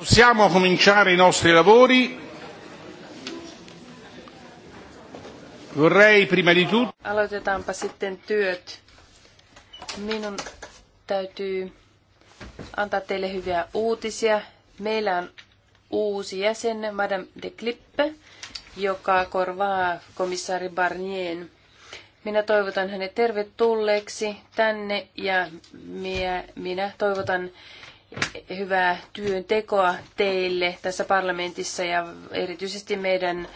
possiamo cominciare i nostri lavori. Vorrei prima di tutto... Aloitetaanpa sitten työt. Minun täytyy antaa teille hyviä uutisia. Meillä on uusi jäsen, Madame de Klippe, joka korvaa komissaari Barnier. Minä toivotan hänet tervetulleeksi tänne ja minä, minä toivotan hyvää työntekoa teille tässä parlamentissa ja erityisesti meidän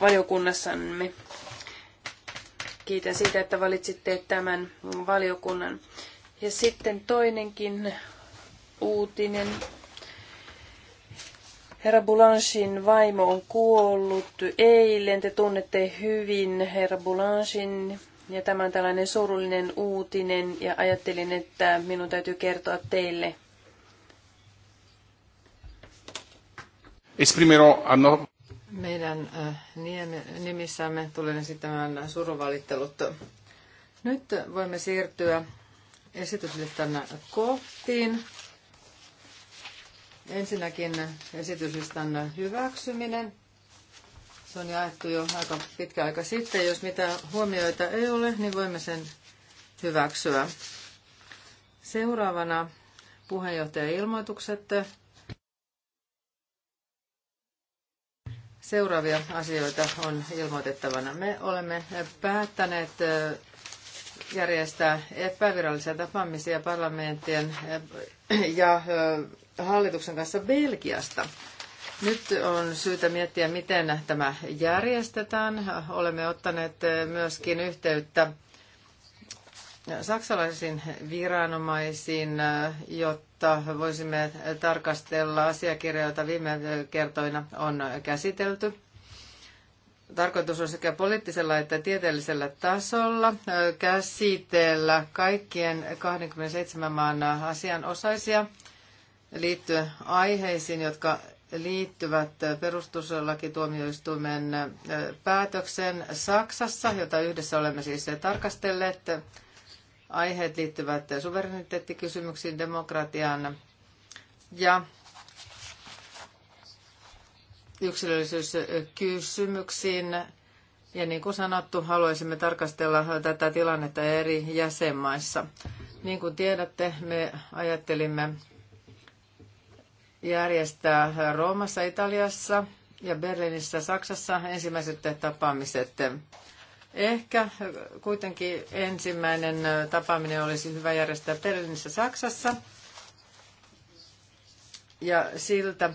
valiokunnassamme. Kiitän siitä, että valitsitte tämän valiokunnan. Ja sitten toinenkin uutinen. Herra Boulanchin vaimo on kuollut eilen. Te tunnette hyvin herra Boulanchin ja tämä on tällainen surullinen uutinen ja ajattelin, että minun täytyy kertoa teille. Meidän äh, nimissämme tulen esittämään suruvalittelut. Nyt voimme siirtyä esityslistan kohtiin. Ensinnäkin esityslistan hyväksyminen. Se on jaettu jo aika pitkä aika sitten. Jos mitä huomioita ei ole, niin voimme sen hyväksyä. Seuraavana puheenjohtajan ilmoitukset. Seuraavia asioita on ilmoitettavana. Me olemme päättäneet järjestää epävirallisia tapaamisia parlamenttien ja hallituksen kanssa Belgiasta. Nyt on syytä miettiä, miten tämä järjestetään. Olemme ottaneet myöskin yhteyttä saksalaisiin viranomaisiin, jotta voisimme tarkastella asiakirjoja, joita viime kertoina on käsitelty. Tarkoitus on sekä poliittisella että tieteellisellä tasolla käsitellä kaikkien 27 maan asianosaisia liittyen aiheisiin, jotka liittyvät perustuslakituomioistuimen äh, päätöksen Saksassa, jota yhdessä olemme siis tarkastelleet. Aiheet liittyvät suvereniteettikysymyksiin, demokratiaan ja yksilöllisyyskysymyksiin. Ja niin kuin sanottu, haluaisimme tarkastella tätä tilannetta eri jäsenmaissa. Niin kuin tiedätte, me ajattelimme järjestää Roomassa, Italiassa ja Berliinissä, Saksassa ensimmäiset tapaamiset. Ehkä kuitenkin ensimmäinen tapaaminen olisi hyvä järjestää Berliinissä, Saksassa. Ja siltä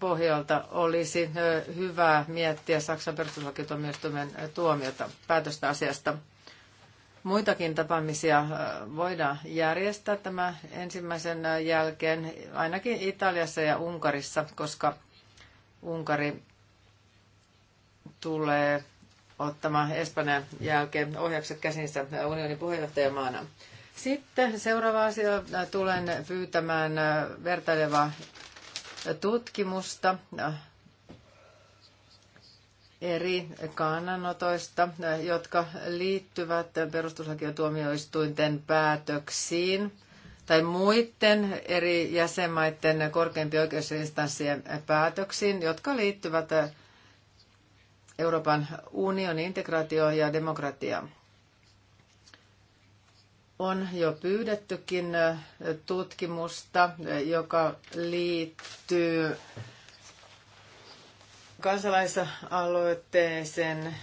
pohjalta olisi hyvä miettiä Saksan perustuslakituomioistuimen tuomiota päätöstä asiasta. Muitakin tapaamisia äh, voidaan järjestää tämä ensimmäisen äh, jälkeen, ainakin Italiassa ja Unkarissa, koska Unkari tulee ottamaan Espanjan jälkeen ohjaukset käsinsä äh, unionin puheenjohtajamaana. Sitten seuraava asia. Tulen pyytämään vertailevaa tutkimusta eri kannanotoista, jotka liittyvät perustuslakituomioistuinten päätöksiin tai muiden eri jäsenmaiden korkeimpien oikeusinstanssien päätöksiin, jotka liittyvät Euroopan unionin integraatioon ja demokratia. On jo pyydettykin tutkimusta, joka liittyy kansalaisaloitteeseen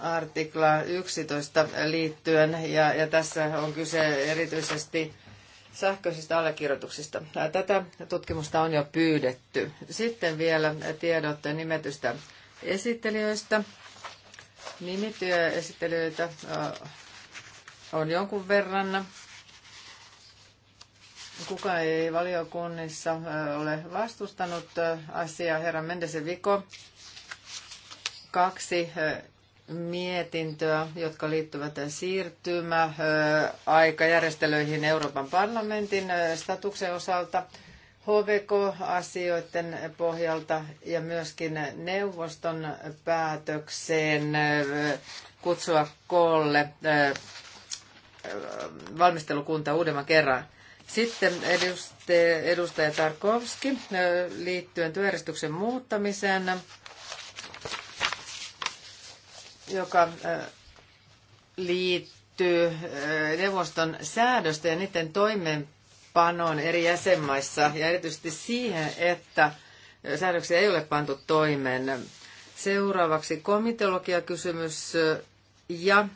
artikla 11 liittyen, ja, ja tässä on kyse erityisesti sähköisistä allekirjoituksista. Tätä tutkimusta on jo pyydetty. Sitten vielä tiedot nimetystä esittelijöistä. Nimityöesittelijöitä on jonkun verran Kuka ei valiokunnissa ole vastustanut asiaa. Herra Mendes Viko, kaksi mietintöä, jotka liittyvät siirtymäaikajärjestelyihin Euroopan parlamentin statuksen osalta, HVK-asioiden pohjalta ja myöskin neuvoston päätökseen kutsua koolle valmistelukunta uudemman kerran – sitten edustaja Tarkovski liittyen työjärjestyksen muuttamiseen, joka liittyy neuvoston säädöstä ja niiden toimeenpanoon eri jäsenmaissa ja erityisesti siihen, että säädöksiä ei ole pantu toimeen. Seuraavaksi komitologiakysymys ja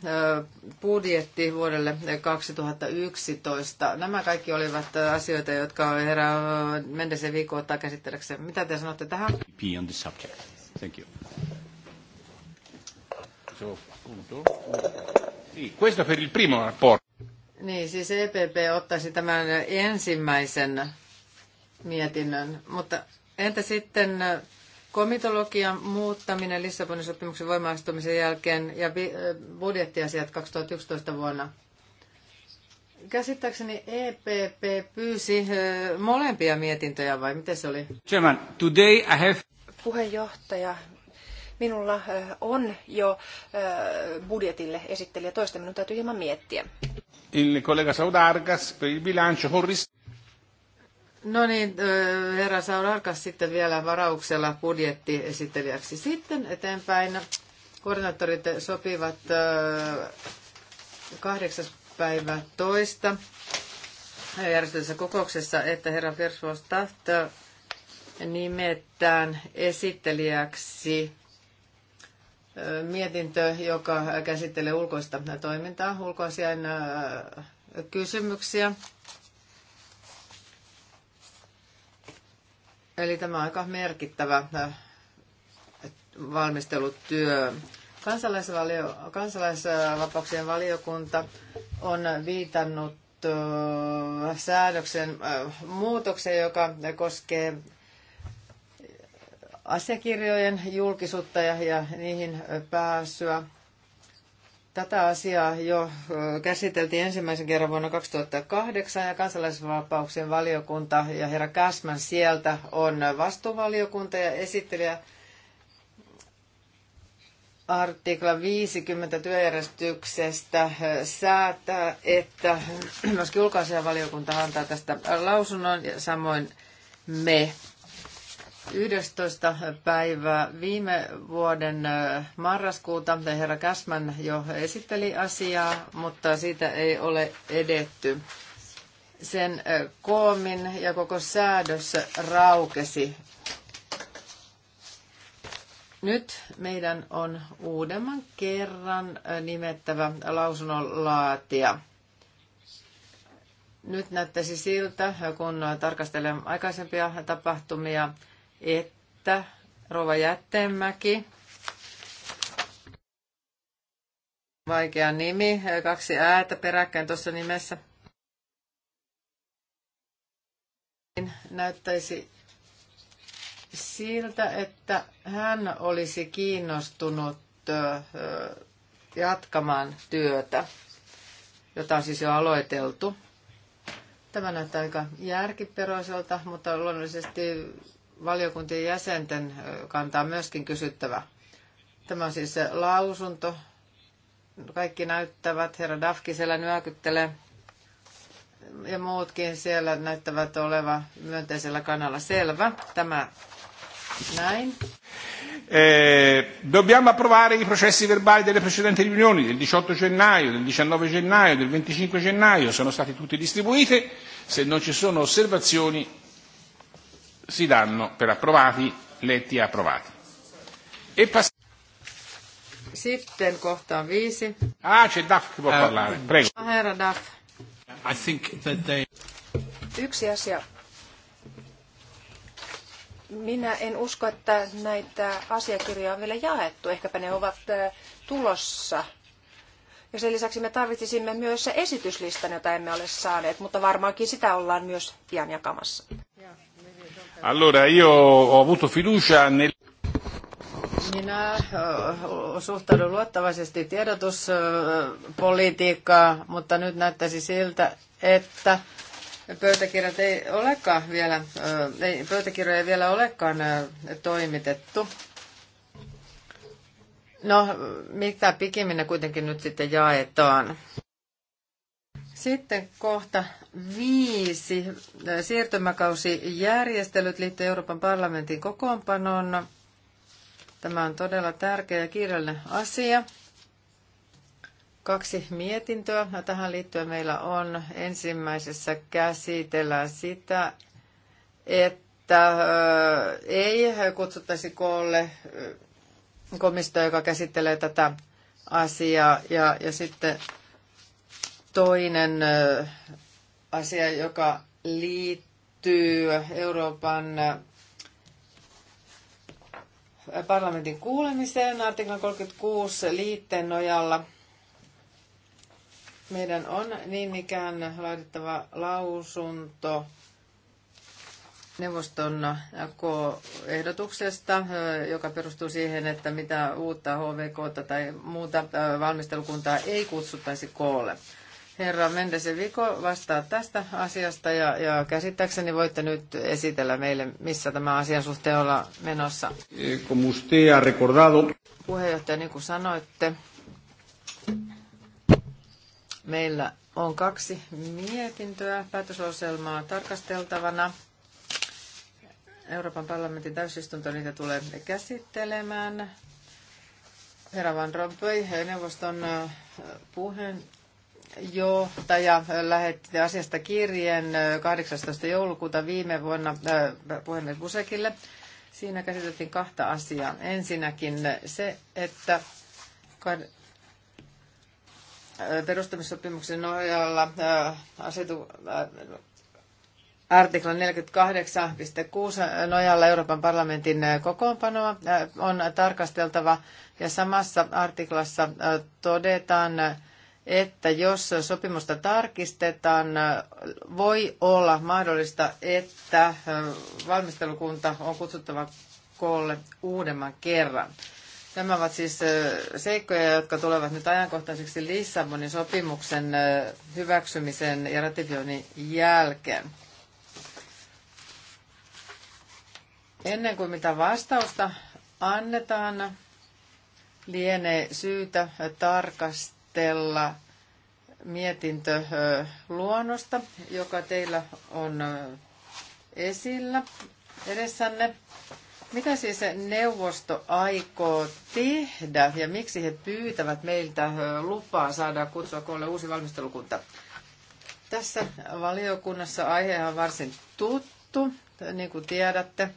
budjetti vuodelle 2011. Nämä kaikki olivat asioita, jotka herra Mendesen viikko ottaa käsittelekseen. Mitä te sanotte tähän? on the subject. Thank you. Questo per il primo rapporto. Niin, siis EPP ottaisi tämän ensimmäisen mietinnön, mutta entä sitten Komitologian muuttaminen Lissabonin sopimuksen voimaistumisen jälkeen ja budjettiasiat 2011 vuonna. Käsittääkseni EPP pyysi molempia mietintöjä vai miten se oli? Chairman, today I have... Puheenjohtaja, minulla on jo budjetille esittelijä toista, minun täytyy hieman miettiä. Il collega Saudargas per il bilancio con No niin, herra Arkas sitten vielä varauksella budjettiesittelijäksi. Sitten eteenpäin koordinaattorit sopivat 8. päivä toista järjestetyssä kokouksessa, että herra Taft nimetään esittelijäksi mietintö, joka käsittelee ulkoista toimintaa, ulkoasiain kysymyksiä. Eli tämä on aika merkittävä äh, valmistelutyö. Kansalaisvalio, kansalaisvapauksien valiokunta on viitannut äh, säädöksen äh, muutokseen, joka koskee asiakirjojen julkisuutta ja, ja niihin pääsyä. Tätä asiaa jo käsiteltiin ensimmäisen kerran vuonna 2008 ja kansalaisvapauksien valiokunta ja herra Käsmän sieltä on vastuuvaliokunta ja esittelijä artikla 50 työjärjestyksestä säätää, että myöskin ulkoasianvaliokunta antaa tästä lausunnon ja samoin me. 11. päivä viime vuoden marraskuuta herra Käsmän jo esitteli asiaa, mutta siitä ei ole edetty. Sen koomin ja koko säädös raukesi. Nyt meidän on uudemman kerran nimettävä lausunnonlaatija. Nyt näyttäisi siltä, kun tarkastelen aikaisempia tapahtumia, että Rova Jättemäki, vaikea nimi, kaksi ääntä peräkkäin tuossa nimessä, niin näyttäisi siltä, että hän olisi kiinnostunut jatkamaan työtä, jota on siis jo aloiteltu. Tämä näyttää aika järkiperoiselta, mutta luonnollisesti valiokuntien jäsenten kantaa myöskin kysyttävä. Tämä on siis se lausunto. Kaikki näyttävät, herra Dafki siellä nyökyttelee ja muutkin siellä näyttävät oleva myönteisellä kanalla. Selvä, tämä näin. Eh, dobbiamo approvare i processi verbali delle precedenti riunioni del 18 gennaio, del 19 gennaio, del 25 gennaio, sono stati tutti distribuiti. Se non ci sono osservazioni si danno per approvati, letti e approvati. E pass- Sitten kohtaan viisi. Ah, c'è Daf che può uh, parlare. Prego. Ah, Herra Daf. I think that they... Yksi asia. Minä en usko, että näitä asiakirjoja on vielä jaettu. Ehkäpä ne ovat eh, tulossa. Ja sen lisäksi me tarvitsisimme myös esityslistan, jota emme ole saaneet, mutta varmaankin sitä ollaan myös pian jakamassa. Allora, io ho avuto fiducia nel... Minä eh, suhtaudun luottavaisesti tiedotuspolitiikkaa, mutta nyt näyttäisi siltä, että pöytäkirjat ei olekaan vielä, eh, ei, pöytäkirjoja ei vielä olekaan eh, toimitettu. No, mitä pikimmin ne kuitenkin nyt sitten jaetaan. Sitten kohta viisi. Siirtymäkausijärjestelyt liittyvät Euroopan parlamentin kokoonpanoon. Tämä on todella tärkeä ja kiireellinen asia. Kaksi mietintöä no, tähän liittyen meillä on. Ensimmäisessä käsitellään sitä, että ei kutsuttaisi koolle komistoa, joka käsittelee tätä asiaa. Ja, ja sitten Toinen asia, joka liittyy Euroopan parlamentin kuulemiseen artiklan 36 liitteen nojalla. Meidän on niin ikään laadittava lausunto neuvoston ehdotuksesta, joka perustuu siihen, että mitä uutta HVK tai muuta valmistelukuntaa ei kutsuttaisi koolle. Herra Mendesen Viko vastaa tästä asiasta ja, ja käsittääkseni voitte nyt esitellä meille, missä tämä asian suhteen ollaan menossa. Eh, como usted ha recordado. Puheenjohtaja, niin kuin sanoitte, meillä on kaksi mietintöä päätösoselmaa tarkasteltavana. Euroopan parlamentin täysistunto niitä tulee käsittelemään. Herra Van Rompuy, neuvoston eh, puheen johtaja lähetti asiasta kirjeen 18. joulukuuta viime vuonna puhemies Busekille. Siinä käsiteltiin kahta asiaa. Ensinnäkin se, että perustamissopimuksen nojalla asetu, artikla 48.6 nojalla Euroopan parlamentin kokoonpanoa on tarkasteltava ja samassa artiklassa todetaan, että jos sopimusta tarkistetaan, voi olla mahdollista, että äh, valmistelukunta on kutsuttava koolle uudemman kerran. Nämä ovat siis äh, seikkoja, jotka tulevat nyt ajankohtaiseksi Lissabonin sopimuksen äh, hyväksymisen ja ratifioinnin jälkeen. Ennen kuin mitä vastausta annetaan, lienee syytä tarkastaa tarkastella mietintöluonnosta, joka teillä on esillä edessänne. Mitä siis neuvosto aikoo tehdä ja miksi he pyytävät meiltä lupaa saada kutsua koolle uusi valmistelukunta? Tässä valiokunnassa aihe on varsin tuttu, niin kuin tiedätte.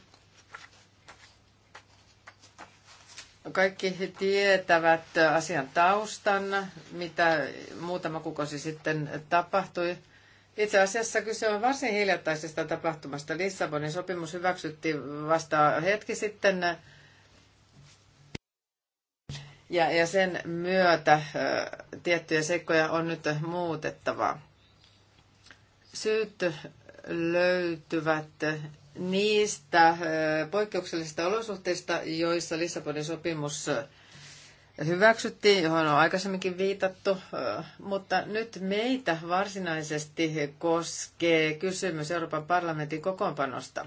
Kaikki he tietävät asian taustan, mitä muutama kuukausi sitten tapahtui. Itse asiassa kyse on varsin hiljattaisesta tapahtumasta. Lissabonin sopimus hyväksyttiin vasta hetki sitten ja, ja sen myötä tiettyjä seikkoja on nyt muutettava. Syyt löytyvät niistä poikkeuksellisista olosuhteista, joissa Lissabonin sopimus hyväksyttiin, johon on aikaisemminkin viitattu, mutta nyt meitä varsinaisesti koskee kysymys Euroopan parlamentin kokoonpanosta.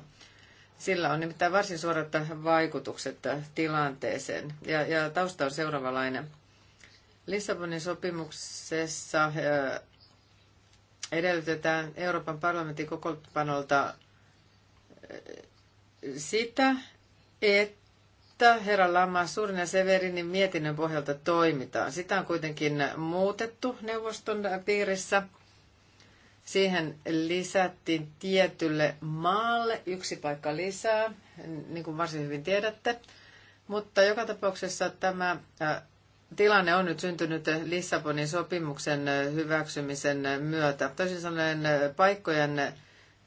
Sillä on nimittäin varsin suorat vaikutukset tilanteeseen. Ja, ja tausta on seuraavalainen. Lissabonin sopimuksessa edellytetään Euroopan parlamentin kokoonpanolta sitä, että herra Lama Suurin ja Severinin mietinnön pohjalta toimitaan. Sitä on kuitenkin muutettu neuvoston piirissä. Siihen lisättiin tietylle maalle yksi paikka lisää, niin kuin varsin hyvin tiedätte. Mutta joka tapauksessa tämä tilanne on nyt syntynyt Lissabonin sopimuksen hyväksymisen myötä. Toisin sanoen paikkojen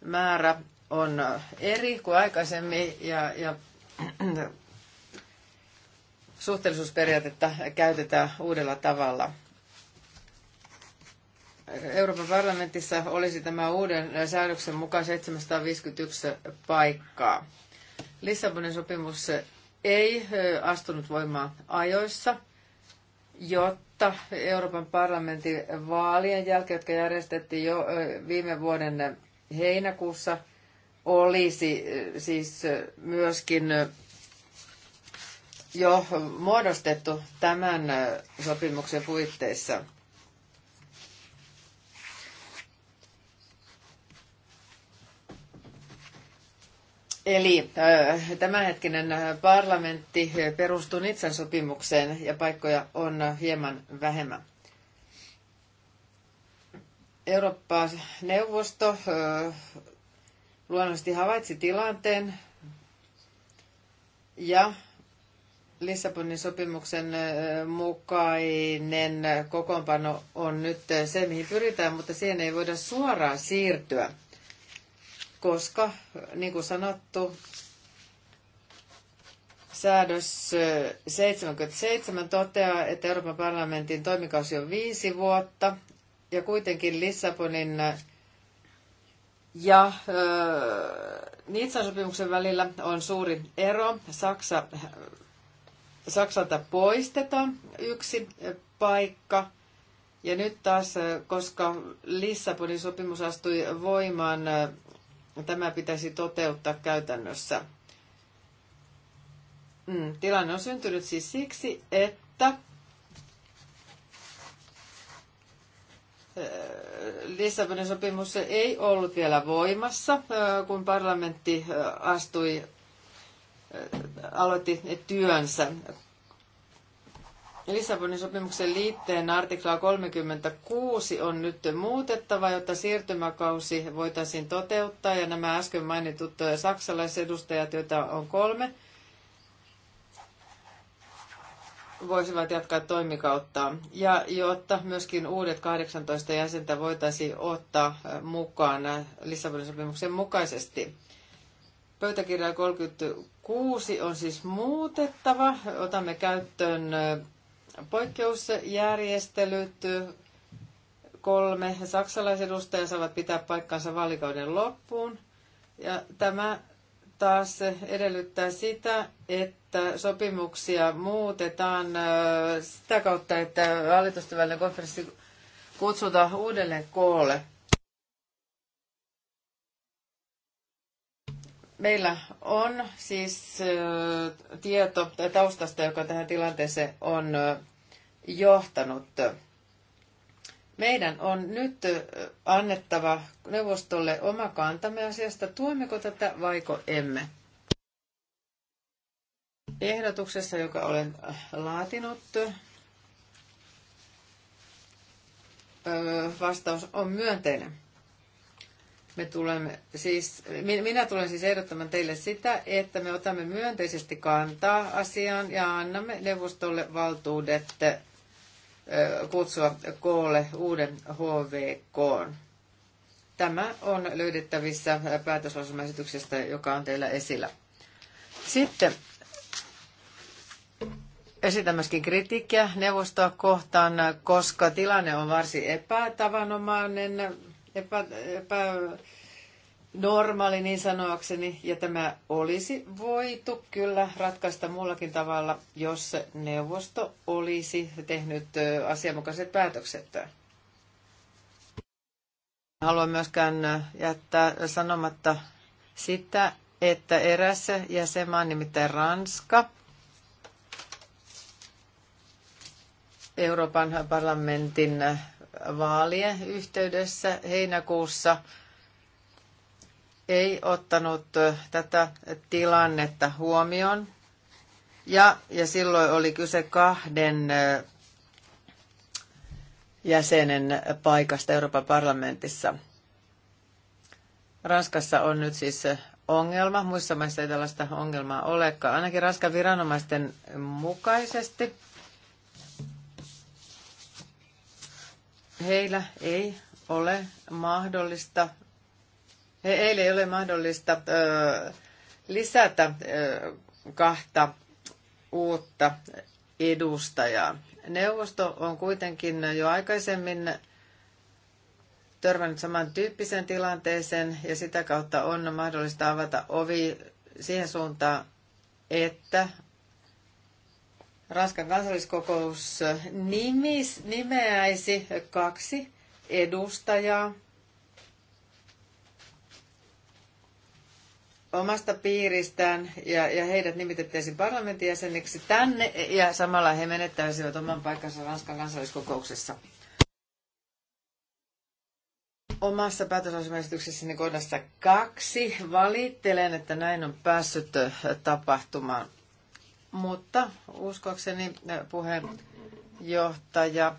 määrä on eri kuin aikaisemmin ja, ja suhteellisuusperiaatetta käytetään uudella tavalla. Euroopan parlamentissa olisi tämä uuden säädöksen mukaan 751 paikkaa. Lissabonin sopimus ei astunut voimaan ajoissa, jotta Euroopan parlamentin vaalien jälkeen, jotka järjestettiin jo viime vuoden heinäkuussa – olisi eh, siis eh, myöskin eh, jo muodostettu tämän sopimuksen puitteissa. Eli tämänhetkinen parlamentti perustuu Nitsan sopimukseen ja paikkoja on hieman vähemmän. Eurooppa-neuvosto luonnollisesti havaitsi tilanteen ja Lissabonin sopimuksen mukainen kokoonpano on nyt se, mihin pyritään, mutta siihen ei voida suoraan siirtyä, koska niin kuin sanottu, säädös 77 toteaa, että Euroopan parlamentin toimikausi on viisi vuotta, ja kuitenkin Lissabonin ja Niitsan sopimuksen välillä on suuri ero. Saksa, Saksalta poistetaan yksi paikka. Ja nyt taas, koska Lissabonin sopimus astui voimaan, tämä pitäisi toteuttaa käytännössä. Mm, tilanne on syntynyt siis siksi, että Lissabonin sopimus ei ollut vielä voimassa, kun parlamentti astui, aloitti työnsä. Lissabonin sopimuksen liitteen artikla 36 on nyt muutettava, jotta siirtymäkausi voitaisiin toteuttaa ja nämä äsken mainitut saksalaisedustajat, joita on kolme, voisivat jatkaa toimikautta ja jotta myöskin uudet 18 jäsentä voitaisiin ottaa äh, mukaan äh, Lissabonin sopimuksen mukaisesti. Pöytäkirja 36 on siis muutettava. Otamme käyttöön äh, poikkeusjärjestelyt. Kolme saksalaisedustajaa saavat pitää paikkansa vaalikauden loppuun. Ja tämä taas edellyttää sitä, että sopimuksia muutetaan sitä kautta, että hallitusten välinen konferenssi kutsutaan uudelleen koolle. Meillä on siis tieto taustasta, joka tähän tilanteeseen on johtanut. Meidän on nyt annettava neuvostolle oma kantamme asiasta, tuemmeko tätä vaiko emme. Ehdotuksessa, joka olen laatinut, vastaus on myönteinen. Me tulemme siis, minä tulen siis ehdottamaan teille sitä, että me otamme myönteisesti kantaa asiaan ja annamme neuvostolle valtuudet kutsua koolle uuden HVK. Tämä on löydettävissä päätöslausumaisityksestä, joka on teillä esillä. Sitten esitän myöskin kritiikkiä neuvostoa kohtaan, koska tilanne on varsin epätavanomainen, epä, epä, normaali niin sanoakseni, ja tämä olisi voitu kyllä ratkaista muullakin tavalla, jos neuvosto olisi tehnyt asianmukaiset päätökset. Haluan myöskään jättää sanomatta sitä, että eräs jäsenmaa, nimittäin Ranska, Euroopan parlamentin vaalien yhteydessä heinäkuussa – ei ottanut tätä tilannetta huomioon. Ja, ja silloin oli kyse kahden jäsenen paikasta Euroopan parlamentissa. Ranskassa on nyt siis ongelma. Muissa maissa ei tällaista ongelmaa olekaan. Ainakin Ranskan viranomaisten mukaisesti heillä ei ole mahdollista E- eilen ei ole mahdollista lisätä kahta uutta edustajaa. Neuvosto on kuitenkin jo aikaisemmin törmännyt samantyyppiseen tilanteeseen ja sitä kautta on mahdollista avata ovi siihen suuntaan, että Ranskan kansalliskokous nimis, nimeäisi kaksi edustajaa omasta piiristään ja, ja heidät nimitettäisiin parlamentin jäseniksi tänne ja samalla he menettäisivät oman paikkansa Ranskan kansalliskokouksessa. Omassa päätösasemaesityksessäni kohdassa kaksi valittelen, että näin on päässyt äh, tapahtumaan. Mutta uskokseni äh, puheenjohtaja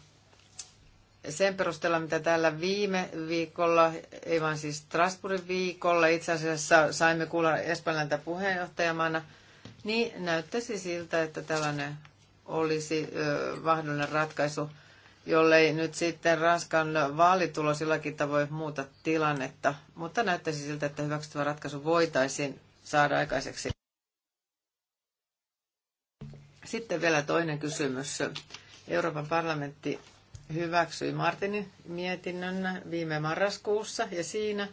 sen perusteella, mitä täällä viime viikolla, ei vaan siis Strasbourgin viikolla, itse asiassa saimme kuulla Espanjalta puheenjohtajamana, niin näyttäisi siltä, että tällainen olisi mahdollinen ratkaisu, jollei nyt sitten Ranskan vaalitulos jollakin tavoin muuta tilannetta. Mutta näyttäisi siltä, että hyväksyttävä ratkaisu voitaisiin saada aikaiseksi. Sitten vielä toinen kysymys. Euroopan parlamentti hyväksyi Martinin mietinnön viime marraskuussa ja siinä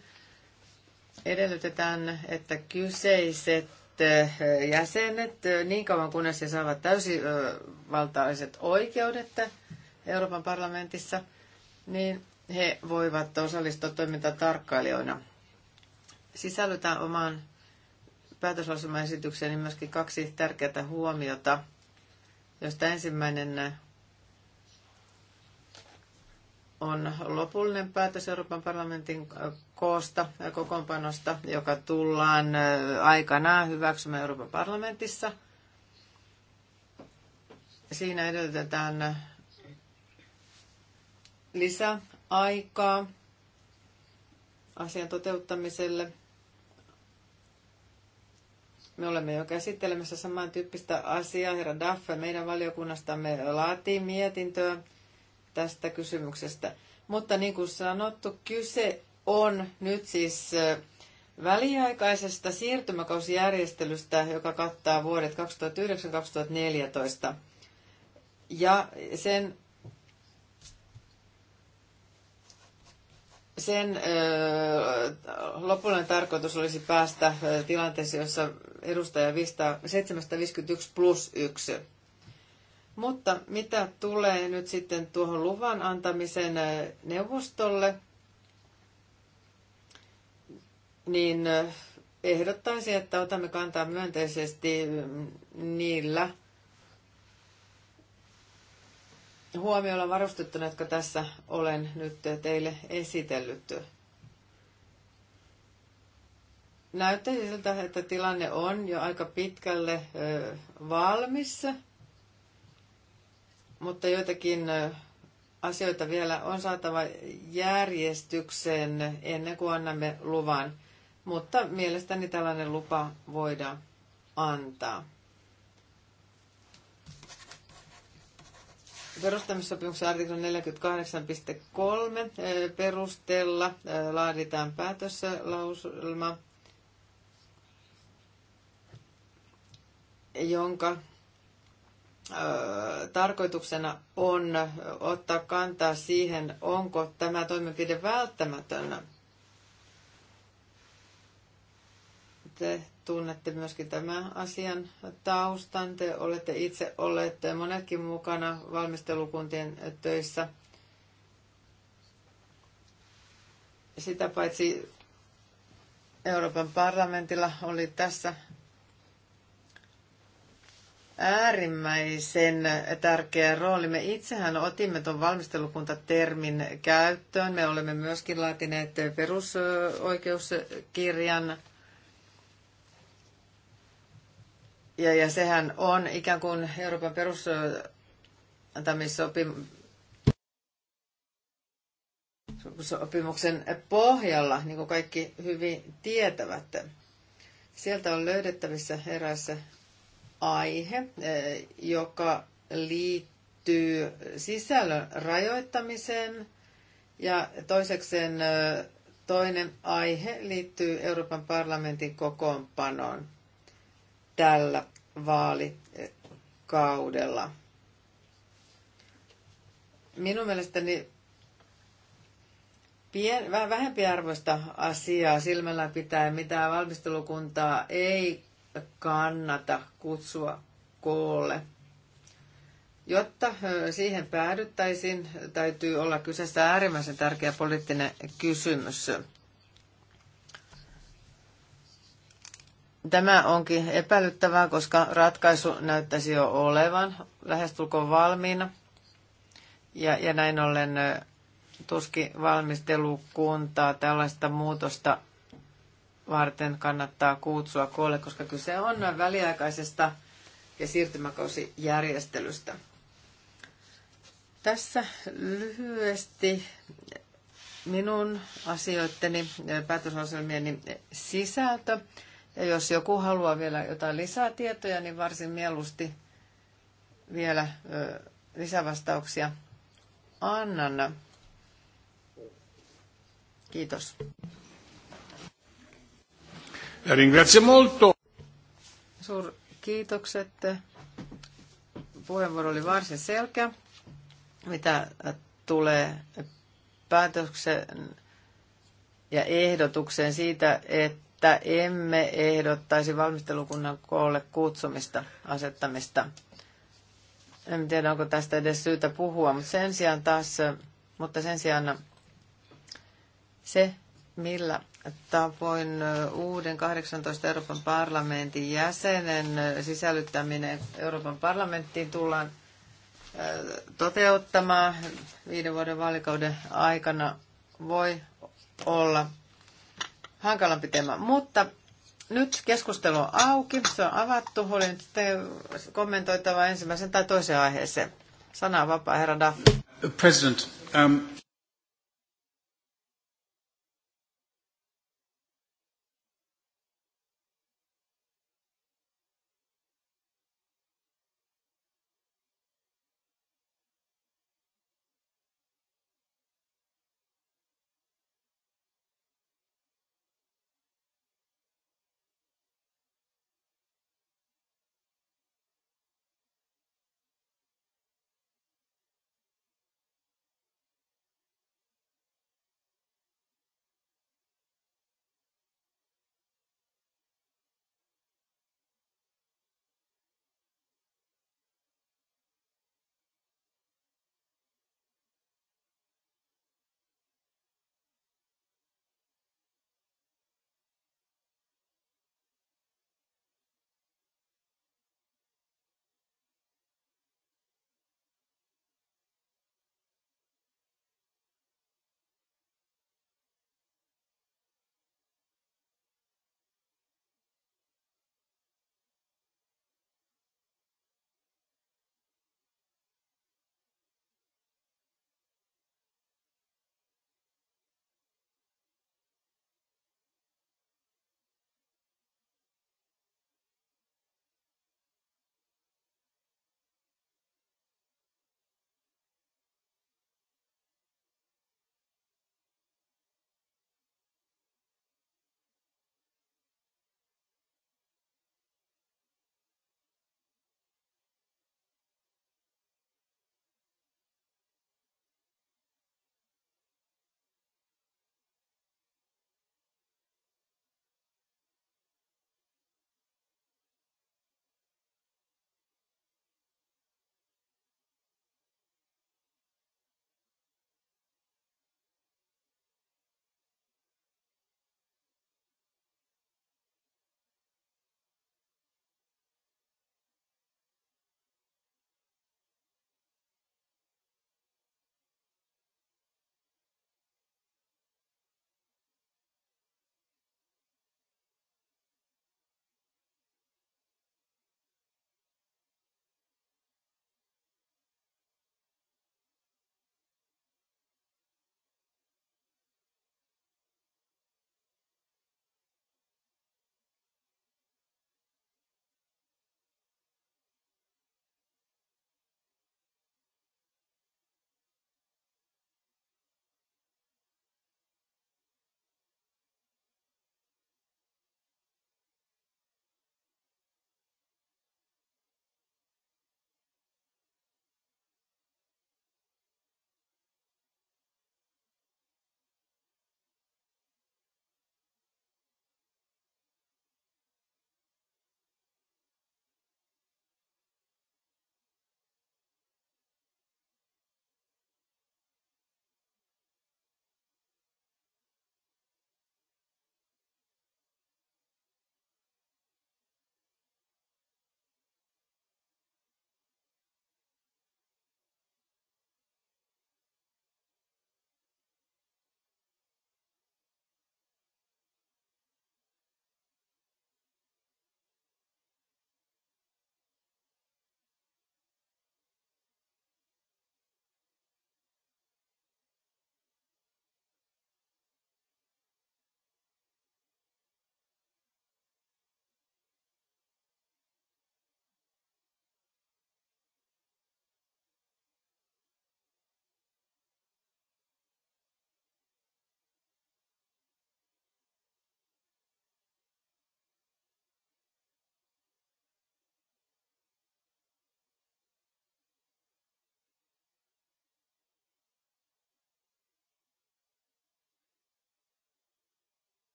edellytetään, että kyseiset jäsenet niin kauan kunnes he saavat täysivaltaiset oikeudet Euroopan parlamentissa, niin he voivat osallistua toimintatarkkailijoina. Sisällytään omaan päätöslausumaesitykseen myöskin kaksi tärkeää huomiota, josta ensimmäinen on lopullinen päätös Euroopan parlamentin äh, koosta ja äh, kokoonpanosta, joka tullaan äh, aikanaan hyväksymään Euroopan parlamentissa. Siinä edellytetään lisäaikaa asian toteuttamiselle. Me olemme jo käsittelemässä samantyyppistä asiaa. Herra Daffe meidän valiokunnastamme laatii mietintöä tästä kysymyksestä. Mutta niin kuin sanottu, kyse on nyt siis väliaikaisesta siirtymäkausjärjestelystä, joka kattaa vuodet 2009-2014. Ja sen, sen lopullinen tarkoitus olisi päästä tilanteeseen, jossa edustaja 751 plus 1 mutta mitä tulee nyt sitten tuohon luvan antamisen äh, neuvostolle, niin äh, ehdottaisin, että otamme kantaa myönteisesti mm, niillä huomioilla varustettuna, jotka tässä olen nyt teille esitellyt. Näyttäisi siltä, että tilanne on jo aika pitkälle äh, valmis mutta joitakin asioita vielä on saatava järjestykseen ennen kuin annamme luvan. Mutta mielestäni tällainen lupa voidaan antaa. Perustamissopimuksen artikla 48.3 perusteella laaditaan päätöslauselma, jonka tarkoituksena on ottaa kantaa siihen, onko tämä toimenpide välttämätön. Te tunnette myöskin tämän asian taustan. Te olette itse olleet monetkin mukana valmistelukuntien töissä. Sitä paitsi Euroopan parlamentilla oli tässä äärimmäisen tärkeä rooli. Me itsehän otimme tuon valmistelukuntatermin käyttöön. Me olemme myöskin laatineet perusoikeuskirjan. Ja, ja sehän on ikään kuin Euroopan perustamissopimuksen pohjalla, niin kuin kaikki hyvin tietävät. Sieltä on löydettävissä eräissä aihe, eh, joka liittyy sisällön rajoittamiseen ja toisekseen eh, toinen aihe liittyy Euroopan parlamentin kokoonpanoon tällä vaalikaudella. Minun mielestäni pien, vähempiarvoista asiaa silmällä pitää mitä valmistelukuntaa ei kannata kutsua koolle. Jotta siihen päädyttäisiin, täytyy olla kyseessä äärimmäisen tärkeä poliittinen kysymys. Tämä onkin epäilyttävää, koska ratkaisu näyttäisi jo olevan lähestulkoon valmiina. Ja, ja näin ollen tuskin valmistelukuntaa tällaista muutosta varten kannattaa kutsua koolle, koska kyse on väliaikaisesta ja siirtymäkausijärjestelystä. Tässä lyhyesti minun asioitteni, päätöslauselmieni sisältö. Ja jos joku haluaa vielä jotain lisää tietoja, niin varsin mieluusti vielä lisävastauksia annan. Kiitos. Ringrazio molto. Suur kiitokset. Puheenvuoro oli varsin selkeä. Mitä tulee päätöksen ja ehdotukseen siitä, että emme ehdottaisi valmistelukunnan koolle kutsumista, asettamista. En tiedä, onko tästä edes syytä puhua, mutta sen sijaan taas, mutta sen sijaan se, millä tavoin uuden 18 Euroopan parlamentin jäsenen sisällyttäminen Euroopan parlamenttiin tullaan toteuttamaan viiden vuoden vaalikauden aikana voi olla hankalampi teema. Mutta nyt keskustelu on auki, se on avattu. Oli nyt kommentoitava ensimmäisen tai toisen aiheeseen. Sana vapaa, herra Duff. President, um...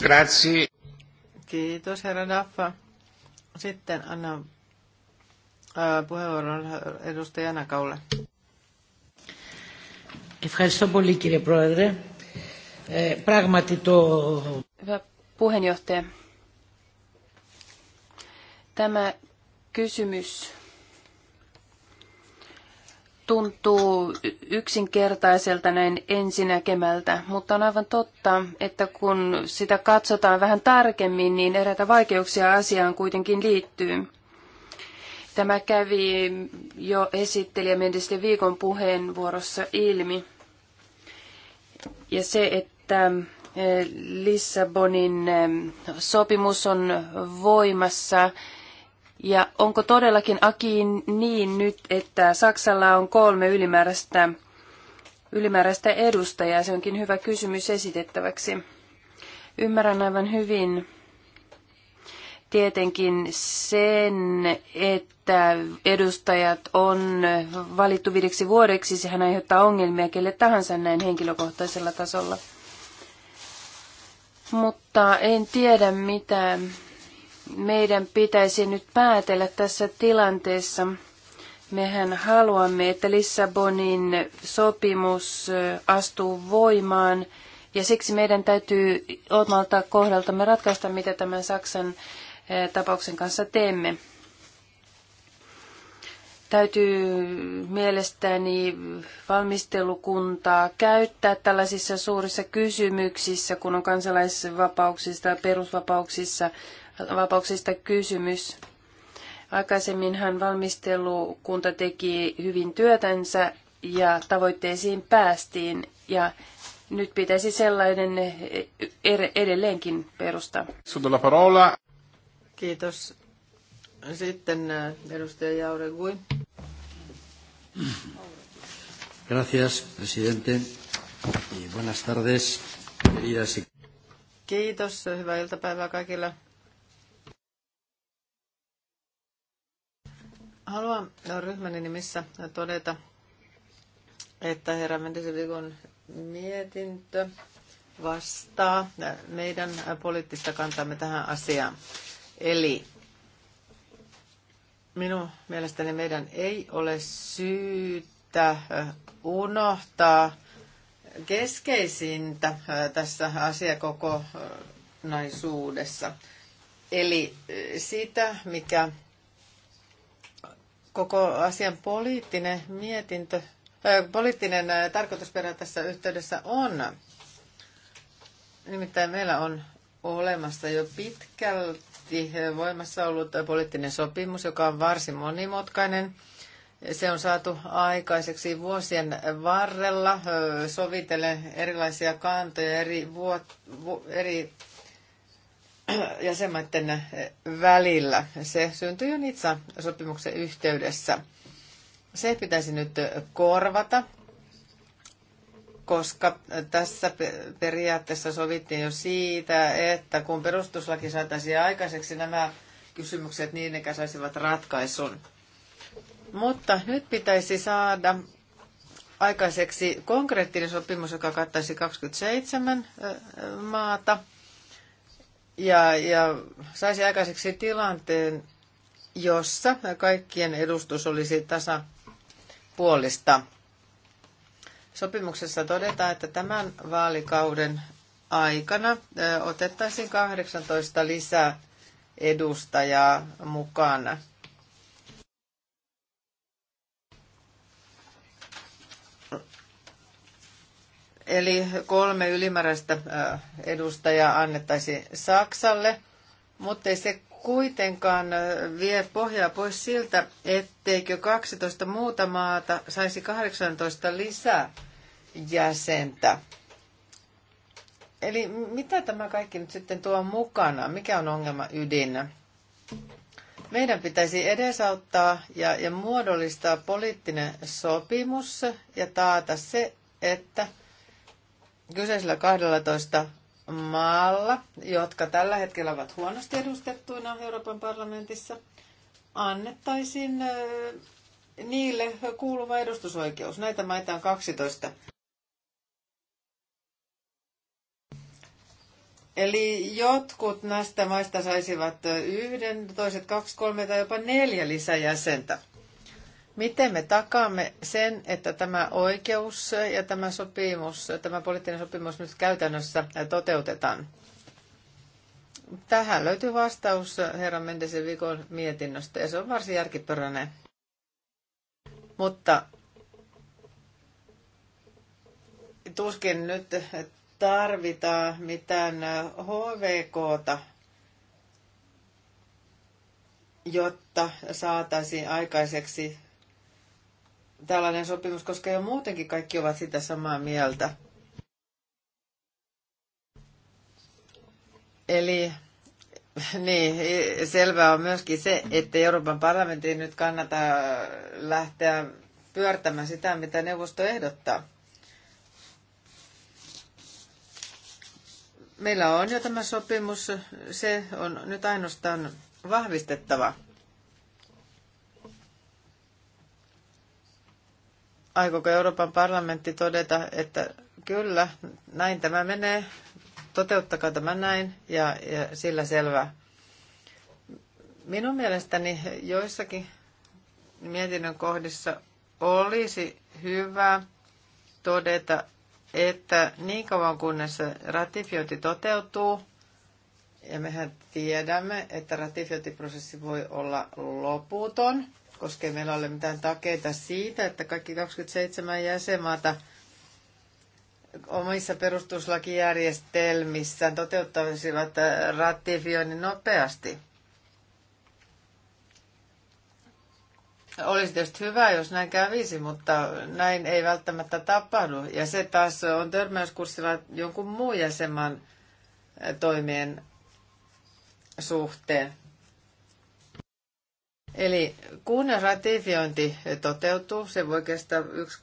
Grazie. Kiitos, herra Daffa. Sitten annan äh, puheenvuoron edustaja Nakaulle. Ευχαριστώ πολύ κύριε Πρόεδρε. Ε, πράγματι το... Hyvä puheenjohtaja. Tämä kysymys tuntuu yksinkertaiselta näin ensinäkemältä, mutta on aivan totta, että kun sitä katsotaan vähän tarkemmin, niin eräitä vaikeuksia asiaan kuitenkin liittyy. Tämä kävi jo esittelijä Mendisten viikon puheenvuorossa ilmi. Ja se, että eh, Lissabonin eh, sopimus on voimassa, ja onko todellakin Akiin niin nyt, että Saksalla on kolme ylimääräistä, ylimääräistä edustajaa? Se onkin hyvä kysymys esitettäväksi. Ymmärrän aivan hyvin tietenkin sen, että edustajat on valittu viideksi vuodeksi. Sehän aiheuttaa ongelmia kelle tahansa näin henkilökohtaisella tasolla. Mutta en tiedä, mitä meidän pitäisi nyt päätellä tässä tilanteessa. Mehän haluamme, että Lissabonin sopimus astuu voimaan ja siksi meidän täytyy omalta kohdaltamme ratkaista, mitä tämän Saksan tapauksen kanssa teemme. Täytyy mielestäni valmistelukuntaa käyttää tällaisissa suurissa kysymyksissä, kun on kansalaisvapauksista ja perusvapauksissa vapauksista kysymys. Aikaisemminhan valmistelukunta teki hyvin työtänsä ja tavoitteisiin päästiin ja nyt pitäisi sellainen er-, edelleenkin perustaa. parola. Kiitos. Sitten äh, edustaja Jauregui. Gracias, presidente. Y buenas tardes, queridas. Kiitos. Hyvää iltapäivää kaikille Haluan ryhmäni nimissä todeta, että herra Mendesivikon mietintö vastaa meidän poliittista kantamme tähän asiaan. Eli minun mielestäni meidän ei ole syytä unohtaa keskeisintä tässä asiakokonaisuudessa. Eli sitä, mikä koko asian poliittinen mietintö, äh, poliittinen äh, tarkoitusperä tässä yhteydessä on. Nimittäin meillä on olemassa jo pitkälti voimassa ollut poliittinen sopimus, joka on varsin monimutkainen. Se on saatu aikaiseksi vuosien varrella sovitellen erilaisia kantoja eri, vuot, vu, eri jäsenmaiden eh, välillä. Se syntyi jo Nitsa sopimuksen yhteydessä. Se pitäisi nyt eh, korvata, koska eh, tässä periaatteessa sovittiin jo siitä, että kun perustuslaki saataisiin aikaiseksi, nämä kysymykset niin ne saisivat ratkaisun. Mutta nyt pitäisi saada aikaiseksi konkreettinen sopimus, joka kattaisi 27 maata – ja, ja saisi aikaiseksi tilanteen, jossa kaikkien edustus olisi tasapuolista. Sopimuksessa todetaan, että tämän vaalikauden aikana otettaisiin 18 lisää edustajaa mukana. Eli kolme ylimääräistä edustajaa annettaisiin Saksalle, mutta ei se kuitenkaan vie pohjaa pois siltä, etteikö 12 muuta maata saisi 18 lisää jäsentä. Eli mitä tämä kaikki nyt sitten tuo mukana? Mikä on ongelma ydin? Meidän pitäisi edesauttaa ja, ja muodollistaa poliittinen sopimus ja taata se, että – kyseisillä 12 maalla, jotka tällä hetkellä ovat huonosti edustettuina Euroopan parlamentissa, annettaisiin niille kuuluva edustusoikeus. Näitä maita on 12. Eli jotkut näistä maista saisivat yhden, toiset kaksi, kolme tai jopa neljä lisäjäsentä. Miten me takaamme sen, että tämä oikeus ja tämä sopimus, tämä poliittinen sopimus nyt käytännössä toteutetaan? Tähän löytyy vastaus herra Mendesen viikon mietinnöstä ja se on varsin järkipöräinen. Mutta tuskin nyt tarvitaan mitään HVKta, jotta saataisiin aikaiseksi tällainen sopimus, koska jo muutenkin kaikki ovat sitä samaa mieltä. Eli niin, selvää on myöskin se, että Euroopan parlamentin nyt kannata lähteä pyörtämään sitä, mitä neuvosto ehdottaa. Meillä on jo tämä sopimus, se on nyt ainoastaan vahvistettava. Aikooko Euroopan parlamentti todeta, että kyllä, näin tämä menee, toteuttakaa tämä näin ja, ja sillä selvä. Minun mielestäni joissakin mietinnön kohdissa olisi hyvä todeta, että niin kauan kunnes ratifiointi toteutuu, ja mehän tiedämme, että ratifiointiprosessi voi olla loputon – koska meillä ole mitään takeita siitä, että kaikki 27 jäsenmaata omissa perustuslakijärjestelmissään toteuttaisivat äh, ratifioinnin nopeasti. Olisi tietysti hyvä, jos näin kävisi, mutta näin ei välttämättä tapahdu. Ja se taas on törmäyskurssilla jonkun muun jäsenmaan äh, toimien suhteen. Eli kun ratifiointi toteutuu, se voi kestää yksi,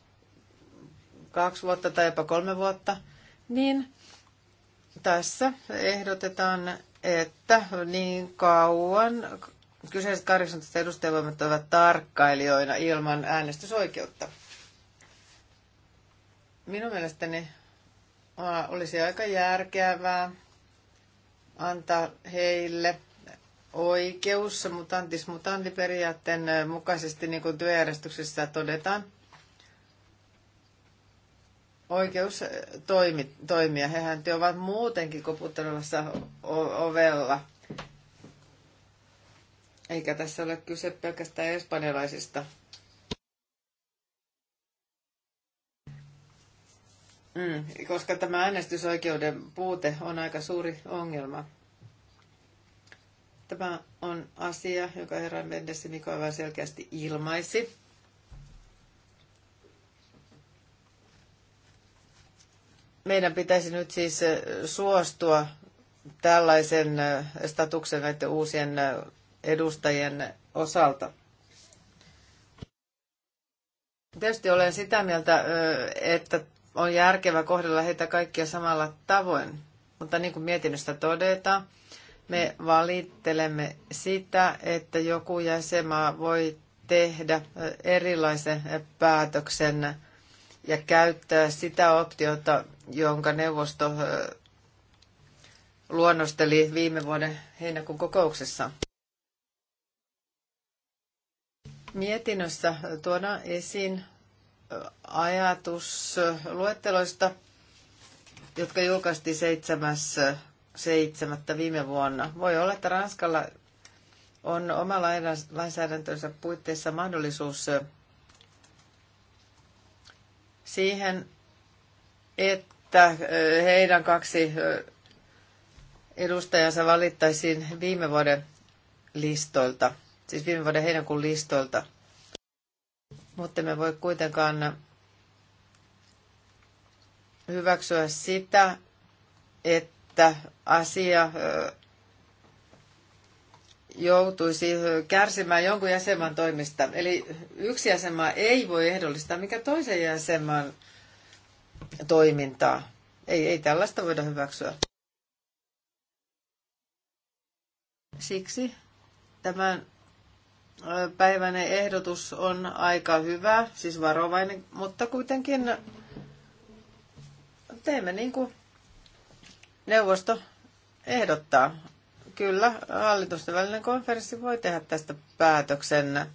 kaksi vuotta tai jopa kolme vuotta, niin tässä ehdotetaan, että niin kauan kyseiset 18 edustajavoimat ovat tarkkailijoina ilman äänestysoikeutta. Minun mielestäni olisi aika järkevää antaa heille – oikeus mutantis mutantiperiaatteen mukaisesti, niin kuin työjärjestyksessä todetaan, oikeus toimi, toimia. Hehän ovat muutenkin koputtelemassa ovella. Eikä tässä ole kyse pelkästään espanjalaisista. Mm, koska tämä äänestysoikeuden puute on aika suuri ongelma. Tämä on asia, joka herran Mendes Mika aivan selkeästi ilmaisi. Meidän pitäisi nyt siis suostua tällaisen statuksen näiden uusien edustajien osalta. Tietysti olen sitä mieltä, että on järkevä kohdella heitä kaikkia samalla tavoin, mutta niin kuin mietinnöstä todetaan, me valittelemme sitä, että joku jäsenmaa voi tehdä erilaisen päätöksen ja käyttää sitä optiota, jonka neuvosto luonnosteli viime vuoden heinäkuun kokouksessa. Mietinnössä tuodaan esiin ajatus luetteloista, jotka julkaistiin 7. 7. viime vuonna. Voi olla, että Ranskalla on oma lainsäädäntönsä puitteissa mahdollisuus siihen, että heidän kaksi edustajansa valittaisiin viime vuoden listoilta, siis viime vuoden heinäkuun listoilta. Mutta me voi kuitenkaan hyväksyä sitä, että että asia joutuisi kärsimään jonkun jäsenmaan toimista. Eli yksi jäsenmaa ei voi ehdollistaa mikä toisen jäsenmaan toimintaa. Ei, ei tällaista voida hyväksyä. Siksi tämän päivän ehdotus on aika hyvä, siis varovainen, mutta kuitenkin teemme niin kuin Neuvosto ehdottaa. Kyllä, hallitusten välinen konferenssi voi tehdä tästä päätöksen.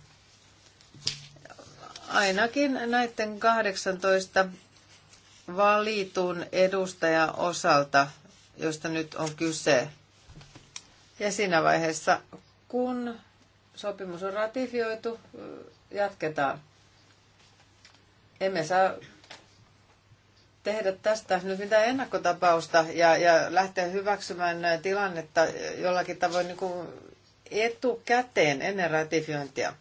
Ainakin näiden 18 valitun edustajan osalta, josta nyt on kyse. Ja siinä vaiheessa, kun sopimus on ratifioitu, jatketaan. Emme saa tehdä tästä nyt mitään ennakkotapausta ja, ja lähteä hyväksymään tilannetta jollakin tavoin niin kuin etukäteen ennen ratifiointia.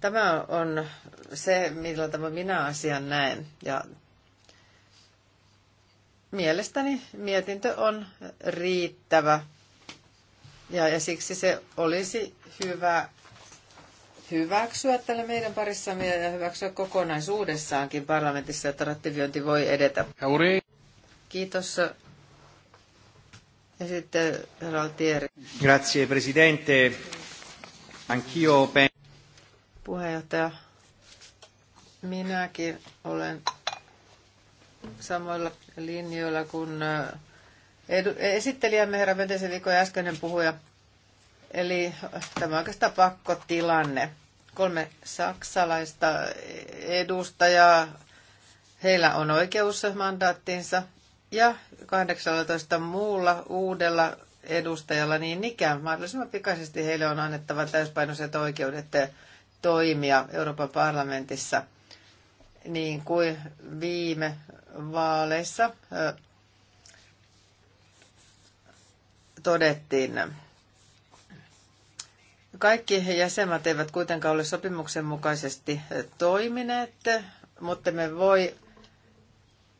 Tämä on se, millä tämä minä asian näen. Ja mielestäni mietintö on riittävä ja, ja siksi se olisi hyvä hyväksyä tällä meidän parissamme ja hyväksyä kokonaisuudessaankin parlamentissa, että ratifiointi voi edetä. Hauri. Kiitos. Ja sitten Raltieri. Grazie, presidente. Anch'io pen... Puheenjohtaja, minäkin olen samoilla linjoilla kuin eh, esittelijämme herra Veteseliko ja äskeinen puhuja – Eli tämä on oikeastaan pakkotilanne. Kolme saksalaista edustajaa, heillä on oikeus mandaattiinsa ja 18 muulla uudella edustajalla niin ikään mahdollisimman pikaisesti heille on annettava täyspainoiset oikeudet toimia Euroopan parlamentissa niin kuin viime vaaleissa todettiin. Kaikki jäsenmaat eivät kuitenkaan ole sopimuksen mukaisesti eh, toimineet, mutta me voi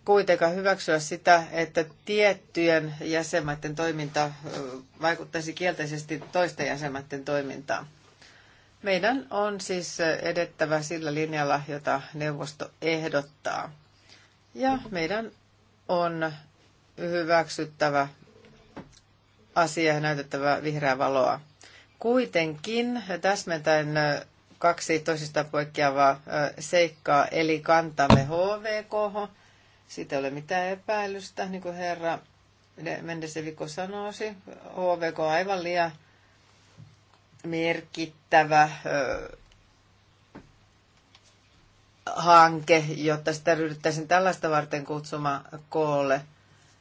kuitenkaan hyväksyä sitä, että tiettyjen jäsenmaiden toiminta eh, vaikuttaisi kielteisesti toisten jäsenmaiden toimintaan. Meidän on siis eh, edettävä sillä linjalla, jota neuvosto ehdottaa. Ja meidän on hyväksyttävä asia ja näytettävä vihreää valoa. Kuitenkin täsmentäen kaksi toisista poikkeavaa seikkaa, eli kantamme HVK, siitä ei ole mitään epäilystä, niin kuin herra Mendeseviko sanoisi. HVK on aivan liian merkittävä hanke, jotta sitä ryhdyttäisiin tällaista varten kutsuma koolle.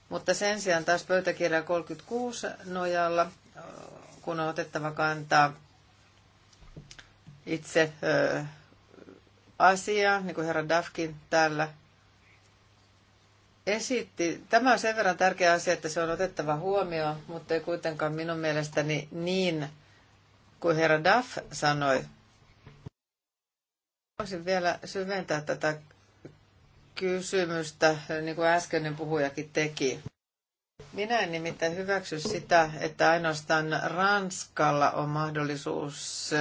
Mutta sen sijaan taas pöytäkirja 36 nojalla kun on otettava kantaa itse ö, asiaa, niin kuin herra Dafkin täällä esitti. Tämä on sen verran tärkeä asia, että se on otettava huomioon, mutta ei kuitenkaan minun mielestäni niin kuin herra Duff sanoi. Voisin vielä syventää tätä kysymystä, niin kuin äskeinen puhujakin teki. Minä en nimittäin hyväksy sitä, että ainoastaan Ranskalla on mahdollisuus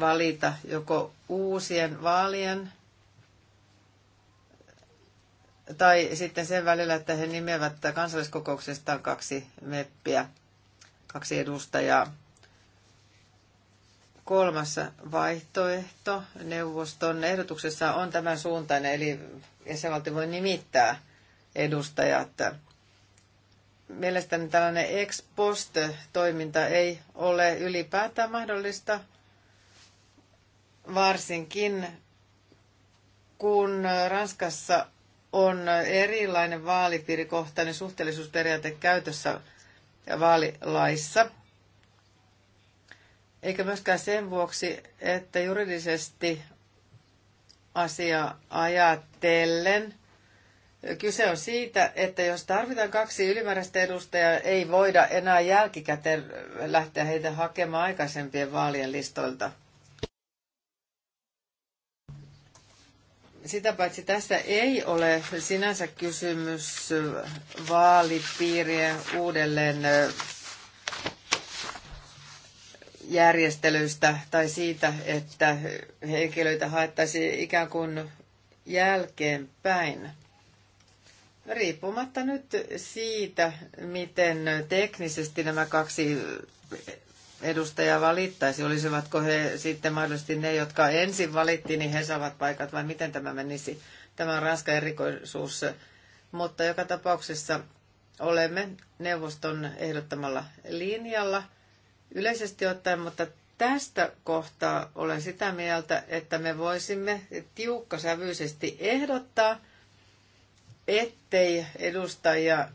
valita joko uusien vaalien tai sitten sen välillä, että he nimevät kansalliskokouksestaan kaksi meppiä, kaksi edustajaa. Kolmas vaihtoehto neuvoston ehdotuksessa on tämän suuntainen, eli jäsenvaltio voi nimittää edustajat Mielestäni tällainen ex post toiminta ei ole ylipäätään mahdollista, varsinkin kun Ranskassa on erilainen vaalipiirikohtainen niin suhteellisuusperiaate käytössä vaalilaissa. Eikä myöskään sen vuoksi, että juridisesti asia ajatellen Kyse on siitä, että jos tarvitaan kaksi ylimääräistä edustajaa, ei voida enää jälkikäteen lähteä heitä hakemaan aikaisempien vaalien listoilta. Sitä paitsi tässä ei ole sinänsä kysymys vaalipiirien uudelleen järjestelyistä tai siitä, että henkilöitä haettaisiin ikään kuin jälkeenpäin riippumatta nyt siitä, miten teknisesti nämä kaksi edustajaa valittaisi, olisivatko he sitten mahdollisesti ne, jotka ensin valittiin, niin he saavat paikat, vai miten tämä menisi? Tämä on Ranskan erikoisuus, mutta joka tapauksessa olemme neuvoston ehdottamalla linjalla yleisesti ottaen, mutta tästä kohtaa olen sitä mieltä, että me voisimme tiukkasävyisesti ehdottaa – ettei edustajia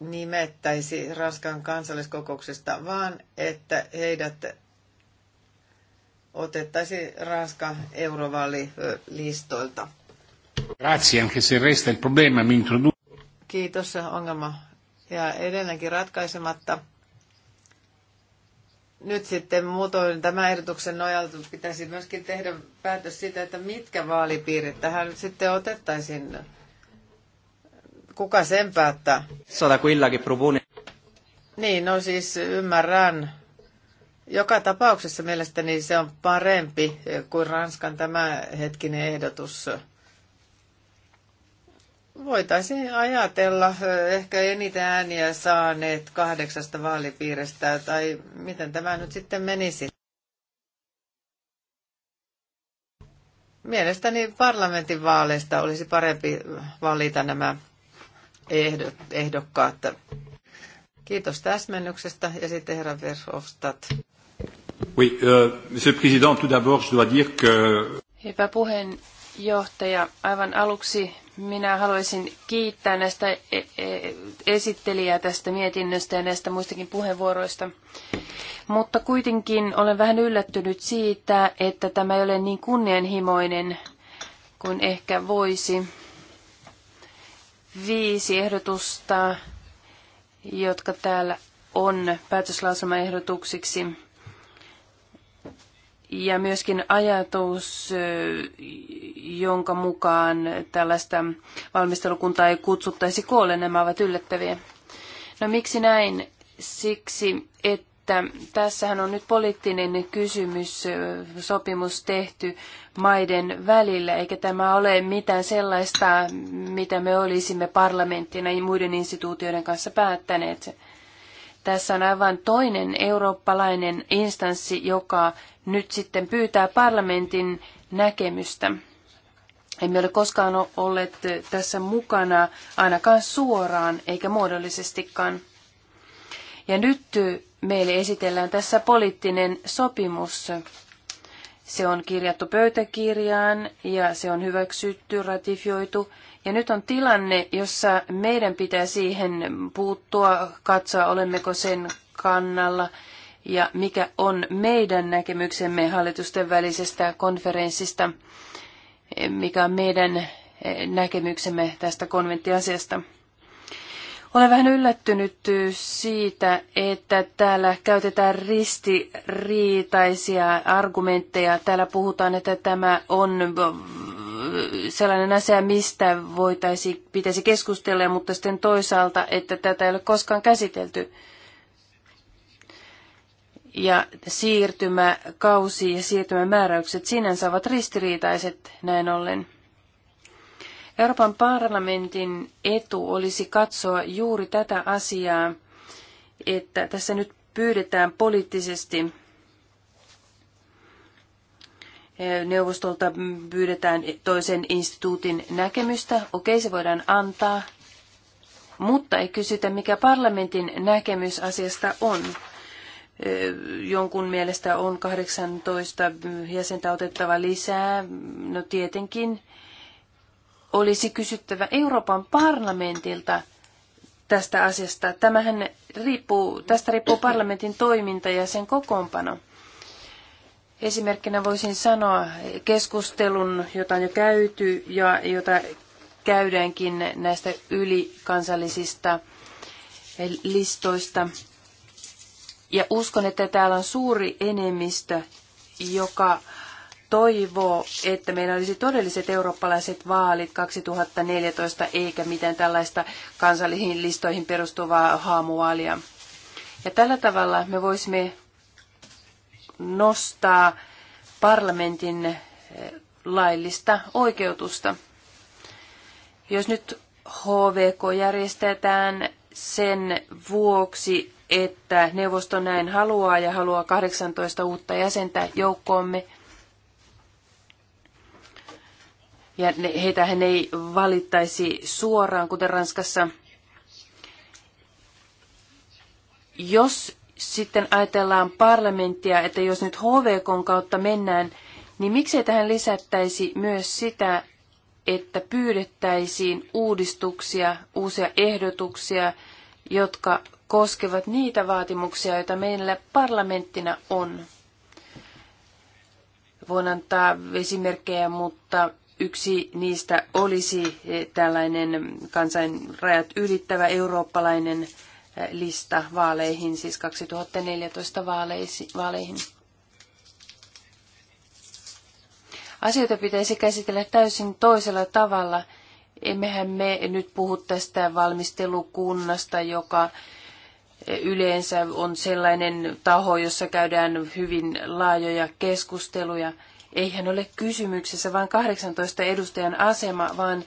nimettäisi Ranskan kansalliskokouksesta, vaan että heidät otettaisiin Ranskan eurovaalilistoilta. Grazie, anche se resta il problema mi Kiitos, ongelma ja edelleenkin ratkaisematta. Nyt sitten muutoin tämä ehdotuksen nojalta pitäisi myöskin tehdä päätös siitä, että mitkä vaalipiirit tähän nyt sitten otettaisiin kuka sen päättää? Sada quella propone. Niin, no siis ymmärrän. Joka tapauksessa mielestäni se on parempi kuin Ranskan tämä hetkinen ehdotus. Voitaisiin ajatella eh, ehkä eniten ääniä saaneet kahdeksasta vaalipiiristä, tai miten tämä nyt sitten menisi. Mielestäni parlamentin vaaleista olisi parempi valita nämä ehdokkaat. Kiitos täsmennyksestä ja sitten herra Verhofstadt. Oui, euh, monsieur président, tout d'abord je dois dire que... Hyvä puheenjohtaja, aivan aluksi minä haluaisin kiittää näistä e- e- esittelijää tästä mietinnöstä ja näistä muistakin puheenvuoroista. Mutta kuitenkin olen vähän yllättynyt siitä, että tämä ei ole niin kunnianhimoinen kuin ehkä voisi viisi ehdotusta, jotka täällä on päätöslausumaehdotuksiksi. Ja myöskin ajatus, jonka mukaan tällaista valmistelukuntaa ei kutsuttaisi koolle, nämä ovat yllättäviä. No miksi näin? Siksi, että että tässähän on nyt poliittinen kysymys, sopimus tehty maiden välillä, eikä tämä ole mitään sellaista, mitä me olisimme parlamenttina ja muiden instituutioiden kanssa päättäneet. Tässä on aivan toinen eurooppalainen instanssi, joka nyt sitten pyytää parlamentin näkemystä. Emme ole koskaan olleet tässä mukana ainakaan suoraan eikä muodollisestikaan. Ja nyt meille esitellään tässä poliittinen sopimus. Se on kirjattu pöytäkirjaan ja se on hyväksytty, ratifioitu. Ja nyt on tilanne, jossa meidän pitää siihen puuttua, katsoa olemmeko sen kannalla ja mikä on meidän näkemyksemme hallitusten välisestä konferenssista, mikä on meidän eh, näkemyksemme tästä konventtiasiasta. Olen vähän yllättynyt siitä, että täällä käytetään ristiriitaisia argumentteja. Täällä puhutaan, että tämä on sellainen asia, mistä voitaisiin, pitäisi keskustella, mutta sitten toisaalta, että tätä ei ole koskaan käsitelty. Ja siirtymäkausi ja siirtymämääräykset sinänsä ovat ristiriitaiset näin ollen. Euroopan parlamentin etu olisi katsoa juuri tätä asiaa, että tässä nyt pyydetään poliittisesti eh, neuvostolta pyydetään toisen instituutin näkemystä. Okei, se voidaan antaa, mutta ei kysytä, mikä parlamentin näkemys asiasta on. Eh, jonkun mielestä on 18 jäsentä otettava lisää. No tietenkin olisi kysyttävä Euroopan parlamentilta tästä asiasta. Tämähän riippuu, tästä riippuu parlamentin toiminta ja sen kokoonpano. Esimerkkinä voisin sanoa keskustelun, jota on jo käyty ja jota käydäänkin näistä ylikansallisista listoista. Ja uskon, että täällä on suuri enemmistö, joka toivoo, että meillä olisi todelliset eurooppalaiset vaalit 2014, eikä mitään tällaista kansallisiin listoihin perustuvaa haamuvaalia. Ja tällä tavalla me voisimme nostaa parlamentin eh, laillista oikeutusta. Jos nyt HVK järjestetään sen vuoksi, että neuvosto näin haluaa ja haluaa 18 uutta jäsentä joukkoomme, ja ne, heitä hän ei valittaisi suoraan, kuten Ranskassa. Jos sitten ajatellaan parlamenttia, että jos nyt HVK kautta mennään, niin miksei tähän lisättäisi myös sitä, että pyydettäisiin uudistuksia, uusia ehdotuksia, jotka koskevat niitä vaatimuksia, joita meillä parlamenttina on. Voin antaa esimerkkejä, mutta Yksi niistä olisi eh, tällainen kansainrajat ylittävä eurooppalainen eh, lista vaaleihin, siis 2014 vaaleisi, vaaleihin. Asioita pitäisi käsitellä täysin toisella tavalla. Emmehän me nyt puhu tästä valmistelukunnasta, joka eh, yleensä on sellainen taho, jossa käydään hyvin laajoja keskusteluja – Eihän ole kysymyksessä vain 18 edustajan asema, vaan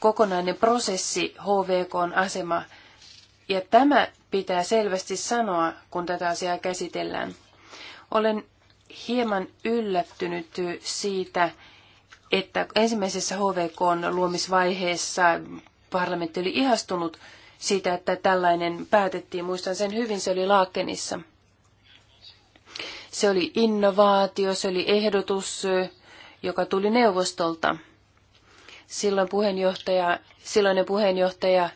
kokonainen prosessi HVKn asema. Ja tämä pitää selvästi sanoa, kun tätä asiaa käsitellään. Olen hieman yllättynyt siitä, että ensimmäisessä HVKn luomisvaiheessa parlamentti oli ihastunut siitä, että tällainen päätettiin. Muistan sen hyvin, se oli Laakenissa – se oli innovaatio, se oli ehdotus, joka tuli neuvostolta. Silloin puheenjohtaja, silloinen puheenjohtaja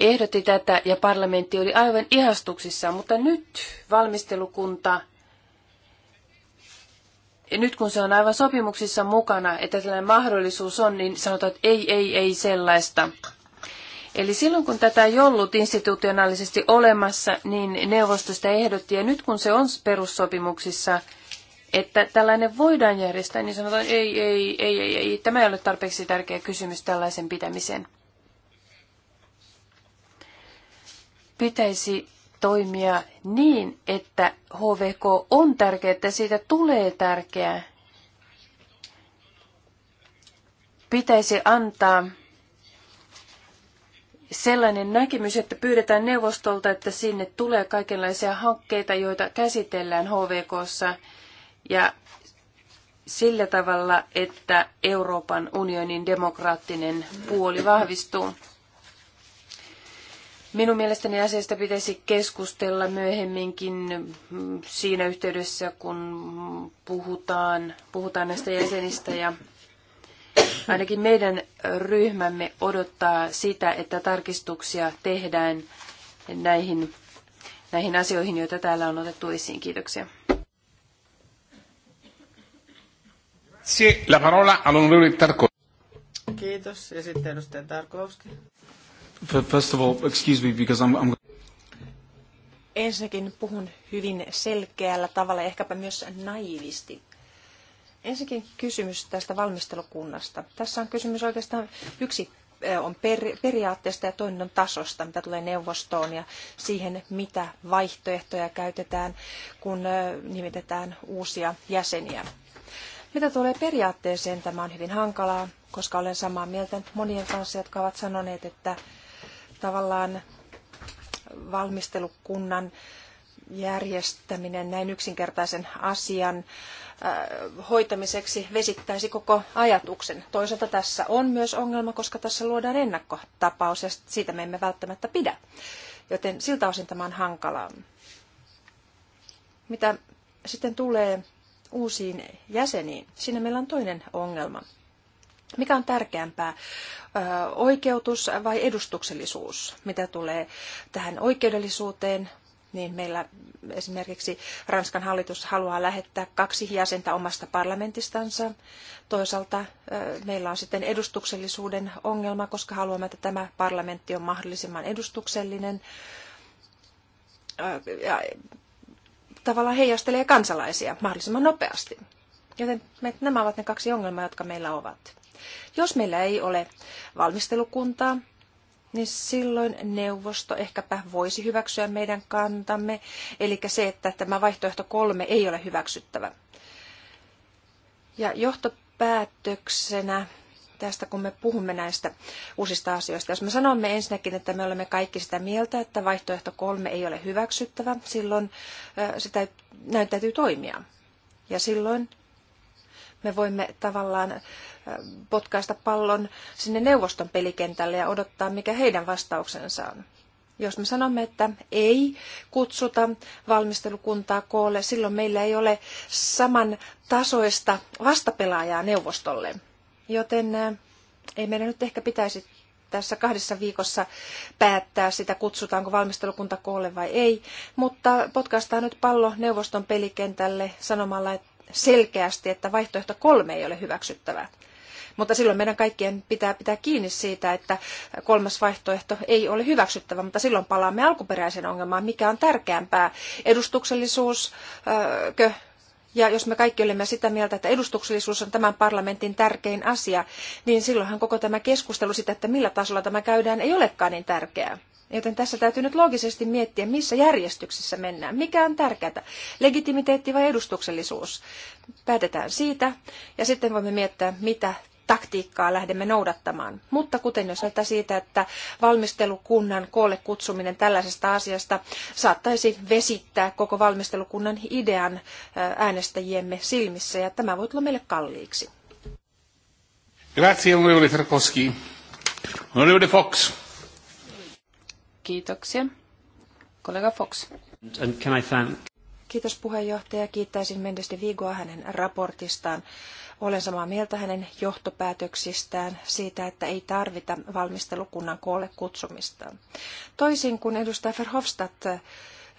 ehdotti tätä ja parlamentti oli aivan ihastuksissa, mutta nyt valmistelukunta, nyt kun se on aivan sopimuksissa mukana, että tällainen mahdollisuus on, niin sanotaan, että ei, ei, ei sellaista. Eli silloin kun tätä ei ollut institutionaalisesti olemassa, niin neuvostosta ehdotti, ja nyt kun se on perussopimuksissa, että tällainen voidaan järjestää, niin sanotaan, ei, ei, ei, ei, ei, tämä ei ole tarpeeksi tärkeä kysymys tällaisen pitämiseen. Pitäisi toimia niin, että HVK on tärkeä, että siitä tulee tärkeää. Pitäisi antaa sellainen näkemys, että pyydetään neuvostolta, että sinne tulee kaikenlaisia hankkeita, joita käsitellään HVKssa ja sillä tavalla, että Euroopan unionin demokraattinen puoli vahvistuu. Minun mielestäni asiasta pitäisi keskustella myöhemminkin mm, siinä yhteydessä, kun puhutaan, puhutaan näistä jäsenistä ja Ainakin meidän ryhmämme odottaa sitä, että tarkistuksia tehdään näihin, näihin asioihin, joita täällä on otettu esiin. Kiitoksia. La parola all'onorevole Tarkovsky. Kiitos. Ja sitten edustaja Tarkovski. First of all, excuse me, because I'm, I'm... Ensinnäkin puhun hyvin selkeällä tavalla, ehkäpä myös naivisti. Ensinnäkin kysymys tästä valmistelukunnasta. Tässä on kysymys oikeastaan yksi on periaatteesta ja toinen on tasosta, mitä tulee neuvostoon ja siihen, mitä vaihtoehtoja käytetään, kun nimitetään uusia jäseniä. Mitä tulee periaatteeseen, tämä on hyvin hankalaa, koska olen samaa mieltä monien kanssa, jotka ovat sanoneet, että tavallaan valmistelukunnan järjestäminen näin yksinkertaisen asian äh, hoitamiseksi vesittäisi koko ajatuksen. Toisaalta tässä on myös ongelma, koska tässä luodaan ennakkotapaus ja siitä me emme välttämättä pidä. Joten siltä osin tämä on hankalaa. Mitä sitten tulee uusiin jäseniin, siinä meillä on toinen ongelma. Mikä on tärkeämpää, oikeutus vai edustuksellisuus, mitä tulee tähän oikeudellisuuteen? niin meillä esimerkiksi Ranskan hallitus haluaa lähettää kaksi jäsentä omasta parlamentistansa. Toisaalta meillä on sitten edustuksellisuuden ongelma, koska haluamme, että tämä parlamentti on mahdollisimman edustuksellinen ja tavallaan heijastelee kansalaisia mahdollisimman nopeasti. Joten me, nämä ovat ne kaksi ongelmaa, jotka meillä ovat. Jos meillä ei ole valmistelukuntaa, niin silloin neuvosto ehkäpä voisi hyväksyä meidän kantamme, eli se, että tämä vaihtoehto kolme ei ole hyväksyttävä. Ja johtopäätöksenä tästä, kun me puhumme näistä uusista asioista. Jos me sanomme ensinnäkin, että me olemme kaikki sitä mieltä, että vaihtoehto kolme ei ole hyväksyttävä, silloin sitä, näin täytyy toimia. Ja silloin me voimme tavallaan potkaista pallon sinne neuvoston pelikentälle ja odottaa, mikä heidän vastauksensa on. Jos me sanomme, että ei kutsuta valmistelukuntaa koolle, silloin meillä ei ole saman tasoista vastapelaajaa neuvostolle. Joten ei meidän nyt ehkä pitäisi tässä kahdessa viikossa päättää sitä, kutsutaanko valmistelukunta koolle vai ei, mutta potkaistaan nyt pallo neuvoston pelikentälle sanomalla, että selkeästi, että vaihtoehto kolme ei ole hyväksyttävää. Mutta silloin meidän kaikkien pitää pitää kiinni siitä, että kolmas vaihtoehto ei ole hyväksyttävä, mutta silloin palaamme alkuperäiseen ongelmaan, mikä on tärkeämpää, edustuksellisuuskö öö, ja jos me kaikki olemme sitä mieltä, että edustuksellisuus on tämän parlamentin tärkein asia, niin silloinhan koko tämä keskustelu sitä, että millä tasolla tämä käydään, ei olekaan niin tärkeää. Joten tässä täytyy nyt loogisesti miettiä, missä järjestyksessä mennään. Mikä on tärkeää? Legitimiteetti vai edustuksellisuus? Päätetään siitä ja sitten voimme miettiä, mitä taktiikkaa lähdemme noudattamaan. Mutta kuten jos näyttää siitä, että valmistelukunnan koolle kutsuminen tällaisesta asiasta saattaisi vesittää koko valmistelukunnan idean äänestäjiemme silmissä, ja tämä voi tulla meille kalliiksi. Grazie, onorevole Tarkovski. Onorevole Fox. Kiitoksia. Kollega Fox. And can I thank... Kiitos puheenjohtaja. Kiittäisin Mendes de Vigoa hänen raportistaan. Olen samaa mieltä hänen johtopäätöksistään siitä, että ei tarvita valmistelukunnan koolle kutsumista. Toisin kuin edustaja Verhofstadt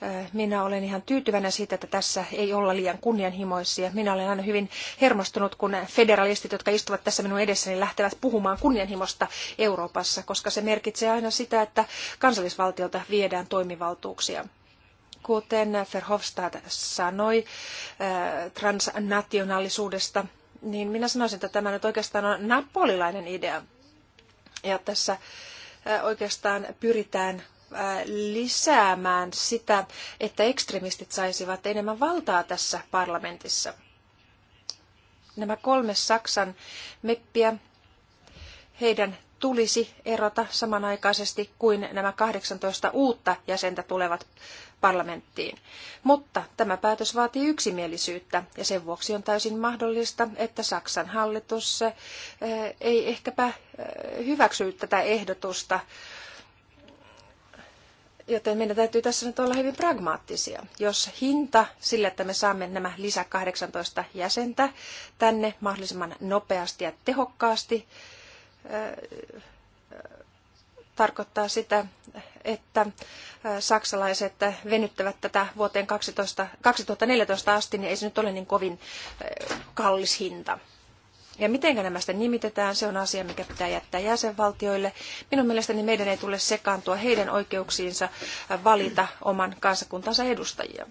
Äh, minä olen ihan tyytyväinen siitä, että tässä ei olla liian kunnianhimoisia. Minä olen aina hyvin hermostunut, kun federalistit, jotka istuvat tässä minun edessäni, lähtevät puhumaan kunnianhimosta Euroopassa, koska se merkitsee aina sitä, että kansallisvaltiolta viedään toimivaltuuksia. Kuten Verhofstadt sanoi äh, transnationaalisuudesta, niin minä sanoisin, että tämä nyt oikeastaan on napolilainen idea. Ja tässä äh, oikeastaan pyritään Äh, lisäämään sitä, että ekstremistit saisivat enemmän valtaa tässä parlamentissa. Nämä kolme Saksan meppiä, heidän tulisi erota samanaikaisesti kuin nämä 18 uutta jäsentä tulevat parlamenttiin. Mutta tämä päätös vaatii yksimielisyyttä ja sen vuoksi on täysin mahdollista, että Saksan hallitus äh, ei ehkäpä äh, hyväksy tätä ehdotusta Joten meidän täytyy tässä nyt olla hyvin pragmaattisia. Jos hinta sille, että me saamme nämä lisä 18 jäsentä tänne mahdollisimman nopeasti ja tehokkaasti, tarkoittaa sitä, että saksalaiset venyttävät tätä vuoteen 12, 2014 asti, niin ei se nyt ole niin kovin kallis hinta. Ja miten nämä sitten nimitetään, se on asia, mikä pitää jättää jäsenvaltioille. Minun mielestäni meidän ei tule sekaantua heidän oikeuksiinsa valita oman kansakuntansa edustajia.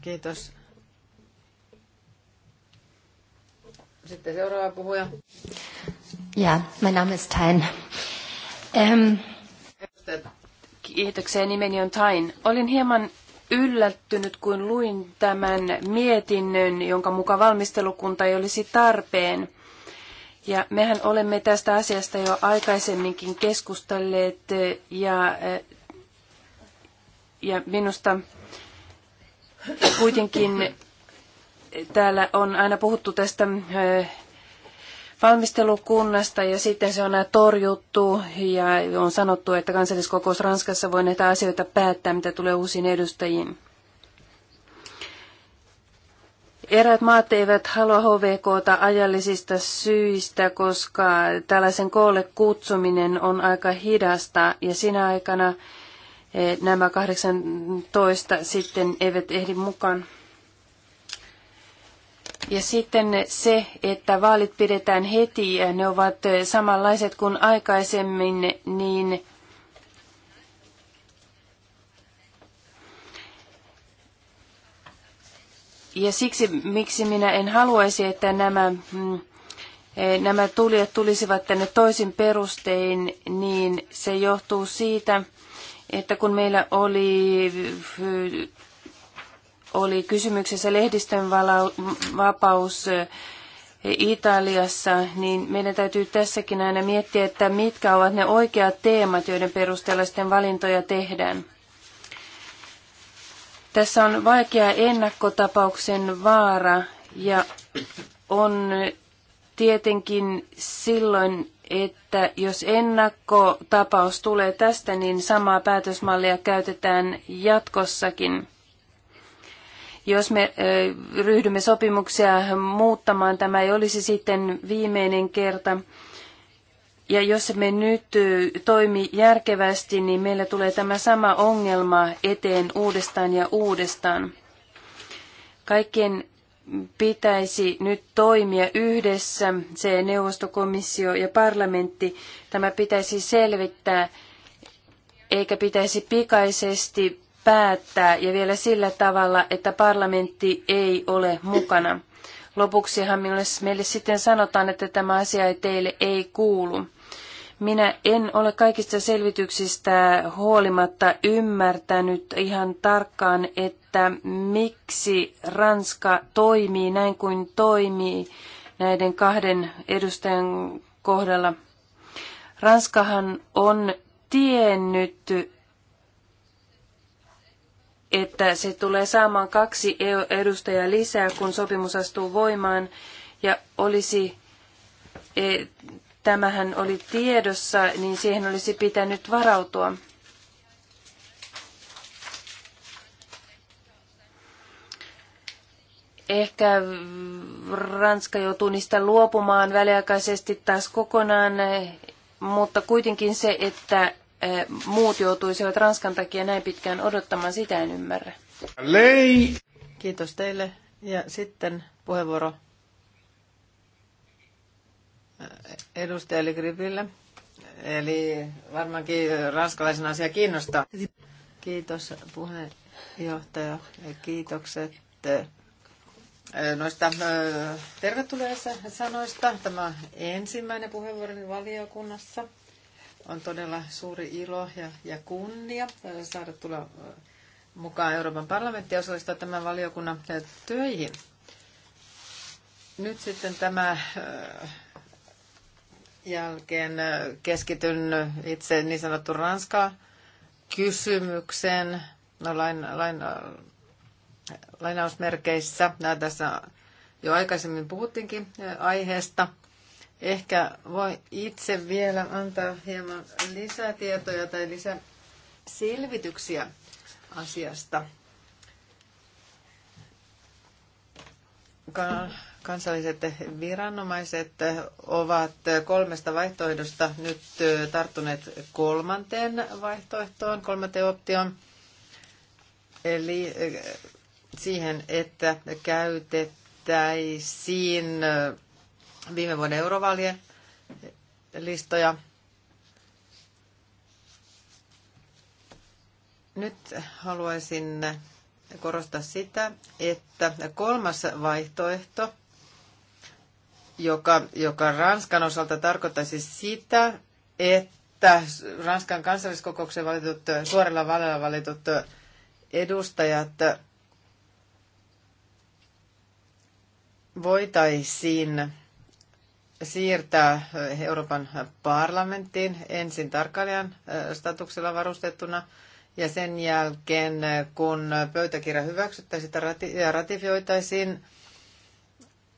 Kiitos. Sitten seuraava puhuja. Ja, mein Name ist Tain. Ähm. Kiitoksia, nimeni on Tain. Olin hieman yllättynyt, kun luin tämän mietinnön, jonka mukaan valmistelukunta ei olisi tarpeen. Ja mehän olemme tästä asiasta jo aikaisemminkin keskustelleet eh, ja, eh, ja minusta kuitenkin täällä on aina puhuttu tästä eh, valmistelukunnasta ja sitten se on torjuttu ja on sanottu, että kansalliskokous Ranskassa voi näitä asioita päättää, mitä tulee uusiin edustajiin. Eräät maat eivät halua HVKta ajallisista syistä, koska tällaisen koolle kutsuminen on aika hidasta ja sinä aikana eh, nämä 18 sitten eivät ehdi mukaan. Ja sitten se, että vaalit pidetään heti ja ne ovat samanlaiset kuin aikaisemmin, niin Ja siksi, miksi minä en haluaisi, että nämä, mm, e, nämä tulijat tulisivat tänne toisin perustein, niin se johtuu siitä, että kun meillä oli mm, oli kysymyksessä lehdistön vapaus Italiassa, niin meidän täytyy tässäkin aina miettiä, että mitkä ovat ne oikeat teemat, joiden perusteella sitten valintoja tehdään. Tässä on vaikea ennakkotapauksen vaara ja on tietenkin silloin, että jos ennakkotapaus tulee tästä, niin samaa päätösmallia käytetään jatkossakin. Jos me ryhdymme sopimuksia muuttamaan, tämä ei olisi sitten viimeinen kerta. Ja jos me nyt toimi järkevästi, niin meillä tulee tämä sama ongelma eteen uudestaan ja uudestaan. Kaikkien pitäisi nyt toimia yhdessä, se neuvostokomissio ja parlamentti. Tämä pitäisi selvittää, eikä pitäisi pikaisesti päättää ja vielä sillä tavalla, että parlamentti ei ole mukana. Lopuksihan minulle, meille sitten sanotaan, että tämä asia ei teille ei kuulu. Minä en ole kaikista selvityksistä huolimatta ymmärtänyt ihan tarkkaan, että miksi Ranska toimii näin kuin toimii näiden kahden edustajan kohdalla. Ranskahan on tiennyt, että se tulee saamaan kaksi e edustajaa lisää, kun sopimus astuu voimaan. Ja olisi, e, tämähän oli tiedossa, niin siihen olisi pitänyt varautua. ehkä Ranska joutuu niistä luopumaan väliaikaisesti taas kokonaan, mutta kuitenkin se, että Eh, muut joutuisivat Ranskan takia näin pitkään odottamaan, sitä en ymmärrä. Lei. Kiitos teille. Ja sitten puheenvuoro eh, edustaja Gripille. Eli varmaankin ranskalaisen asia kiinnostaa. Kiitos puheenjohtaja. Kiitokset eh, noista tervetulleista sanoista. Tämä ensimmäinen puheenvuoro valiokunnassa. On todella suuri ilo ja, ja kunnia äh, saada tulla äh, mukaan Euroopan parlamenttiin ja osallistua tämän valiokunnan äh, töihin. Nyt sitten tämä jälkeen keskityn itse niin sanottu Ranskaa kysymykseen, no, lain, lain, lainausmerkeissä. Nämä tässä jo aikaisemmin puhuttiinkin aiheesta – Ehkä voi itse vielä antaa hieman lisätietoja tai lisäselvityksiä asiasta. Kansalliset viranomaiset ovat kolmesta vaihtoehdosta nyt tarttuneet kolmanteen vaihtoehtoon, kolmanteen optioon. Eli eh, siihen, että käytettäisiin viime vuoden eurovaalien listoja. Nyt haluaisin korostaa sitä, että kolmas vaihtoehto, joka, joka Ranskan osalta tarkoittaisi sitä, että Ranskan kansalliskokouksen valitut, suorilla vaaleilla valitut edustajat voitaisiin siirtää Euroopan parlamenttiin ensin tarkkailijan statuksella varustettuna ja sen jälkeen, kun pöytäkirja hyväksyttäisiin ja ratifioitaisiin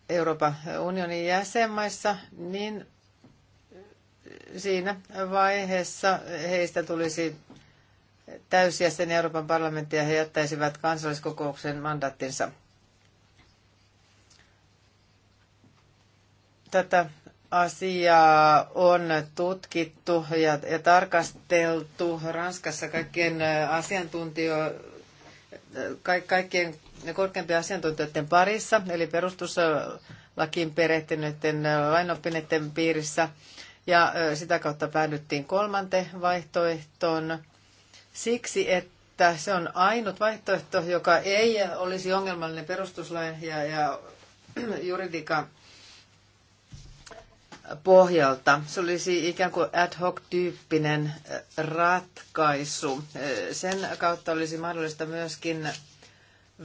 Euroopan unionin jäsenmaissa, niin siinä vaiheessa heistä tulisi täysjäsen Euroopan parlamentti ja he jättäisivät kansalliskokouksen mandaattinsa. Tätä asiaa on tutkittu ja, ja tarkasteltu Ranskassa kaikkien äh, asiantuntijo, ka, kaikkien korkeimpien asiantuntijoiden parissa, eli perustuslakiin perehtyneiden äh, lainoppineiden piirissä. Ja äh, sitä kautta päädyttiin kolmanteen vaihtoehtoon siksi, että se on ainut vaihtoehto, joka ei olisi ongelmallinen perustuslain ja, ja juridiikan pohjalta. Se olisi ikään kuin ad hoc-tyyppinen äh, ratkaisu. Äh, sen kautta olisi mahdollista myöskin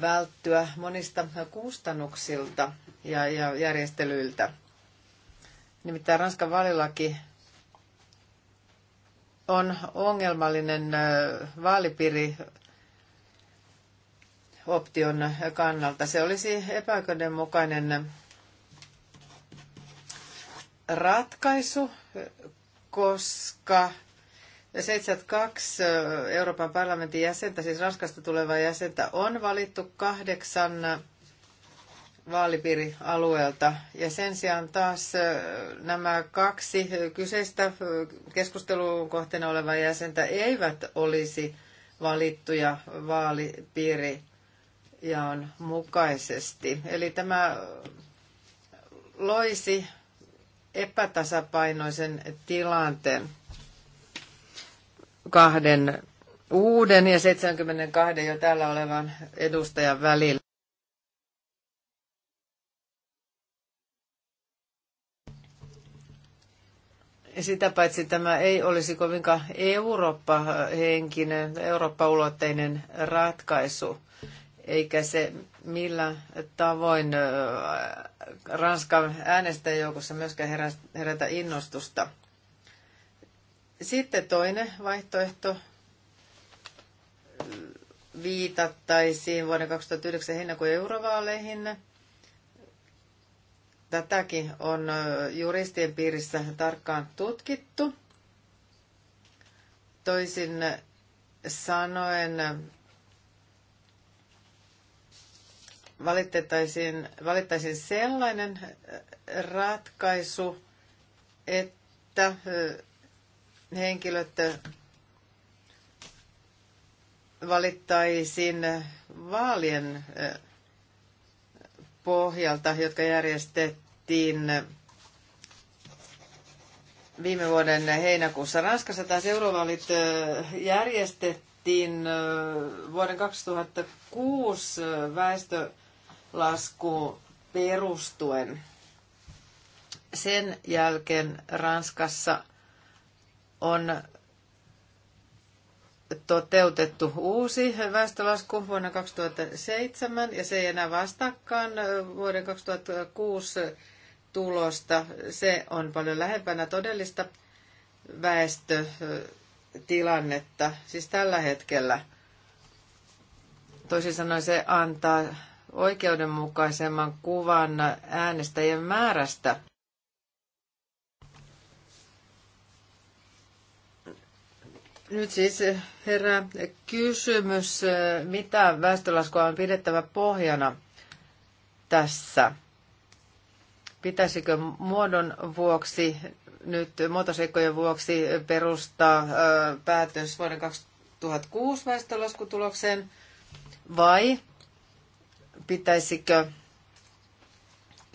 välttyä monista kustannuksilta ja, ja järjestelyiltä. Nimittäin Ranskan vaalilaki on ongelmallinen äh, vaalipiiri option kannalta. Se olisi epäoikeudenmukainen ratkaisu, koska 72 Euroopan parlamentin jäsentä, siis Ranskasta tulevaa jäsentä, on valittu kahdeksan vaalipiirialueelta. Ja sen sijaan taas nämä kaksi kyseistä keskustelun kohteena olevaa jäsentä eivät olisi valittuja on mukaisesti. Eli tämä loisi epätasapainoisen tilanteen kahden uuden ja 72 jo täällä olevan edustajan välillä. Sitä paitsi tämä ei olisi kovinkaan Eurooppa-henkinen, Eurooppa-ulotteinen ratkaisu, eikä se millä tavoin Ranskan äänestäjäjoukossa myöskään herätä innostusta. Sitten toinen vaihtoehto viitattaisiin vuoden 2009 heinäkuun eurovaaleihin. Tätäkin on juristien piirissä tarkkaan tutkittu. Toisin sanoen valittaisiin, valittaisiin sellainen äh, ratkaisu, että äh, henkilöt äh, valittaisiin vaalien pohjalta, jotka järjestettiin viime vuoden heinäkuussa Ranskassa. Taas eurovaalit järjestettiin vuoden 2006 väestö laskuun perustuen. Sen jälkeen Ranskassa on toteutettu uusi väestölasku vuonna 2007 ja se ei enää vastaakaan vuoden 2006 tulosta. Se on paljon lähempänä todellista väestötilannetta, siis tällä hetkellä. Toisin sanoen se antaa oikeudenmukaisemman kuvan äänestäjien määrästä. Nyt siis herää kysymys, mitä väestölaskua on pidettävä pohjana tässä? Pitäisikö muodon vuoksi, nyt muotoseikkojen vuoksi perustaa päätös vuoden 2006 väestölaskutulokseen vai pitäisikö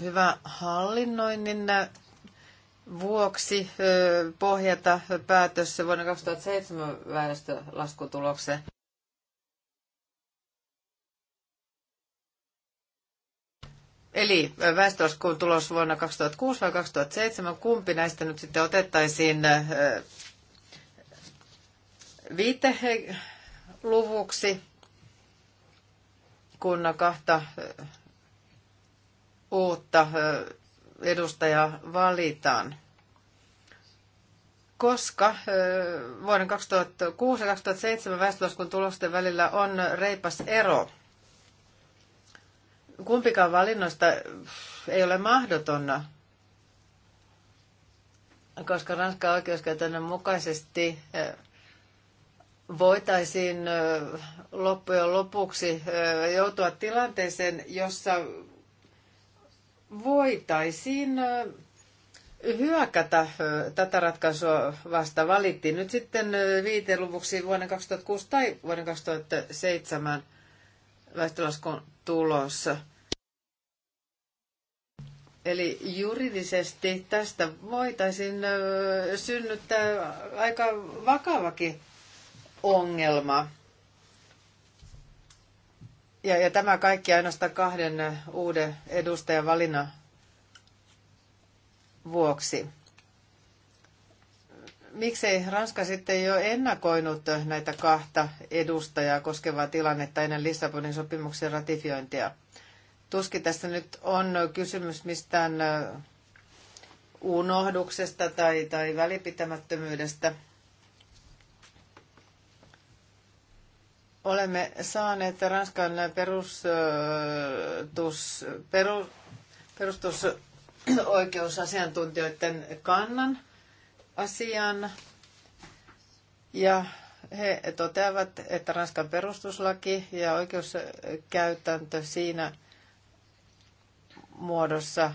hyvä hallinnoinnin vuoksi pohjata päätös vuonna 2007 väestölaskutulokseen. Eli väestölaskun tulos vuonna 2006 vai 2007, kumpi näistä nyt sitten otettaisiin viiteluvuksi kun kahta uutta edustajaa valitaan. Koska vuoden 2006 ja 2007 väestölaskun tulosten välillä on reipas ero, kumpikaan valinnoista ei ole mahdotonna, koska Ranska oikeuskäytännön mukaisesti voitaisiin loppujen lopuksi joutua tilanteeseen, jossa voitaisiin hyökätä tätä ratkaisua vasta valittiin nyt sitten viiteluvuksi vuoden 2006 tai vuoden 2007 väestölaskun tulossa. Eli juridisesti tästä voitaisiin synnyttää aika vakavakin ongelma. Ja, ja tämä kaikki ainoastaan kahden uuden edustajan valinnan vuoksi. Miksei Ranska sitten jo ennakoinut näitä kahta edustajaa koskevaa tilannetta ennen Lissabonin sopimuksen ratifiointia? Tuskin tässä nyt on kysymys mistään unohduksesta tai, tai välipitämättömyydestä – Olemme saaneet Ranskan perustus, peru, perustusoikeusasiantuntijoiden kannan asiaan. Ja he toteavat, että Ranskan perustuslaki ja oikeuskäytäntö siinä muodossa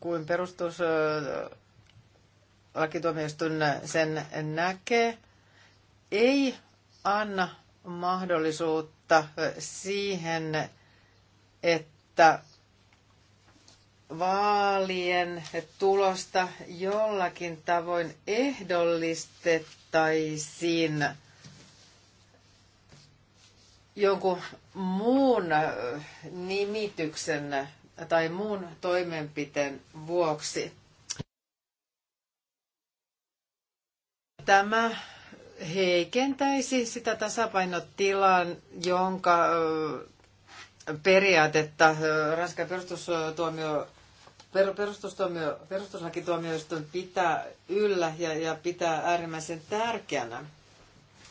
kuin perustuslakituomioistuin sen näkee, ei anna mahdollisuutta siihen, että vaalien tulosta jollakin tavoin ehdollistettaisiin jonkun muun nimityksen tai muun toimenpiteen vuoksi. Tämä heikentäisi sitä tasapainotilaa, jonka periaatetta Ranskan perustustuomio, perustustuomio, perustuslakituomioistuin pitää yllä ja, ja pitää äärimmäisen tärkeänä.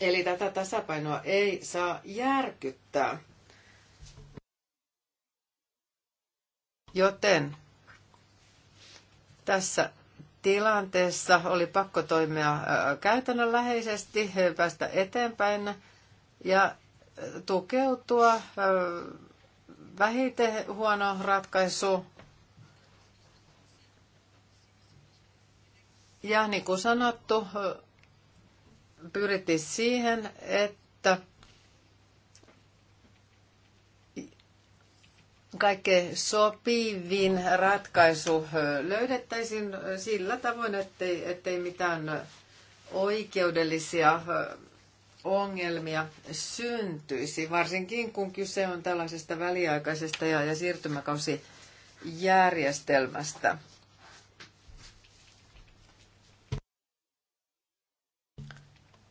Eli tätä tasapainoa ei saa järkyttää. Joten tässä tilanteessa oli pakko toimia käytännönläheisesti, päästä eteenpäin ja tukeutua vähiten huono ratkaisu. Ja niin kuin sanottu, pyrittiin siihen, että kaikkein sopivin ratkaisu löydettäisiin sillä tavoin, ettei, ettei mitään oikeudellisia ongelmia syntyisi, varsinkin kun kyse on tällaisesta väliaikaisesta ja, ja siirtymäkausijärjestelmästä.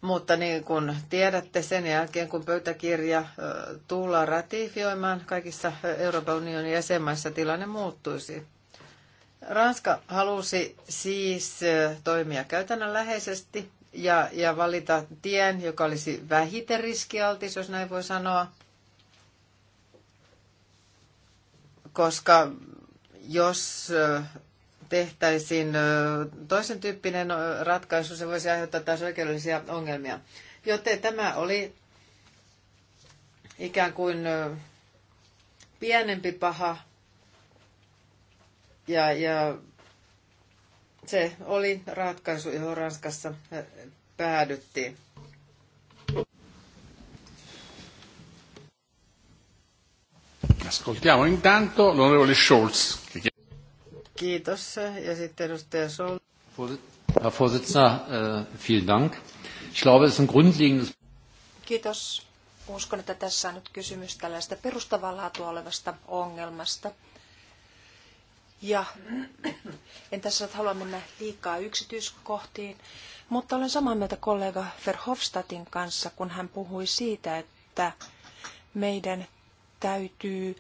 Mutta niin kuin tiedätte, sen jälkeen kun pöytäkirja tullaan ratifioimaan kaikissa Euroopan unionin jäsenmaissa, tilanne muuttuisi. Ranska halusi siis toimia käytännönläheisesti ja, ja valita tien, joka olisi vähiten riskialtis, jos näin voi sanoa, koska jos tehtäisiin toisen tyyppinen ratkaisu, se voisi aiheuttaa taas oikeudellisia ongelmia. Joten tämä oli ikään kuin pienempi paha ja, ja se oli ratkaisu, johon Ranskassa päädyttiin. Ascoltiamo intanto l'onorevole Scholz. Kiitos. Ja sitten edustaja Sol. Herr Vorsitzender, äh, vielen Dank. Ich glaube, es ist ein grundlegendes... Kiitos. Uskon, että tässä on nyt kysymys tällaista perustavanlaatua olevasta ongelmasta. Ja en tässä nyt halua mennä liikaa yksityiskohtiin, mutta olen samaa mieltä kollega Verhofstadtin kanssa, kun hän puhui siitä, että meidän täytyy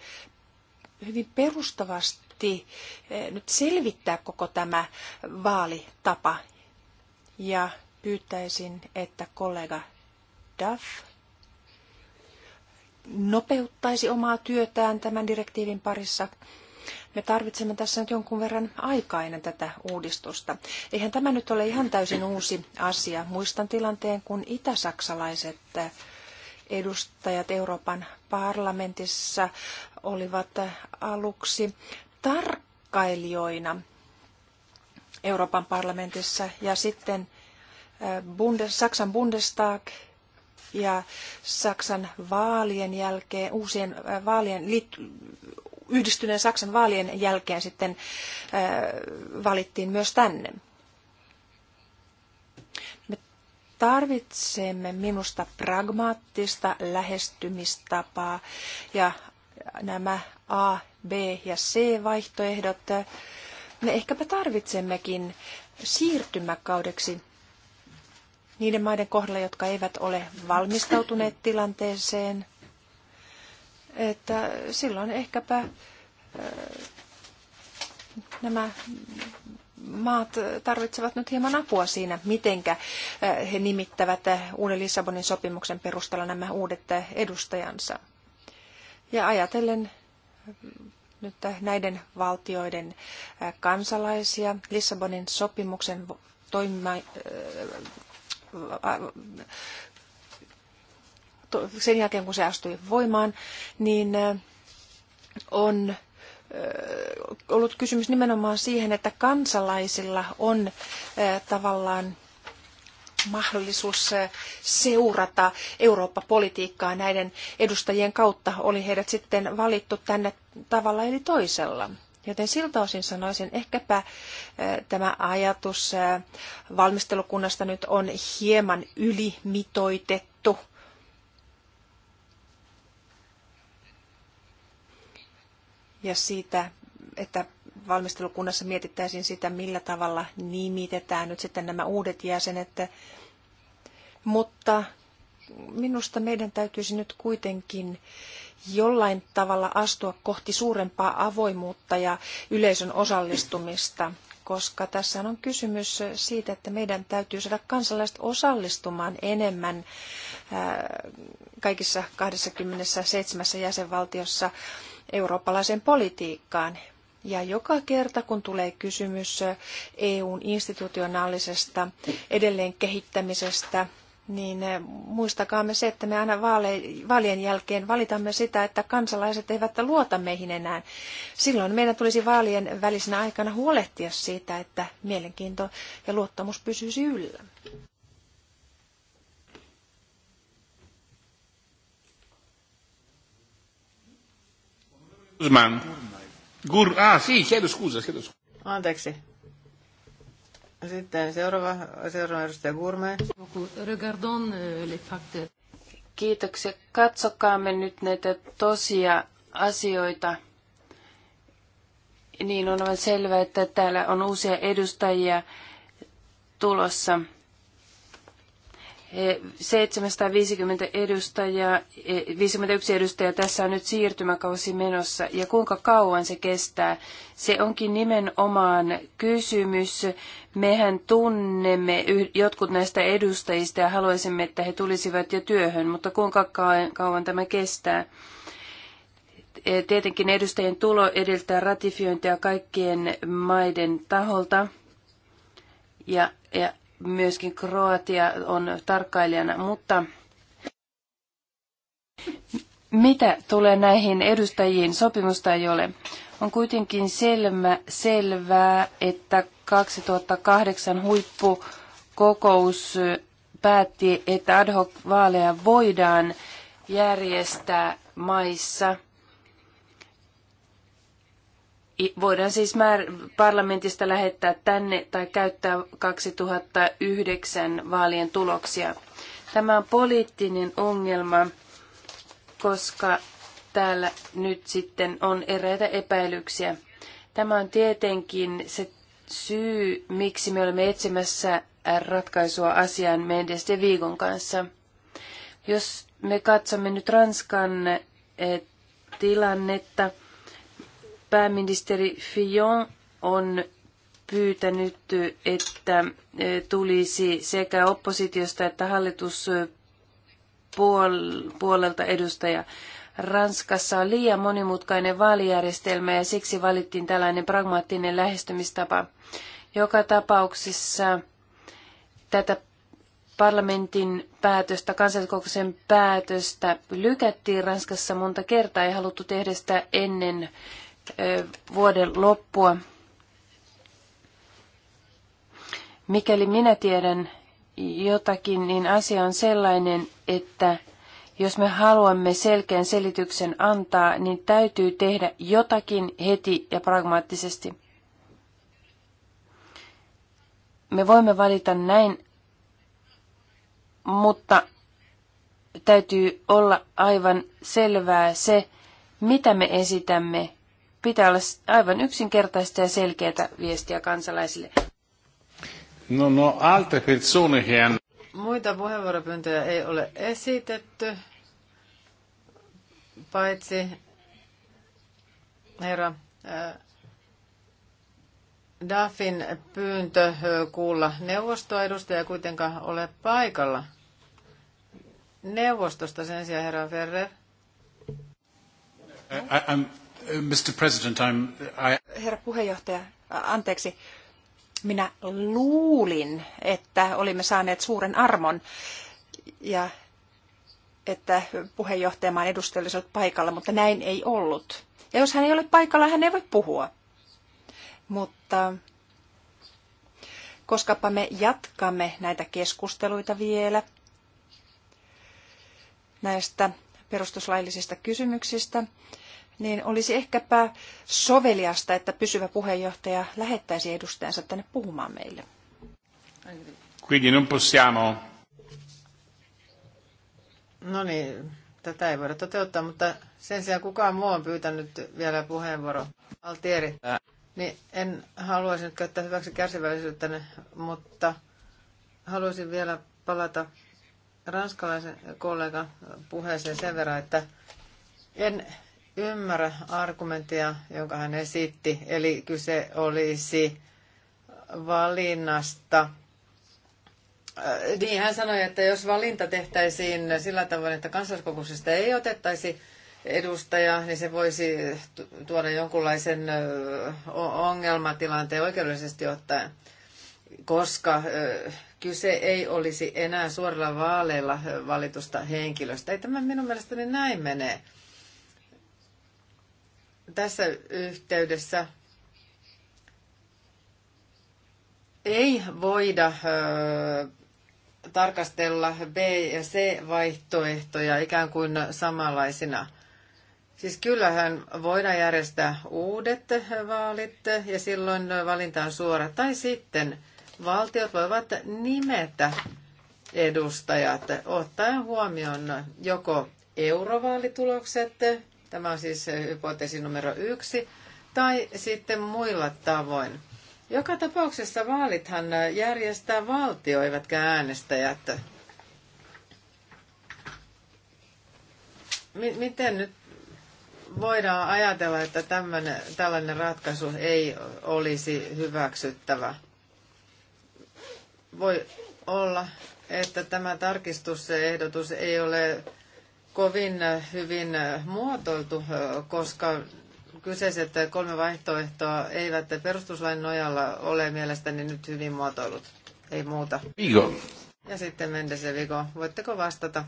hyvin perustavasti piti eh, nyt selvittää koko tämä vaalitapa. Ja pyytäisin, että kollega Duff nopeuttaisi omaa työtään tämän direktiivin parissa. Me tarvitsemme tässä nyt jonkun verran aikaa ennen tätä uudistusta. Eihän tämä nyt ole ihan täysin uusi asia. Muistan tilanteen, kun itäsaksalaiset eh, edustajat Euroopan parlamentissa olivat eh, aluksi tarkkailijoina Euroopan parlamentissa ja sitten äh, Bundes, Saksan Bundestag ja Saksan vaalien jälkeen, uusien äh, vaalien, yhdistyneen Saksan vaalien jälkeen sitten äh, valittiin myös tänne. Me tarvitsemme minusta pragmaattista lähestymistapaa ja nämä A B ja C vaihtoehdot, me ehkäpä tarvitsemmekin siirtymäkaudeksi niiden maiden kohdalla, jotka eivät ole valmistautuneet tilanteeseen, että silloin ehkäpä nämä maat tarvitsevat nyt hieman apua siinä, mitenkä he nimittävät uuden Lissabonin sopimuksen perusteella nämä uudet edustajansa. Ja ajatellen nyt näiden valtioiden kansalaisia Lissabonin sopimuksen toimima, sen jälkeen kun se astui voimaan, niin on ollut kysymys nimenomaan siihen, että kansalaisilla on tavallaan mahdollisuus seurata Eurooppa-politiikkaa näiden edustajien kautta, oli heidät sitten valittu tänne tavalla eli toisella. Joten siltä osin sanoisin, ehkäpä tämä ajatus valmistelukunnasta nyt on hieman ylimitoitettu. Ja siitä, että valmistelukunnassa mietittäisiin sitä, millä tavalla nimitetään nyt sitten nämä uudet jäsenet. Mutta minusta meidän täytyisi nyt kuitenkin äh, jollain tavalla astua kohti suurempaa avoimuutta ja yleisön osallistumista, koska tässä on kysymys siitä, että meidän täytyy saada kansalaiset osallistumaan enemmän äh, kaikissa 27 jäsenvaltiossa eurooppalaiseen politiikkaan. Ja joka kerta, kun tulee kysymys äh, EUn institutionaalisesta edelleen kehittämisestä niin eh, muistakaamme se, että me aina vaalien jälkeen valitamme sitä, että kansalaiset eivät luota meihin enää. Silloin meidän tulisi vaalien välisenä aikana huolehtia siitä, että mielenkiinto ja luottamus pysyisi yllä. Gur- ah, sì, chiedo scusa, chiedo scusa. Anteeksi, sitten seuraava, seuraava edustaja Gurme. Regardons eh, les facteurs. Kiitoksia. Katsokaamme nyt näitä tosia asioita. Niin on aivan selvää, että täällä on uusia edustajia tulossa. 750 edustajaa, 51 e, edustajaa, tässä on nyt siirtymäkausi menossa, ja kuinka kauan se kestää? Se onkin nimenomaan kysymys. Mehän tunnemme jotkut näistä edustajista ja haluaisimme, että he tulisivat jo työhön, mutta kuinka kauan tämä kestää? E, tietenkin edustajien tulo edeltää ratifiointia kaikkien maiden taholta. Ja, ja myöskin Kroatia on tarkkailijana, mutta mitä tulee näihin edustajiin, sopimusta ei ole. On kuitenkin selvä, selvää, että 2008 huippukokous päätti, että ad hoc vaaleja voidaan järjestää maissa – Voidaan siis määr- parlamentista lähettää tänne tai käyttää 2009 vaalien tuloksia. Tämä on poliittinen ongelma, koska täällä nyt sitten on eräitä epäilyksiä. Tämä on tietenkin se syy, miksi me olemme etsimässä ratkaisua asiaan Mendes de Viikon kanssa. Jos me katsomme nyt Ranskan eh, tilannetta, Pääministeri Fillon on pyytänyt, että eh, tulisi sekä oppositiosta että hallituspuolelta eh, edustaja. Ranskassa on liian monimutkainen vaalijärjestelmä ja siksi valittiin tällainen pragmaattinen lähestymistapa. Joka tapauksessa tätä parlamentin päätöstä, kansalliskokouksen päätöstä lykättiin Ranskassa monta kertaa ja haluttu tehdä sitä ennen vuoden loppua. Mikäli minä tiedän jotakin, niin asia on sellainen, että jos me haluamme selkeän selityksen antaa, niin täytyy tehdä jotakin heti ja pragmaattisesti. Me voimme valita näin, mutta täytyy olla aivan selvää se, mitä me esitämme pitää olla aivan yksinkertaista ja selkeää viestiä kansalaisille. No, no, alte persone Muita puheenvuoropyyntöjä ei ole esitetty, paitsi herra äh, Daffin pyyntö äh, kuulla neuvostoa edustaja kuitenkaan ole paikalla. Neuvostosta sen sijaan herra Ferrer. I, I'm Mr. President, I'm, I... Herra puheenjohtaja, anteeksi. Minä luulin, että olimme saaneet suuren armon ja että puheenjohtajamaan edustaja olisi ollut paikalla, mutta näin ei ollut. Ja jos hän ei ole paikalla, hän ei voi puhua. Mutta koskapa me jatkamme näitä keskusteluita vielä näistä perustuslaillisista kysymyksistä, niin olisi ehkäpä soveliasta, että pysyvä puheenjohtaja lähettäisi edustajansa tänne puhumaan meille. Quindi non possiamo. No niin, tätä ei voida toteuttaa, mutta sen sijaan kukaan muu on pyytänyt vielä puheenvuoro. Altieri. Niin en haluaisi nyt käyttää hyväksi kärsivällisyyttä, mutta haluaisin vielä palata ranskalaisen kollegan puheeseen sen verran, että en ymmärrä argumenttia, jonka hän esitti. Eli kyse olisi valinnasta. Äh, niin hän sanoi, että jos valinta tehtäisiin sillä tavoin, että kansalliskokouksesta ei otettaisi edustaja, niin se voisi tuoda jonkunlaisen ongelmatilanteen oikeudellisesti ottaen, koska kyse ei olisi enää suorilla vaaleilla valitusta henkilöstä. Ei tämä minun mielestäni näin menee tässä yhteydessä ei voida tarkastella B- ja C-vaihtoehtoja ikään kuin samanlaisina. Siis kyllähän voidaan järjestää uudet vaalit ja silloin valinta on suora. Tai sitten valtiot voivat nimetä edustajat ottaen huomioon joko eurovaalitulokset Tämä on siis hypoteesi numero yksi. Tai sitten muilla tavoin. Joka tapauksessa vaalithan järjestää valtio, eivätkä äänestäjät. miten nyt voidaan ajatella, että tämmönen, tällainen ratkaisu ei olisi hyväksyttävä? Voi olla, että tämä tarkistusehdotus ei ole kovin äh, hyvin äh, muotoiltu, äh, koska kyseiset kolme vaihtoehtoa eivät perustuslain nojalla ole mielestäni nyt hyvin muotoilut. Ei muuta. Vigo. Ja sitten Mendes ja Vigo. Voitteko vastata?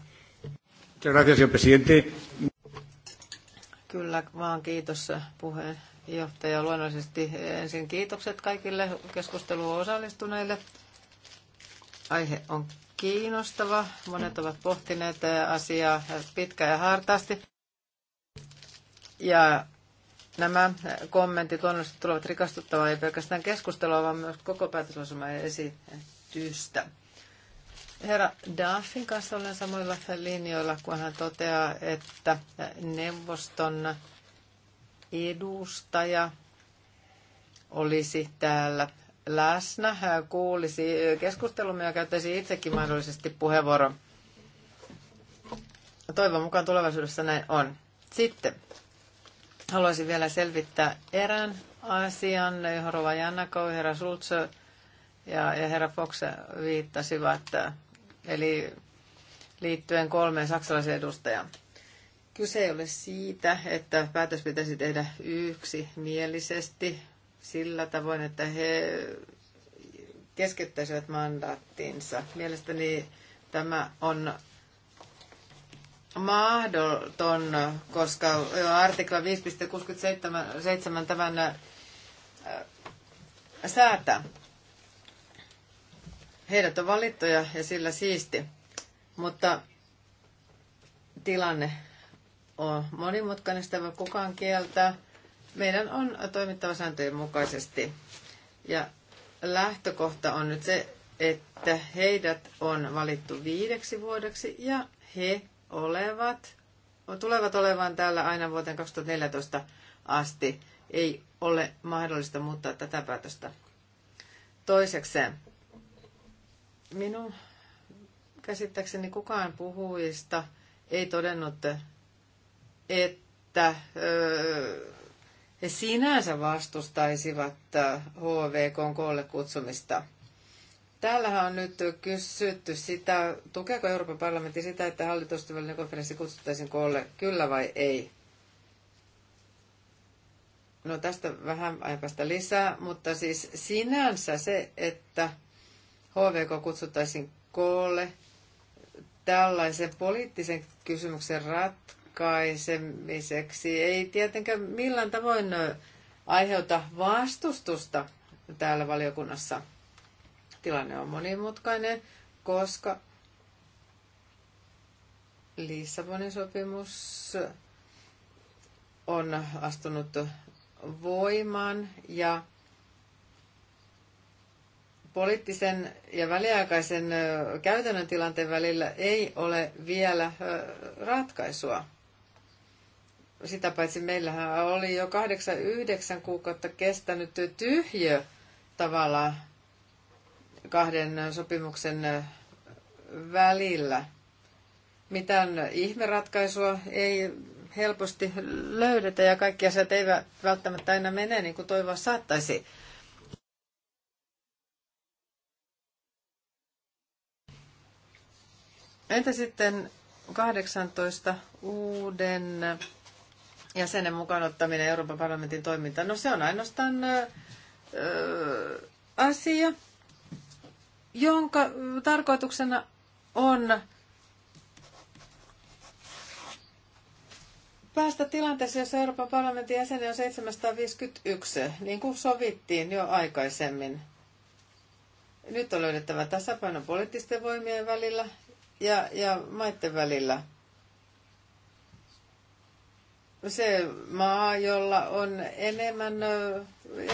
Kyllä vaan kiitos puheenjohtaja. Luonnollisesti ensin kiitokset kaikille keskusteluun osallistuneille. Aihe on kiinnostava. Monet ovat pohtineet asiaa pitkä ja hartaasti. Ja nämä kommentit luonnollisesti tulevat rikastuttamaan ei pelkästään keskustelua, vaan myös koko päätöslausuman esitystä. Herra Daffin kanssa olen samoilla linjoilla, kun hän toteaa, että neuvoston edustaja olisi täällä läsnä, kuulisi keskustelumme ja käyttäisi itsekin mahdollisesti puheenvuoron. Toivon mukaan tulevaisuudessa näin on. Sitten haluaisin vielä selvittää erään asian, johon Rova Jannakou, herra sultso ja, ja herra Fox viittasivat, eli liittyen kolmeen saksalaisen edustajaan. Kyse ei ole siitä, että päätös pitäisi tehdä yksimielisesti, sillä tavoin, että he keskittäisivät mandaattiinsa. Mielestäni tämä on mahdoton, koska artikla 5.67 tämän äh, säätä. Heidät on valittuja ja sillä siisti, mutta tilanne on monimutkainen, sitä voi kukaan kieltää meidän on toimittava sääntöjen mukaisesti. Ja lähtökohta on nyt se, että heidät on valittu viideksi vuodeksi ja he olevat, tulevat olemaan täällä aina vuoteen 2014 asti. Ei ole mahdollista muuttaa tätä päätöstä. Toisekseen, minun käsittääkseni kukaan puhujista ei todennut, että öö, he sinänsä vastustaisivat HVK äh, koolle kutsumista. Täällähän on nyt kysytty sitä, tukeeko Euroopan parlamentti sitä, että hallitustyvällinen konferenssi kutsuttaisiin koolle, kyllä vai ei. No tästä vähän aikaista lisää, mutta siis sinänsä se, että HVK kutsuttaisiin koolle tällaisen poliittisen kysymyksen ratkaisuun, ratkaisemiseksi. ei tietenkään millään tavoin aiheuta vastustusta täällä valiokunnassa. Tilanne on monimutkainen, koska Lissabonin sopimus on astunut voimaan ja poliittisen ja väliaikaisen käytännön tilanteen välillä ei ole vielä ratkaisua. Sitä paitsi meillähän oli jo kahdeksan, yhdeksän kuukautta kestänyt tyhjö tavallaan kahden sopimuksen välillä. Mitään ihmeratkaisua ei helposti löydetä ja kaikki asiat eivät välttämättä aina mene niin kuin toivoa saattaisi. Entä sitten 18 uuden jäsenen mukaan ottaminen Euroopan parlamentin toimintaan, no se on ainoastaan ö, asia, jonka tarkoituksena on päästä tilanteeseen, jossa Euroopan parlamentin jäseni on 751, niin kuin sovittiin jo aikaisemmin. Nyt on löydettävä tasapaino poliittisten voimien välillä ja, ja maiden välillä – se maa, jolla on enemmän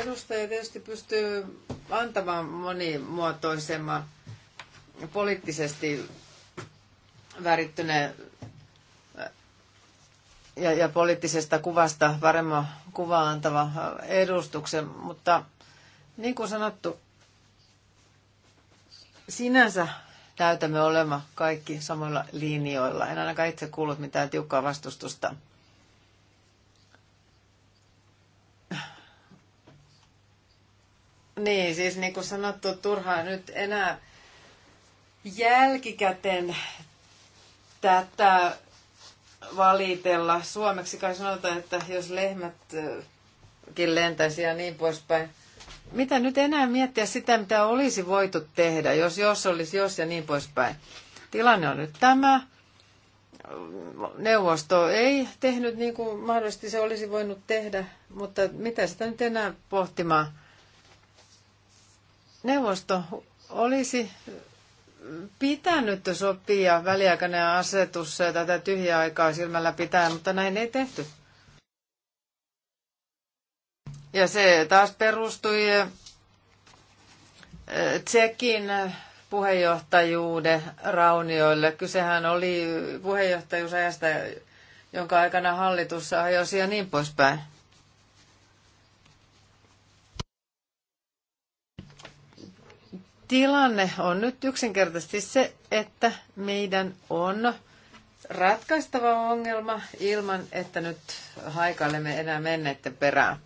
edustajia, tietysti pystyy antamaan monimuotoisemman poliittisesti värittyneen ja, ja poliittisesta kuvasta paremman kuvaa antava edustuksen, mutta niin kuin sanottu, sinänsä näytämme olemaan kaikki samoilla linjoilla. En ainakaan itse kuullut mitään tiukkaa vastustusta Niin, siis niin kuin sanottu, turhaa nyt enää jälkikäteen tätä valitella. Suomeksi kai sanotaan, että jos lehmätkin lentäisi ja niin poispäin. Mitä nyt enää miettiä sitä, mitä olisi voitu tehdä, jos jos olisi jos ja niin poispäin. Tilanne on nyt tämä. Neuvosto ei tehnyt niin kuin mahdollisesti se olisi voinut tehdä, mutta mitä sitä nyt enää pohtimaan – Neuvosto olisi pitänyt sopia väliaikainen asetus tätä tyhjää aikaa silmällä pitää, mutta näin ei tehty. Ja se taas perustui eh, Tsekin puheenjohtajuuden raunioille. Kysehän oli puheenjohtajuusajasta, jonka aikana hallitus hajosi ja niin poispäin. tilanne on nyt yksinkertaisesti se, että meidän on ratkaistava ongelma ilman, että nyt haikailemme enää menneiden perään.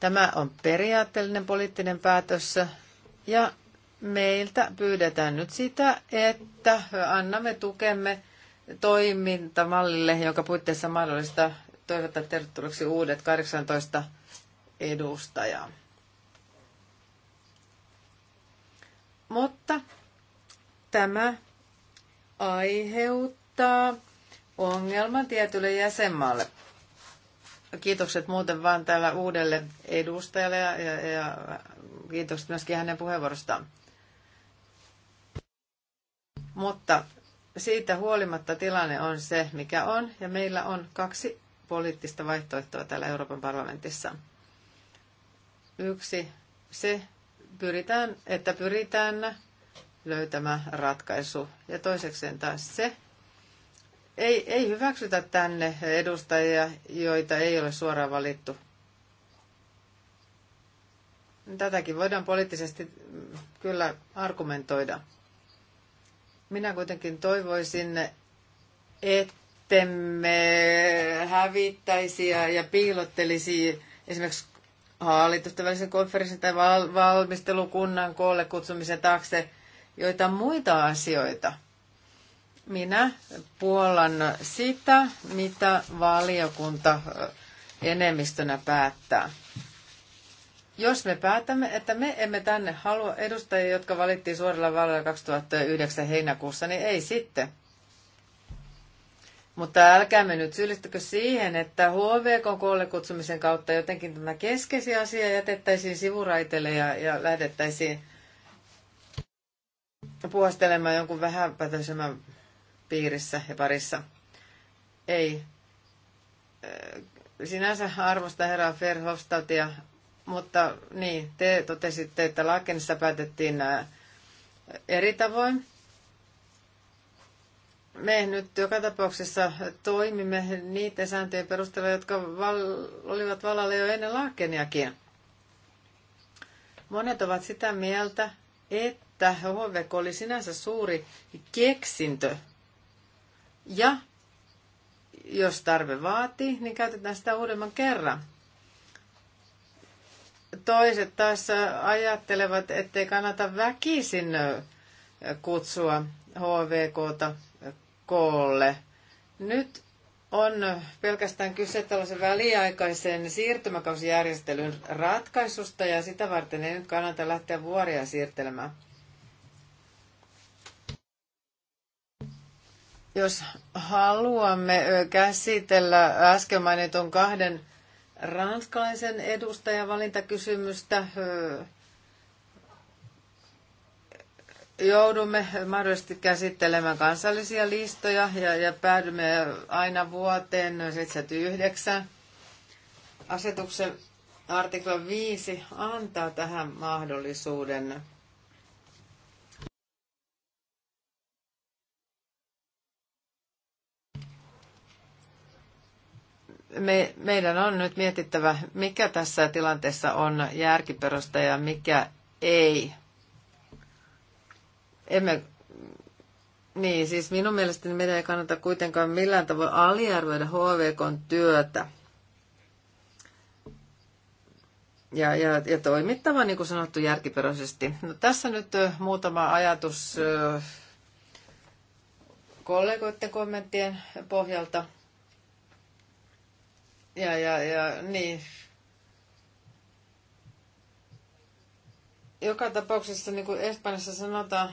Tämä on periaatteellinen poliittinen päätös ja meiltä pyydetään nyt sitä, että annamme tukemme toimintamallille, jonka puitteissa mahdollista toivottaa tervetulleeksi uudet 18 edustajaa. Mutta tämä aiheuttaa ongelman tietylle jäsenmaalle. Kiitokset muuten vaan täällä uudelle edustajalle ja, ja, ja kiitokset myöskin hänen puheenvuorostaan. Mutta siitä huolimatta tilanne on se, mikä on, ja meillä on kaksi poliittista vaihtoehtoa täällä Euroopan parlamentissa. Yksi se, pyritään, että pyritään löytämään ratkaisu. Ja toisekseen taas se, ei, ei hyväksytä tänne edustajia, joita ei ole suoraan valittu. Tätäkin voidaan poliittisesti kyllä argumentoida. Minä kuitenkin toivoisin, ettemme hävittäisi ja piilottelisi esimerkiksi hallitusten välisen konferenssin tai val- valmistelukunnan koolle kutsumisen taakse joita muita asioita. Minä puolan sitä, mitä valiokunta enemmistönä päättää. Jos me päätämme, että me emme tänne halua edustajia, jotka valittiin suorilla vaaleilla 2009 heinäkuussa, niin ei sitten. Mutta älkäämme nyt syyllistykö siihen, että HVK koolle kutsumisen kautta jotenkin tämä keskeisiä asia jätettäisiin sivuraitelle ja, ja lähdettäisiin puhastelemaan jonkun vähäpätöisemmän piirissä ja parissa. Ei. Äh, sinänsä arvosta herra Ferhofstadtia, mutta niin, te totesitte, että Lakenissa päätettiin äh, eri tavoin me nyt joka tapauksessa toimimme niiden sääntöjen perusteella, jotka val- olivat vallalla jo ennen Laakeniakin. Monet ovat sitä mieltä, että HVK oli sinänsä suuri keksintö. Ja jos tarve vaatii, niin käytetään sitä uudemman kerran. Toiset taas ajattelevat, ettei kannata väkisin kutsua HVKta koolle. Nyt on pelkästään kyse tällaisen väliaikaisen siirtymäkausijärjestelyn ratkaisusta ja sitä varten ei nyt kannata lähteä vuoria siirtelemään. Jos haluamme käsitellä äsken mainitun kahden ranskalaisen valintakysymystä joudumme mahdollisesti käsittelemään kansallisia listoja ja, ja päädymme aina vuoteen 79. Asetuksen artikla 5 antaa tähän mahdollisuuden. Me, meidän on nyt mietittävä, mikä tässä tilanteessa on järkiperusta ja mikä ei emme niin, siis minun mielestäni meidän ei kannata kuitenkaan millään tavoin aliarvoida HVKn työtä. Ja, ja, ja toimittava, niin kuin sanottu, järkiperäisesti. No, tässä nyt muutama ajatus kollegoiden kommenttien pohjalta. Ja, ja, ja niin. Joka tapauksessa, niin kuin Espanjassa sanotaan,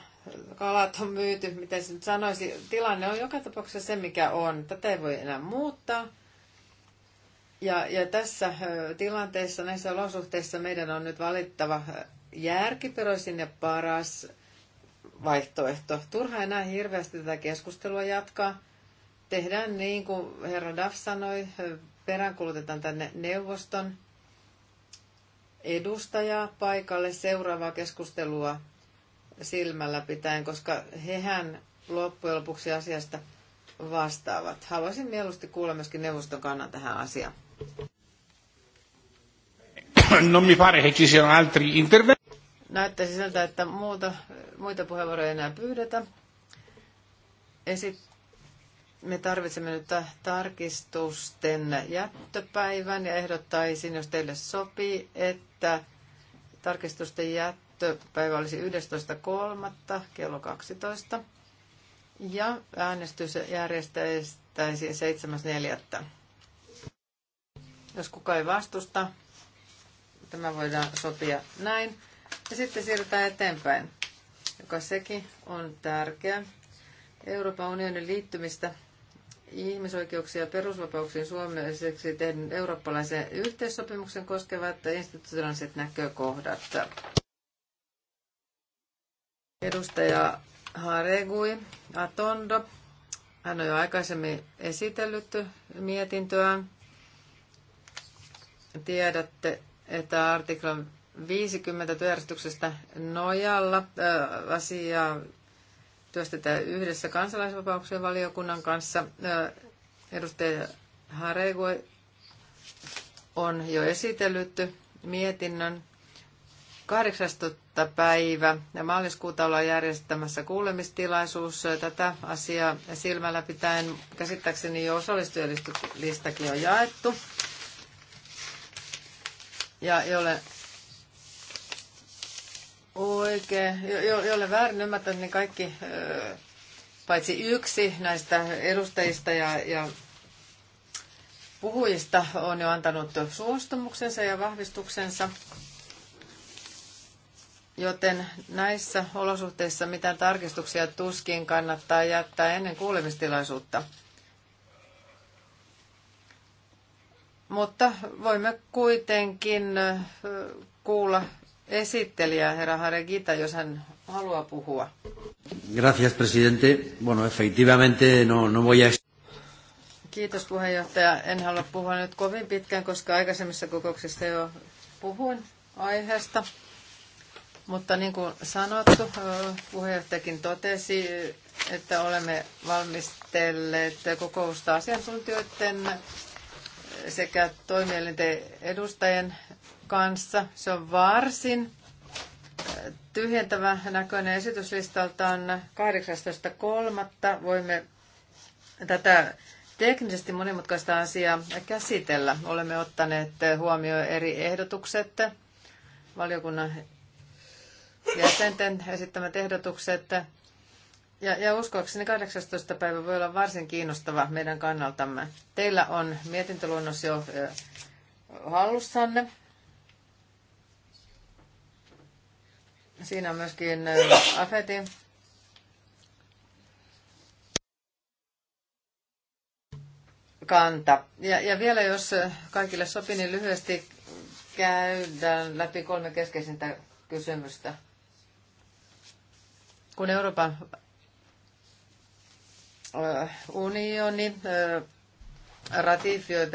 kalat on myyty, miten se nyt sanoisi. Tilanne on joka tapauksessa se, mikä on. Tätä ei voi enää muuttaa. Ja, ja tässä tilanteessa, näissä olosuhteissa meidän on nyt valittava järkiperäisin ja paras vaihtoehto. Turha enää hirveästi tätä keskustelua jatkaa. Tehdään niin kuin herra Daff sanoi, peräänkulutetaan tänne neuvoston edustajaa paikalle seuraavaa keskustelua silmällä pitäen, koska hehän loppujen lopuksi asiasta vastaavat. Haluaisin mieluusti kuulla myöskin neuvoston kannan tähän asiaan. Non mi pare che ci siano altri interventi. Näyttäisi siltä, että muuta, muita puheenvuoroja ei enää pyydetä. Esit- me tarvitsemme nyt tarkistusten jättöpäivän ja ehdottaisin, jos teille sopii, että tarkistusten jättöpäivän päivä olisi 11.3. kello 12. Ja äänestys järjestäisiin 7.4. Jos kuka ei vastusta, tämä voidaan sopia näin. Ja sitten siirrytään eteenpäin, joka sekin on tärkeä. Euroopan unionin liittymistä ihmisoikeuksia ja perusvapauksiin suomiseksi tehdyn eurooppalaisen yhteissopimuksen koskevat institutionaaliset näkökohdat. Edustaja Haregui Atondo. Hän on jo aikaisemmin esitellyt mietintöään. Tiedätte, että artiklan 50 työjärjestyksestä nojalla asiaa työstetään yhdessä kansalaisvapauksien valiokunnan kanssa. Edustaja Haregui on jo esitellyt mietinnön 18. päivä ja maaliskuuta ollaan järjestämässä kuulemistilaisuus. Tätä asiaa silmällä pitäen käsittääkseni jo osallistujalistakin on jaettu. Ja jolle oikein, jo, jolle väärin ymmärtänyt, niin kaikki paitsi yksi näistä edustajista ja, ja puhujista on jo antanut suostumuksensa ja vahvistuksensa. Joten näissä olosuhteissa mitään tarkistuksia tuskin kannattaa jättää ennen kuulemistilaisuutta. Mutta voimme kuitenkin kuulla esittelijää, herra Gita, jos hän haluaa puhua. Gracias, presidente. Bueno, efectivamente no, no voy a... Kiitos puheenjohtaja. En halua puhua nyt kovin pitkään, koska aikaisemmissa kokouksissa jo puhuin aiheesta. Mutta niin kuin sanottu, puheenjohtajakin totesi, että olemme valmistelleet kokousta asiantuntijoiden sekä toimielinten edustajien kanssa. Se on varsin tyhjentävä näköinen esityslistaltaan 18.3. Voimme tätä teknisesti monimutkaista asiaa käsitellä. Olemme ottaneet huomioon eri ehdotukset valiokunnan jäsenten esittämät ehdotukset. Ja, ja uskoakseni 18. päivä voi olla varsin kiinnostava meidän kannaltamme. Teillä on mietintöluonnos jo hallussanne. Siinä on myöskin afeti kanta. Ja, ja vielä jos kaikille sopii, niin lyhyesti käydään läpi kolme keskeisintä kysymystä kun Euroopan äh, unioni äh, ratifioi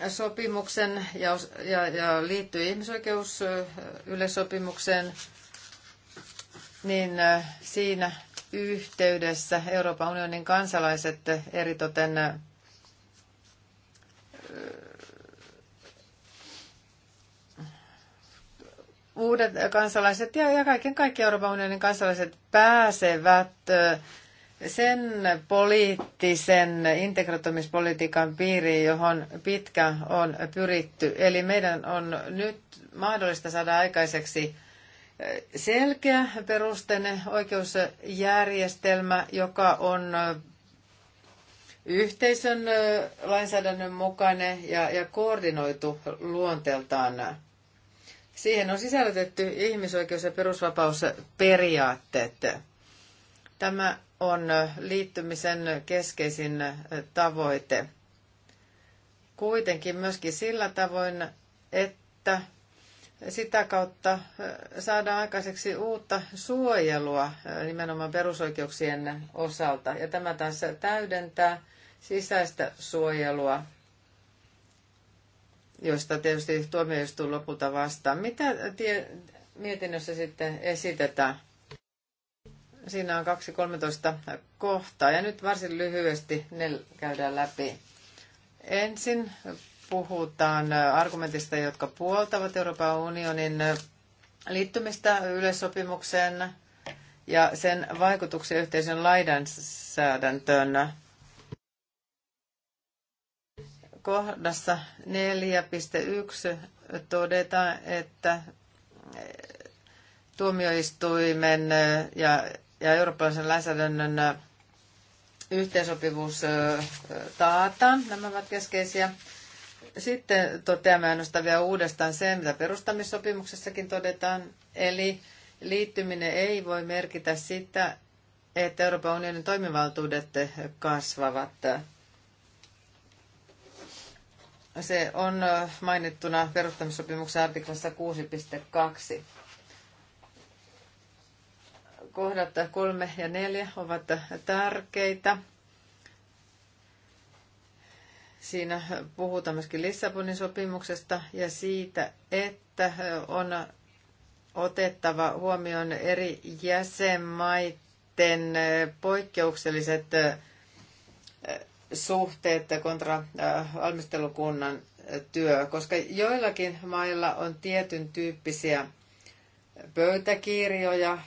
perussopimuksen äh, ja, ja liittyy ihmisoikeusyleissopimukseen, niin siinä yhteydessä Euroopan unionin kansalaiset eritoten uudet kansalaiset ja, ja kaiken kaikki Euroopan unionin kansalaiset pääsevät sen poliittisen integroitumispolitiikan piiriin, johon pitkä on pyritty. Eli meidän on nyt mahdollista saada aikaiseksi selkeä perusteinen oikeusjärjestelmä, joka on yhteisön lainsäädännön mukainen ja, ja koordinoitu luonteeltaan. Siihen on sisällytetty ihmisoikeus- ja perusvapausperiaatteet. Tämä on liittymisen keskeisin tavoite. Kuitenkin myöskin sillä tavoin, että sitä kautta saadaan aikaiseksi uutta suojelua nimenomaan perusoikeuksien osalta. Ja tämä taas täydentää sisäistä suojelua josta tietysti tuomioistuin lopulta vastaa. Mitä tie, mietinnössä sitten esitetään? Siinä on 2.13 kohtaa ja nyt varsin lyhyesti ne käydään läpi. Ensin puhutaan argumentista, jotka puoltavat Euroopan unionin liittymistä yleissopimukseen ja sen vaikutuksia yhteisön laidansäädäntöön kohdassa 4.1 todetaan, että eh, tuomioistuimen eh, ja, ja eurooppalaisen lainsäädännön eh, yhteensopivuus taataan. Nämä ovat keskeisiä. Sitten toteamme ainoastaan vielä uudestaan sen, mitä perustamissopimuksessakin todetaan. Eli liittyminen ei voi merkitä sitä, että Euroopan unionin toimivaltuudet kasvavat. Se on mainittuna perustamissopimuksen artiklassa 6.2. Kohdat 3 ja 4 ovat tärkeitä. Siinä puhutaan myöskin Lissabonin sopimuksesta ja siitä, että on otettava huomioon eri jäsenmaiden poikkeukselliset suhteet kontra äh, valmistelukunnan äh, työ, koska joillakin mailla on tietyn tyyppisiä pöytäkirjoja äh,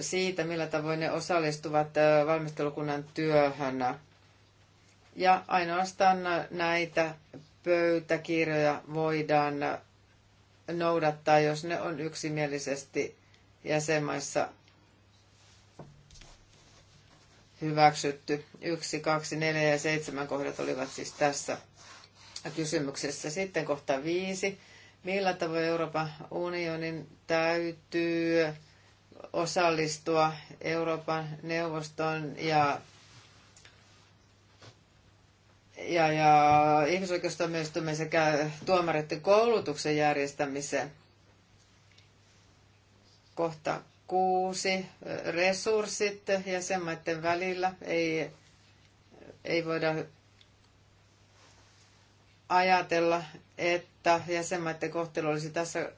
siitä, millä tavoin ne osallistuvat valmistelukunnan työhön. Ja ainoastaan näitä pöytäkirjoja voidaan noudattaa, jos ne on yksimielisesti jäsenmaissa hyväksytty. Yksi, kaksi, neljä ja seitsemän kohdat olivat siis tässä kysymyksessä. Sitten kohta viisi. Millä tavoin Euroopan unionin täytyy osallistua Euroopan neuvoston ja ja, ja ihmisoikeustoimistomme sekä tuomareiden koulutuksen järjestämiseen. Kohta kuusi resurssit jäsenmaiden välillä ei, ei voida ajatella, että jäsenmaiden kohtelu olisi tässä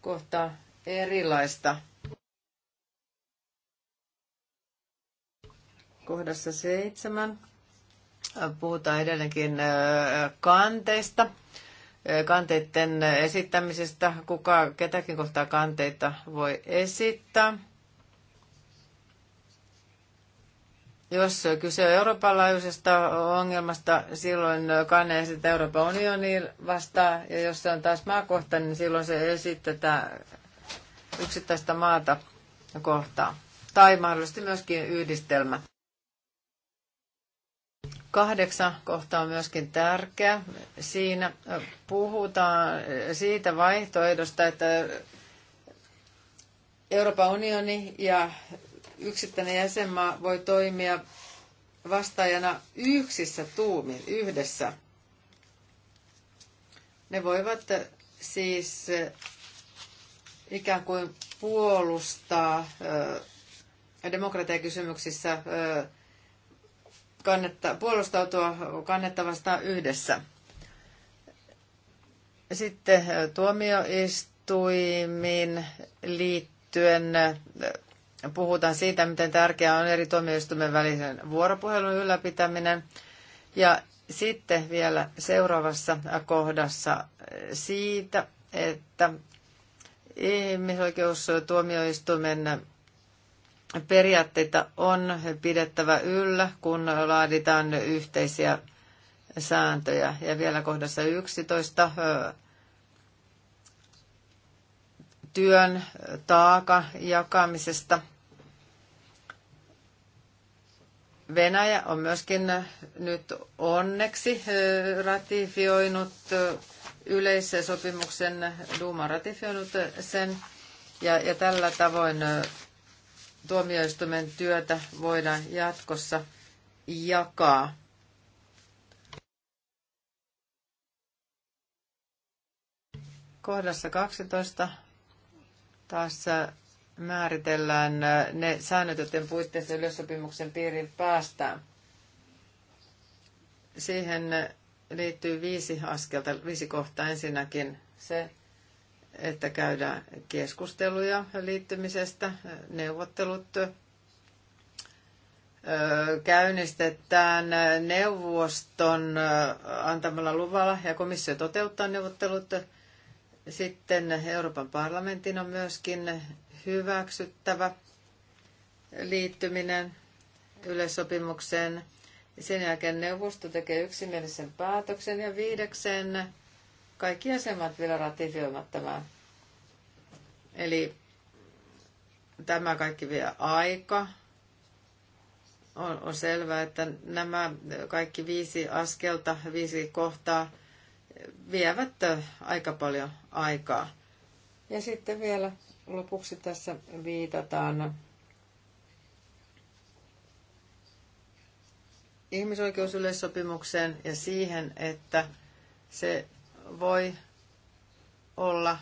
kohtaa erilaista. Kohdassa seitsemän puhutaan edelleenkin kanteista kanteiden esittämisestä, kuka ketäkin kohtaa kanteita voi esittää. Jos kyse on Euroopan laajuisesta ongelmasta, silloin kanne esittää Euroopan unioniin vastaan, ja jos se on taas maakohtainen, niin silloin se esitetään yksittäistä maata kohtaan. Tai mahdollisesti myöskin yhdistelmä. Kahdeksan kohta on myöskin tärkeä. Siinä puhutaan siitä vaihtoehdosta, että Euroopan unioni ja yksittäinen jäsenmaa voi toimia vastaajana yksissä tuumin, yhdessä. Ne voivat siis ikään kuin puolustaa demokratiakysymyksissä kysymyksissä kannetta, puolustautua kannettavasta yhdessä. Sitten tuomioistuimiin liittyen puhutaan siitä, miten tärkeää on eri tuomioistuimen välisen vuoropuhelun ylläpitäminen. Ja sitten vielä seuraavassa kohdassa siitä, että ihmisoikeustuomioistuimen periaatteita on pidettävä yllä, kun laaditaan yhteisiä sääntöjä. Ja vielä kohdassa 11 työn taaka jakamisesta. Venäjä on myöskin nyt onneksi ratifioinut yleissopimuksen, Duuma ratifioinut sen, ja, ja tällä tavoin tuomioistuimen työtä voidaan jatkossa jakaa. Kohdassa 12 taas määritellään ne säännöt, joiden puitteissa yleissopimuksen piiriin päästään. Siihen liittyy viisi askelta, viisi kohtaa ensinnäkin. Se, että käydään keskusteluja liittymisestä, neuvottelut käynnistetään neuvoston antamalla luvalla ja komissio toteuttaa neuvottelut. Sitten Euroopan parlamentin on myöskin hyväksyttävä liittyminen yleissopimukseen. Sen jälkeen neuvosto tekee yksimielisen päätöksen ja viideksen kaikki jäsenmaat vielä ratifioimat tämä. Eli tämä kaikki vie aika. On, on selvää, että nämä kaikki viisi askelta, viisi kohtaa vievät aika paljon aikaa. Ja sitten vielä lopuksi tässä viitataan ihmisoikeusyleissopimukseen ja siihen, että se voi olla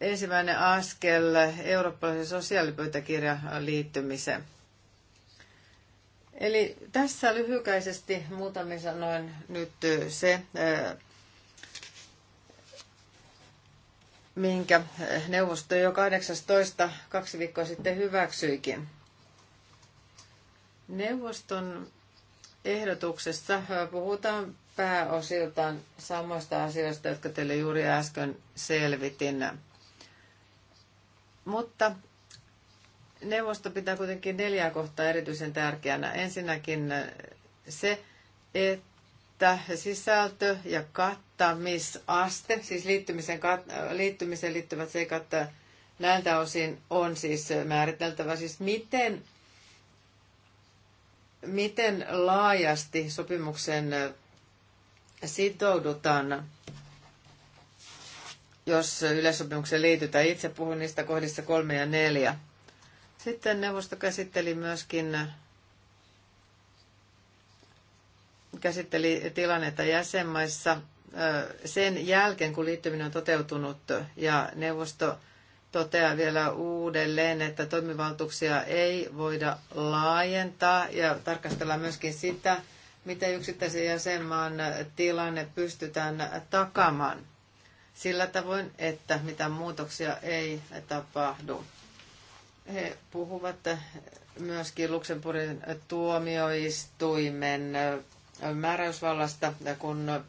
ensimmäinen askel eurooppalaisen sosiaalipöytäkirjan liittymiseen. Eli tässä lyhykäisesti muutamia sanoin nyt se, minkä neuvosto jo 18 kaksi viikkoa sitten hyväksyikin. Neuvoston ehdotuksessa puhutaan pääosiltaan samoista asioista, jotka teille juuri äsken selvitin. Mutta neuvosto pitää kuitenkin neljää kohtaa erityisen tärkeänä. Ensinnäkin se, että sisältö ja kattamisaste, siis liittymisen, liittymiseen liittyvät seikat näiltä osin on siis määriteltävä, siis miten, miten laajasti sopimuksen sitoudutaan, jos yleissopimuksen liitytään. Itse puhun niistä kohdissa kolme ja neljä. Sitten neuvosto käsitteli myöskin käsitteli tilannetta jäsenmaissa sen jälkeen, kun liittyminen on toteutunut ja neuvosto toteaa vielä uudelleen, että toimivaltuuksia ei voida laajentaa ja tarkastella myöskin sitä, miten yksittäisen jäsenmaan tilanne pystytään takamaan sillä tavoin, että mitään muutoksia ei tapahdu. He puhuvat myöskin Luxemburgin tuomioistuimen määräysvallasta, kun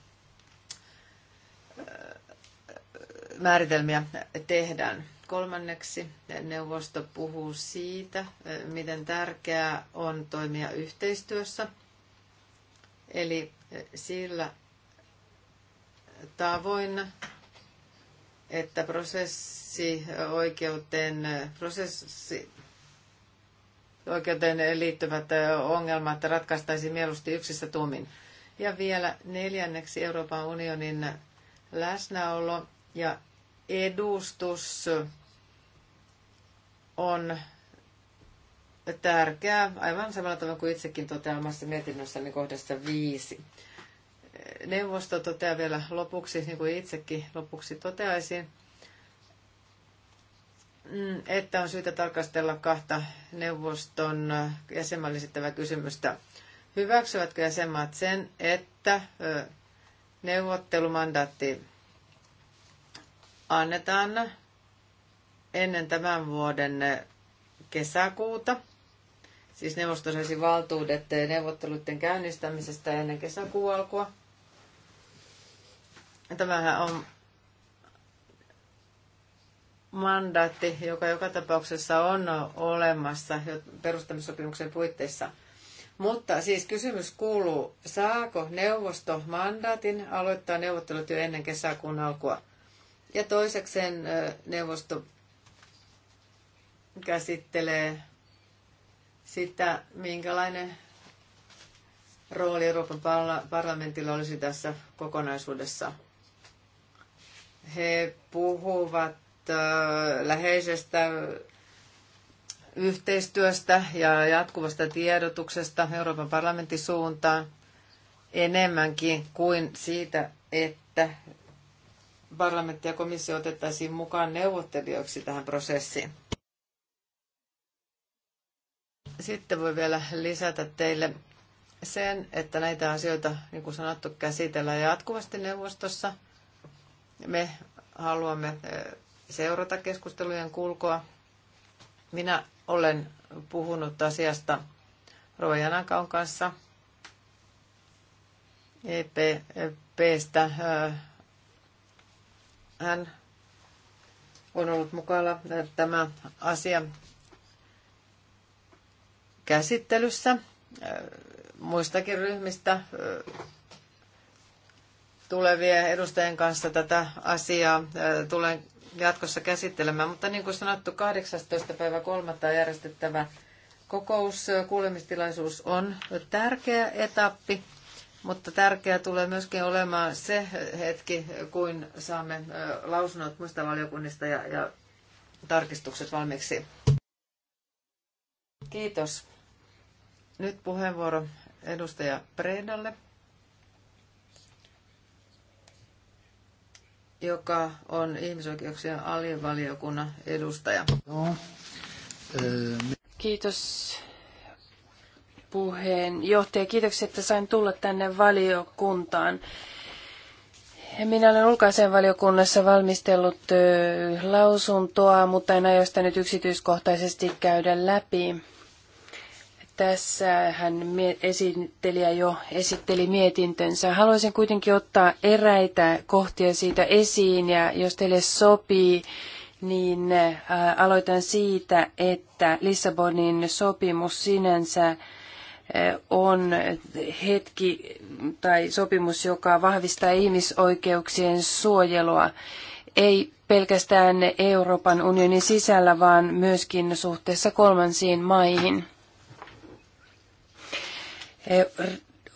määritelmiä tehdään. Kolmanneksi neuvosto puhuu siitä, miten tärkeää on toimia yhteistyössä – Eli eh, sillä tavoin, että prosessi eh, oikeuteen, eh, prosessi, oikeuteen liittyvät ongelmat ratkaistaisiin mieluusti yksissä tuumin. Ja vielä neljänneksi Euroopan unionin läsnäolo ja edustus on tärkeää, aivan samalla tavalla kuin itsekin toteamassa omassa niin kohdassa viisi. Neuvosto toteaa vielä lopuksi, niin kuin itsekin lopuksi toteaisin, että on syytä tarkastella kahta neuvoston jäsenmallisittävää kysymystä. Hyväksyvätkö jäsenmaat sen, että neuvottelumandaatti annetaan ennen tämän vuoden kesäkuuta – Siis neuvostosesi saisi valtuudet eh, neuvotteluiden käynnistämisestä ennen kesäkuun alkua. Tämähän on mandaatti, joka joka tapauksessa on olemassa perustamissopimuksen puitteissa. Mutta siis kysymys kuuluu, saako neuvosto mandaatin aloittaa neuvottelut jo ennen kesäkuun alkua? Ja toisekseen eh, neuvosto käsittelee sitä, minkälainen rooli Euroopan parlamentilla olisi tässä kokonaisuudessa. He puhuvat äh, läheisestä yhteistyöstä ja jatkuvasta tiedotuksesta Euroopan parlamentin suuntaan enemmänkin kuin siitä, että parlamentti ja komissio otettaisiin mukaan neuvottelijoiksi tähän prosessiin. Sitten voi vielä lisätä teille sen, että näitä asioita, niin kuin sanottu, käsitellään jatkuvasti neuvostossa. Me haluamme seurata keskustelujen kulkoa. Minä olen puhunut asiasta Rojanakaun kanssa EPPstä. Hän on ollut mukana tämä asia käsittelyssä muistakin ryhmistä tulevien edustajien kanssa tätä asiaa tulen jatkossa käsittelemään. Mutta niin kuin sanottu, 18. päivä 3. järjestettävä kokous, kuulemistilaisuus on tärkeä etappi, mutta tärkeä tulee myöskin olemaan se hetki, kun saamme lausunnot muista valiokunnista ja, ja tarkistukset valmiiksi. Kiitos. Nyt puheenvuoro edustaja Predalle, joka on ihmisoikeuksien alivaliokunnan edustaja. Kiitos puheenjohtaja. Kiitoksia, että sain tulla tänne valiokuntaan. Minä olen ulkoisen valiokunnassa valmistellut lausuntoa, mutta en aio sitä nyt yksityiskohtaisesti käydä läpi. Tässähän esittelijä jo esitteli mietintönsä. Haluaisin kuitenkin ottaa eräitä kohtia siitä esiin ja jos teille sopii, niin äh, aloitan siitä, että Lissabonin sopimus sinänsä äh, on hetki tai sopimus, joka vahvistaa ihmisoikeuksien suojelua. Ei pelkästään Euroopan unionin sisällä, vaan myöskin suhteessa kolmansiin maihin.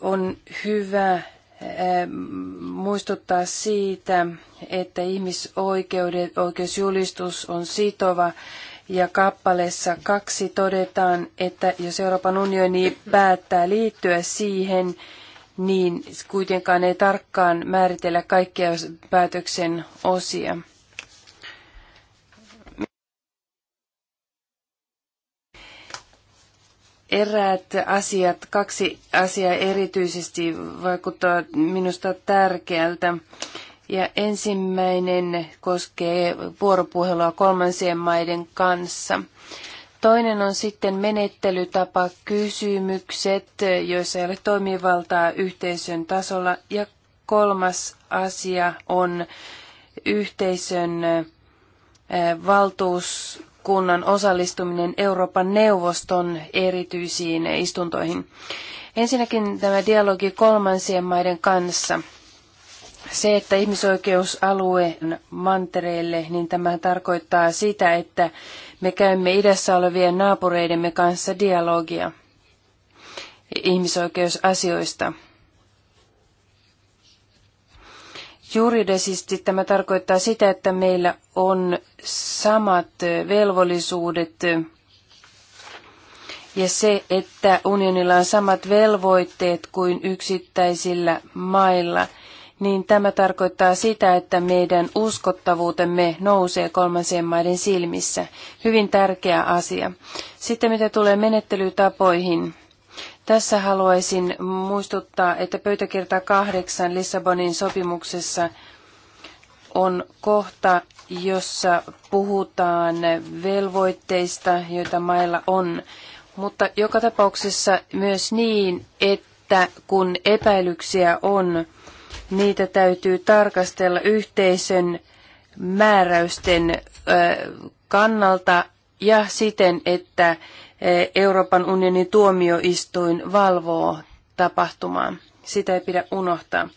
On hyvä muistuttaa siitä, että ihmisoikeusjulistus on sitova ja kappaleessa kaksi todetaan, että jos Euroopan unioni päättää liittyä siihen, niin kuitenkaan ei tarkkaan määritellä kaikkia päätöksen osia. eräät asiat, kaksi asiaa erityisesti vaikuttaa minusta tärkeältä. Ja ensimmäinen koskee vuoropuhelua kolmansien maiden kanssa. Toinen on sitten menettelytapa kysymykset, joissa ei ole toimivaltaa yhteisön tasolla. Ja kolmas asia on yhteisön valtuus, kunnan osallistuminen Euroopan neuvoston erityisiin istuntoihin. Ensinnäkin tämä dialogi kolmansien maiden kanssa. Se, että ihmisoikeusalueen mantereelle, niin tämä tarkoittaa sitä, että me käymme idässä olevien naapureidemme kanssa dialogia ihmisoikeusasioista. Juridisesti tämä tarkoittaa sitä, että meillä on samat velvollisuudet ja se, että unionilla on samat velvoitteet kuin yksittäisillä mailla, niin tämä tarkoittaa sitä, että meidän uskottavuutemme nousee kolmansien maiden silmissä. Hyvin tärkeä asia. Sitten mitä tulee menettelytapoihin, tässä haluaisin muistuttaa, että pöytäkirta kahdeksan Lissabonin sopimuksessa on kohta, jossa puhutaan velvoitteista, joita mailla on, mutta joka tapauksessa myös niin, että kun epäilyksiä on, niitä täytyy tarkastella yhteisön määräysten kannalta ja siten, että Euroopan unionin tuomioistuin valvoo tapahtumaa. Sitä ei pidä unohtaa.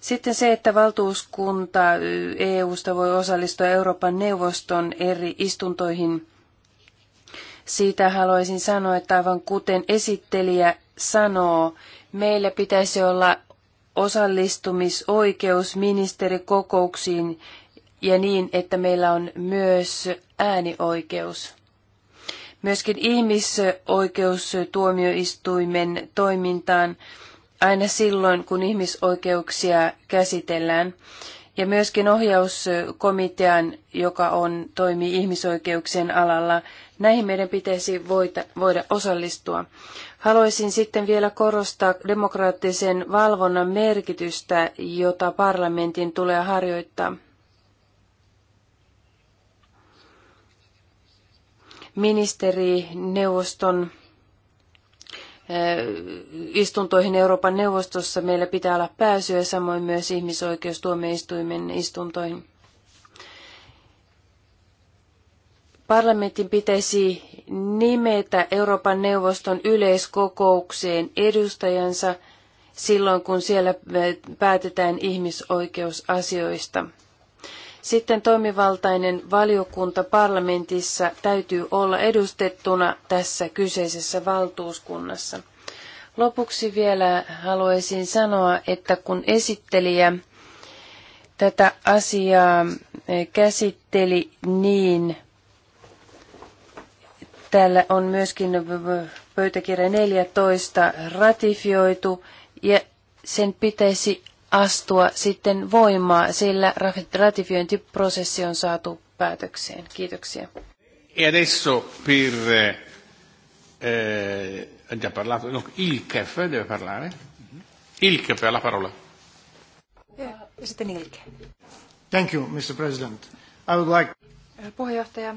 Sitten se, että valtuuskunta EUsta voi osallistua Euroopan neuvoston eri istuntoihin. Siitä haluaisin sanoa, että aivan kuten esittelijä sanoo, meillä pitäisi olla osallistumisoikeus ministerikokouksiin ja niin, että meillä on myös äänioikeus myöskin ihmisoikeustuomioistuimen toimintaan aina silloin, kun ihmisoikeuksia käsitellään. Ja myöskin ohjauskomitean, joka on, toimii ihmisoikeuksien alalla, näihin meidän pitäisi voida, voida osallistua. Haluaisin sitten vielä korostaa demokraattisen valvonnan merkitystä, jota parlamentin tulee harjoittaa. ministerineuvoston eh, istuntoihin Euroopan neuvostossa meillä pitää olla pääsyä, samoin myös ihmisoikeustuomioistuimen istuntoihin. Parlamentin pitäisi nimetä Euroopan neuvoston yleiskokoukseen edustajansa silloin, kun siellä eh, päätetään ihmisoikeusasioista. Sitten toimivaltainen valiokunta parlamentissa täytyy olla edustettuna tässä kyseisessä valtuuskunnassa. Lopuksi vielä haluaisin sanoa, että kun esittelijä tätä asiaa käsitteli, niin täällä on myöskin pöytäkirja 14 ratifioitu ja sen pitäisi astua sitten voimaa, sillä ratifiointiprosessi on saatu päätökseen. Kiitoksia. E adesso per eh, ha già parlato, no, Ilkef deve parlare. il mhm. Ilkef ha la parola. Sitten Ilke. Thank you, Mr. President. I would like... Puheenjohtaja,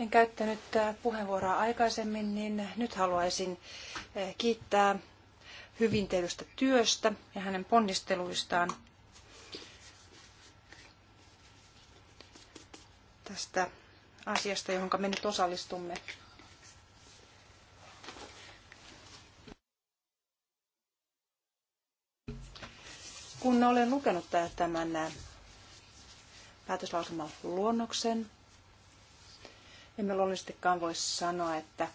en käyttänyt eh, puheenvuoroa aikaisemmin, niin nyt haluaisin eh, kiittää hyvin tehdystä työstä ja hänen ponnisteluistaan tästä asiasta, johon me nyt osallistumme. Kun olen lukenut tämän päätöslauselman luonnoksen, emme luonnollisestikaan voi sanoa, että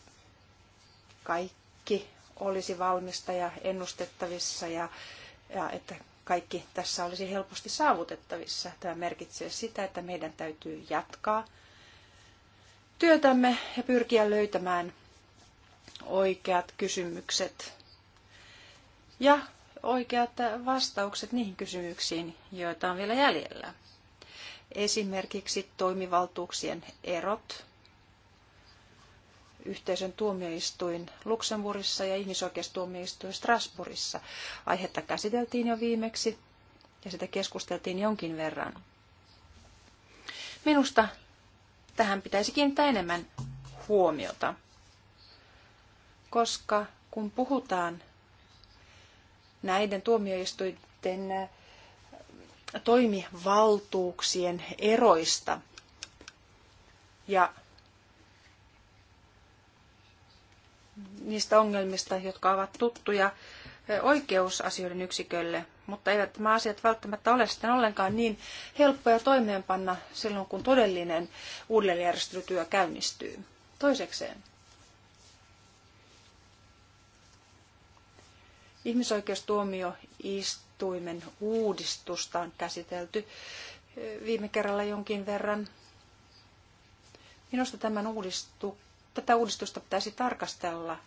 kaikki olisi valmista ja ennustettavissa ja, ja että kaikki tässä olisi helposti saavutettavissa. Tämä merkitsee sitä, että meidän täytyy jatkaa työtämme ja pyrkiä löytämään oikeat kysymykset ja oikeat vastaukset niihin kysymyksiin, joita on vielä jäljellä. Esimerkiksi toimivaltuuksien erot yhteisön tuomioistuin Luxemburgissa ja ihmisoikeustuomioistuin Strasbourgissa. Aihetta käsiteltiin jo viimeksi ja sitä keskusteltiin jonkin verran. Minusta tähän pitäisi kiinnittää enemmän huomiota, koska kun puhutaan näiden tuomioistuinten toimivaltuuksien eroista ja niistä ongelmista, jotka ovat tuttuja oikeusasioiden yksikölle, mutta eivät nämä asiat välttämättä ole sitten ollenkaan niin helppoja toimeenpanna silloin, kun todellinen uudelleenjärjestelytyö käynnistyy. Toisekseen, ihmisoikeustuomioistuimen uudistusta on käsitelty viime kerralla jonkin verran. Minusta tämän uudistuksen tätä uudistusta pitäisi tarkastella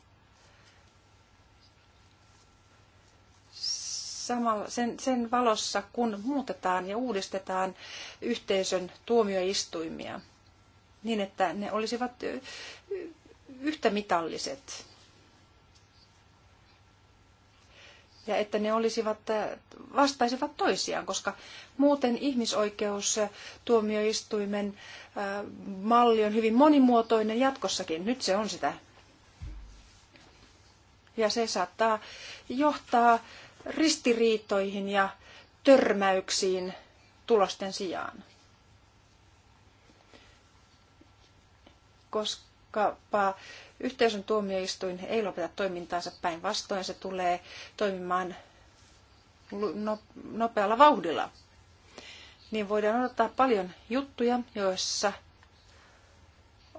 samalla, sen, sen valossa, kun muutetaan ja uudistetaan yhteisön tuomioistuimia niin, että ne olisivat yhtä mitalliset ja että ne olisivat, äh, vastaisivat toisiaan, koska muuten ihmisoikeustuomioistuimen äh, malli on hyvin monimuotoinen jatkossakin. Nyt se on sitä. Ja se saattaa johtaa ristiriitoihin ja törmäyksiin tulosten sijaan. Koska Yhteisön tuomioistuin ei lopeta toimintaansa päinvastoin, se tulee toimimaan no-, nopealla vauhdilla. Niin voidaan odottaa paljon juttuja, joissa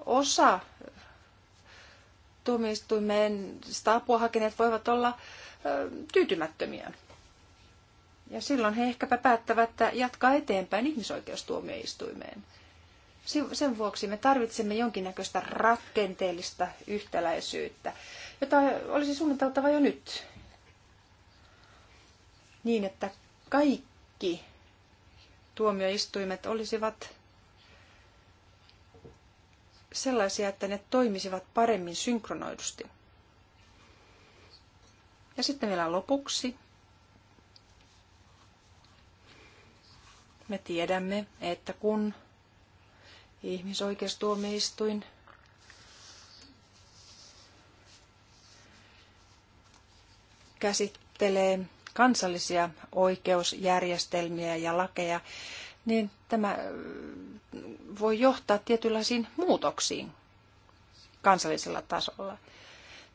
osa tuomioistuimeen sitä apua hakeneet voivat olla tyytymättömiä. Ja silloin he ehkäpä päättävät jatkaa eteenpäin ihmisoikeustuomioistuimeen. Sen vuoksi me tarvitsemme jonkinnäköistä rakenteellista yhtäläisyyttä, jota olisi suunniteltava jo nyt. Niin, että kaikki tuomioistuimet olisivat sellaisia, että ne toimisivat paremmin synkronoidusti. Ja sitten vielä lopuksi. Me tiedämme, että kun ihmisoikeustuomioistuin. käsittelee kansallisia oikeusjärjestelmiä ja lakeja, niin tämä äh, voi johtaa tietynlaisiin muutoksiin kansallisella tasolla.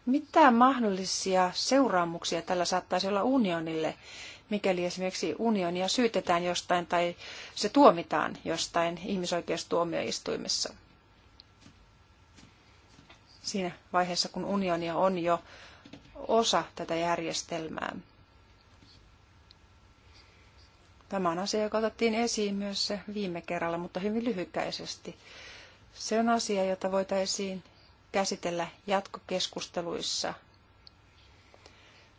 Mitä mahdollisia seuraamuksia tällä saattaisi olla unionille mikäli esimerkiksi unionia syytetään jostain tai se tuomitaan jostain ihmisoikeustuomioistuimessa. Siinä vaiheessa, kun unionia on jo osa tätä järjestelmää. Tämä on asia, joka otettiin esiin myös viime kerralla, mutta hyvin lyhykäisesti. Se on asia, jota voitaisiin käsitellä jatkokeskusteluissa –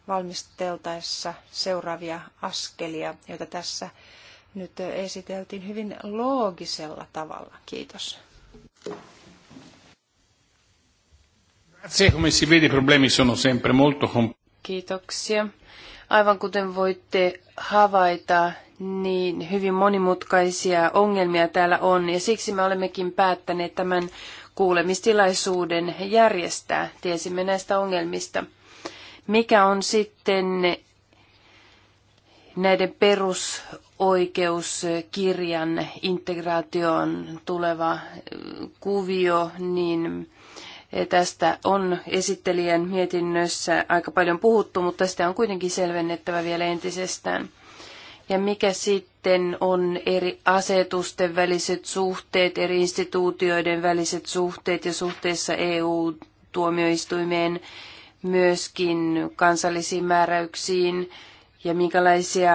valmisteltaessa seuraavia askelia, joita tässä nyt esiteltiin hyvin loogisella tavalla. Kiitos. Kiitoksia. Aivan kuten voitte havaita, niin hyvin monimutkaisia ongelmia täällä on ja siksi me olemmekin päättäneet tämän kuulemistilaisuuden järjestää. Tiesimme näistä ongelmista. Mikä on sitten näiden perusoikeuskirjan integraation tuleva kuvio, niin e, tästä on esittelijän mietinnössä aika paljon puhuttu, mutta sitä on kuitenkin selvennettävä vielä entisestään. Ja mikä sitten on eri asetusten väliset suhteet, eri instituutioiden väliset suhteet ja suhteessa EU-tuomioistuimeen myöskin kansallisiin määräyksiin ja minkälaisia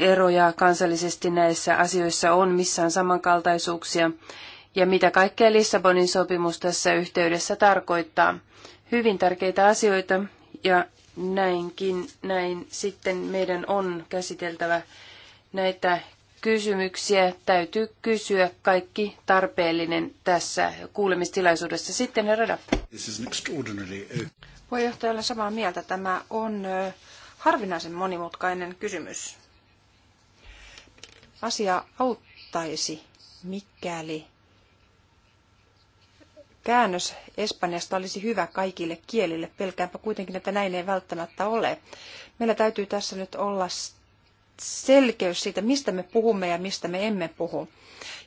eroja kansallisesti näissä asioissa on, missä on samankaltaisuuksia ja mitä kaikkea Lissabonin sopimus tässä yhteydessä tarkoittaa. Hyvin tärkeitä asioita ja näinkin, näin sitten meidän on käsiteltävä näitä kysymyksiä. Täytyy kysyä kaikki tarpeellinen tässä kuulemistilaisuudessa. Sitten herra This is an extraordinary... Uh, Puheenjohtaja, olen samaa mieltä. Tämä on harvinaisen monimutkainen kysymys. Asia auttaisi, mikäli käännös Espanjasta olisi hyvä kaikille kielille. Pelkäänpä kuitenkin, että näin ei välttämättä ole. Meillä täytyy tässä nyt olla selkeys siitä, mistä me puhumme ja mistä me emme puhu.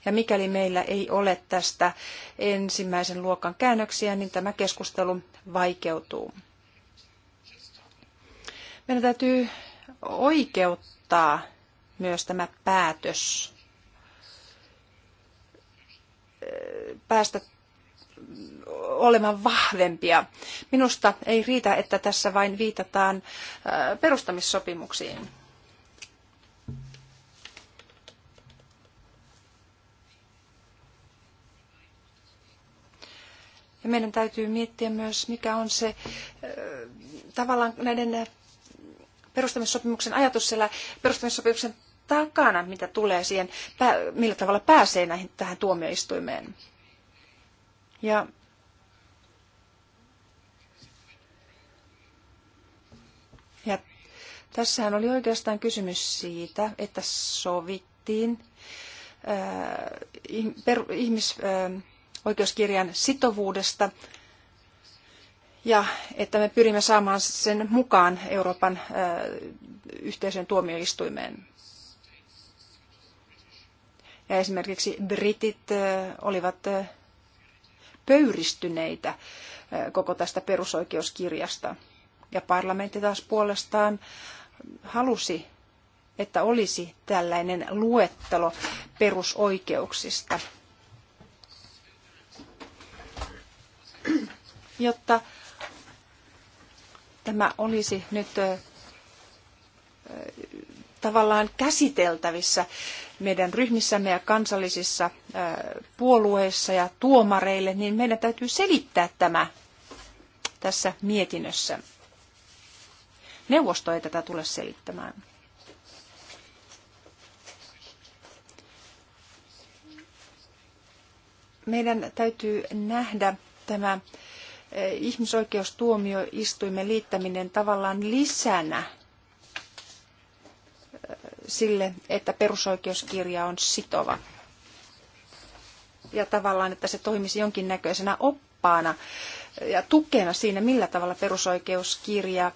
Ja mikäli meillä ei ole tästä ensimmäisen luokan käännöksiä, niin tämä keskustelu vaikeutuu. Meidän täytyy oikeuttaa myös tämä päätös päästä olemaan vahvempia. Minusta ei riitä, että tässä vain viitataan äh, perustamissopimuksiin. meidän täytyy miettiä myös, mikä on se tavallaan näiden perustamissopimuksen ajatus siellä perustamissopimuksen takana, mitä tulee siihen, millä tavalla pääsee näihin, tähän tuomioistuimeen. Ja Ja tässähän oli oikeastaan kysymys siitä, että sovittiin ihmis, oikeuskirjan sitovuudesta ja että me pyrimme saamaan sen mukaan Euroopan yhteisön tuomioistuimeen. Ja esimerkiksi britit olivat pöyristyneitä koko tästä perusoikeuskirjasta. Ja parlamentti taas puolestaan halusi, että olisi tällainen luettelo perusoikeuksista jotta tämä olisi nyt tavallaan käsiteltävissä meidän ryhmissämme ja kansallisissa puolueissa ja tuomareille, niin meidän täytyy selittää tämä tässä mietinnössä. Neuvosto ei tätä tule selittämään. Meidän täytyy nähdä tämä Eh, ihmisoikeustuomioistuimen liittäminen tavallaan lisänä eh, sille, että perusoikeuskirja on sitova. Ja tavallaan, että se toimisi jonkinnäköisenä oppaana ja tukena siinä, millä tavalla perusoikeuskirja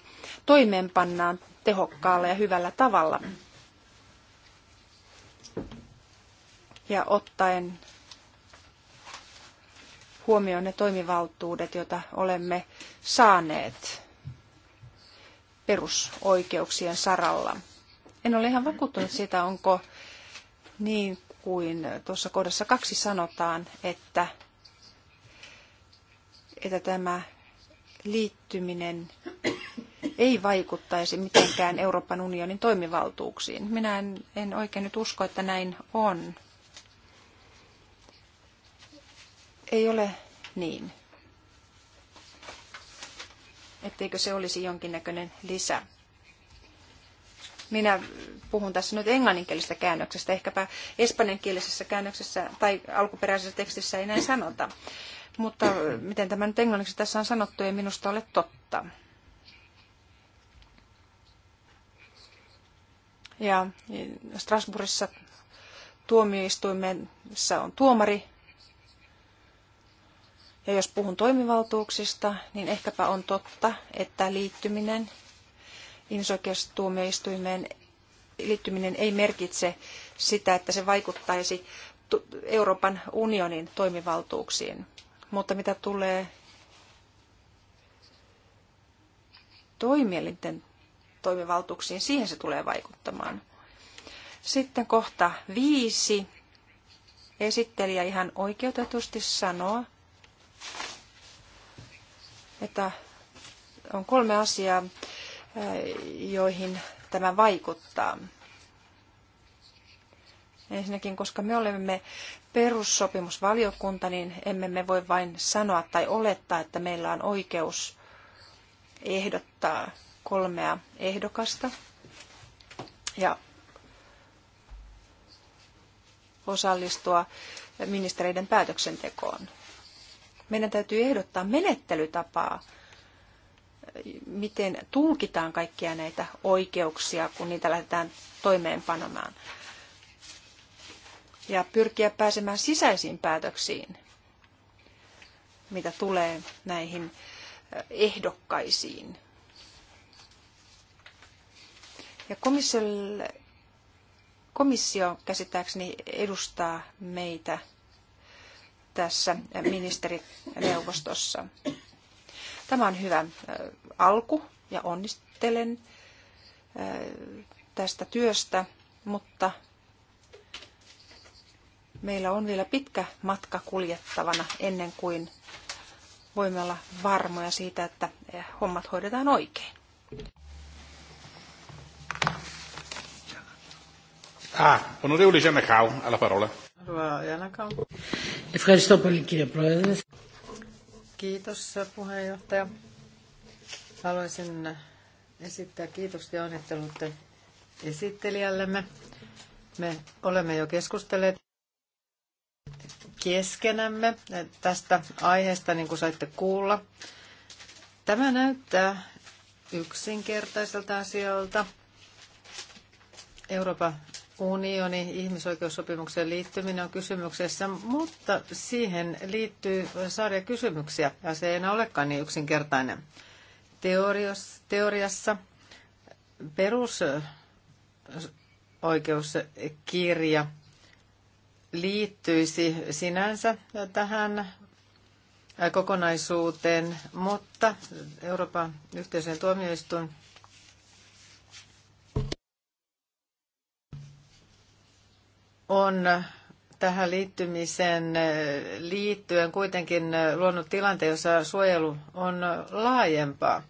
toimeenpannaan tehokkaalla ja hyvällä tavalla. Ja ottaen huomioon ne toimivaltuudet, joita olemme saaneet perusoikeuksien saralla. En ole ihan vakuuttunut siitä, onko niin kuin tuossa kohdassa kaksi sanotaan, että, että tämä liittyminen ei vaikuttaisi mitenkään Euroopan unionin toimivaltuuksiin. Minä en, en oikein nyt usko, että näin on. Ei ole niin. Etteikö se olisi jonkinnäköinen lisä? Minä puhun tässä nyt englanninkielisestä käännöksestä, ehkäpä espanjankielisessä käännöksessä tai alkuperäisessä tekstissä ei näin sanota. Mutta miten tämä nyt englanniksi tässä on sanottu, ei minusta ole totta. Ja Strasbourgissa tuomioistuimessa on tuomari, ja jos puhun toimivaltuuksista, niin ehkäpä on totta, että liittyminen ihmisoikeustuomioistuimeen liittyminen ei merkitse sitä, että se vaikuttaisi Euroopan unionin toimivaltuuksiin. Mutta mitä tulee toimielinten toimivaltuuksiin, siihen se tulee vaikuttamaan. Sitten kohta viisi. Esittelijä ihan oikeutetusti sanoo, että on kolme asiaa, joihin tämä vaikuttaa. Ensinnäkin, koska me olemme perussopimusvaliokunta, niin emme me voi vain sanoa tai olettaa, että meillä on oikeus ehdottaa kolmea ehdokasta. Ja osallistua ministereiden päätöksentekoon meidän täytyy ehdottaa menettelytapaa, miten tulkitaan kaikkia näitä oikeuksia, kun niitä lähdetään toimeenpanomaan. Ja pyrkiä pääsemään sisäisiin päätöksiin, mitä tulee näihin ehdokkaisiin. Ja komissio käsittääkseni edustaa meitä tässä ministerineuvostossa. Tämä on hyvä alku ja onnistelen tästä työstä, mutta meillä on vielä pitkä matka kuljettavana ennen kuin voimme olla varmoja siitä, että hommat hoidetaan oikein. Ah, onorevole Gemecau, alla parola. Ευχαριστώ πολύ κύριε Πρόεδρε. Kiitos puheenjohtaja. Haluaisin esittää kiitos ja onnittelut esittelijällemme. Me olemme jo keskustelleet keskenämme tästä aiheesta, niin kuin saitte kuulla. Tämä näyttää yksinkertaiselta asialta. Euroopan unionin ihmisoikeussopimukseen liittyminen on kysymyksessä, mutta siihen liittyy sarja kysymyksiä ja se ei enää olekaan niin yksinkertainen. Teorios, teoriassa perusoikeuskirja liittyisi sinänsä tähän kokonaisuuteen, mutta Euroopan yhteisöjen tuomioistuin on tähän liittymiseen liittyen kuitenkin luonut tilanteen, jossa suojelu on laajempaa.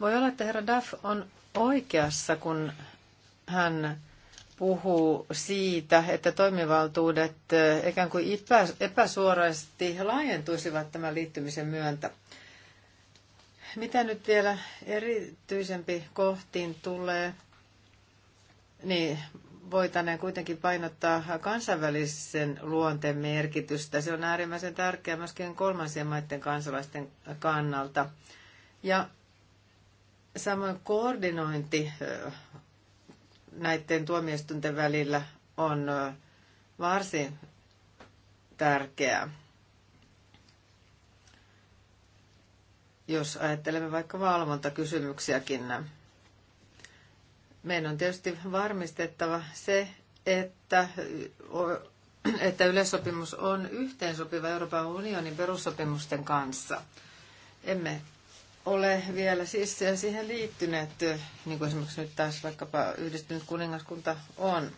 Voi olla, että herra Duff on oikeassa, kun hän puhuu siitä, että toimivaltuudet ikään kuin epäsuorasti laajentuisivat tämän liittymisen myöntä. Mitä nyt vielä erityisempi kohtiin tulee, niin voitaneen kuitenkin painottaa kansainvälisen luonteen merkitystä. Se on äärimmäisen tärkeää myöskin kolmansien maiden kansalaisten kannalta. Ja samoin koordinointi näiden tuomioistuinten välillä on varsin tärkeää. Jos ajattelemme vaikka valvontakysymyksiäkin, meidän on tietysti varmistettava se, että, että yleissopimus on yhteensopiva Euroopan unionin perussopimusten kanssa. Emme ole vielä siis siihen liittyneet, niin kuin esimerkiksi nyt taas vaikkapa yhdistynyt kuningaskunta on.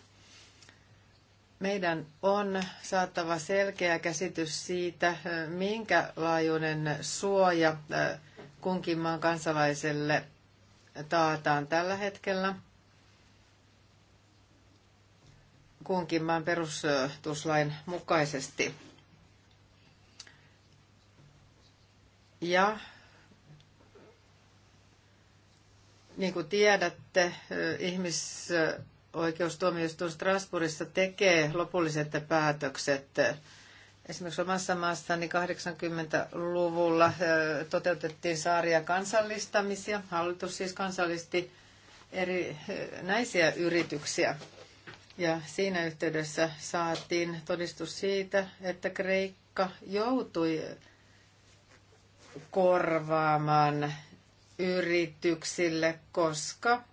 Meidän on saatava selkeä käsitys siitä, minkä laajuinen suoja kunkin maan kansalaiselle taataan tällä hetkellä – kunkin maan perustuslain mukaisesti. Ja niin kuin tiedätte, ihmisoikeustuomioistuin Strasbourgissa tekee lopulliset päätökset. Esimerkiksi omassa maassani 80-luvulla eh, toteutettiin saaria kansallistamisia. Hallitus siis kansallisti eri eh, näisiä yrityksiä. Ja siinä yhteydessä saatiin todistus siitä, että Kreikka joutui korvaamaan yrityksille, koska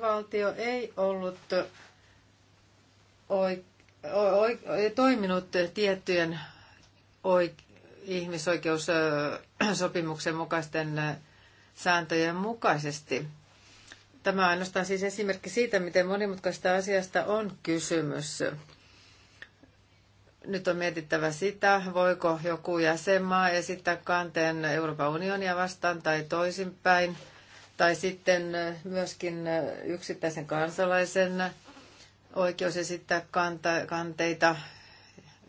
valtio ei ollut o- toiminut tiettyjen ihmisoikeussopimuksen mukaisten sääntöjen mukaisesti. Tämä on ainoastaan siis esimerkki siitä, miten monimutkaista asiasta on kysymys. Nyt on mietittävä sitä, voiko joku jäsenmaa esittää kanteen Euroopan unionia vastaan tai toisinpäin, tai sitten myöskin yksittäisen kansalaisen oikeus esittää kanta, kanteita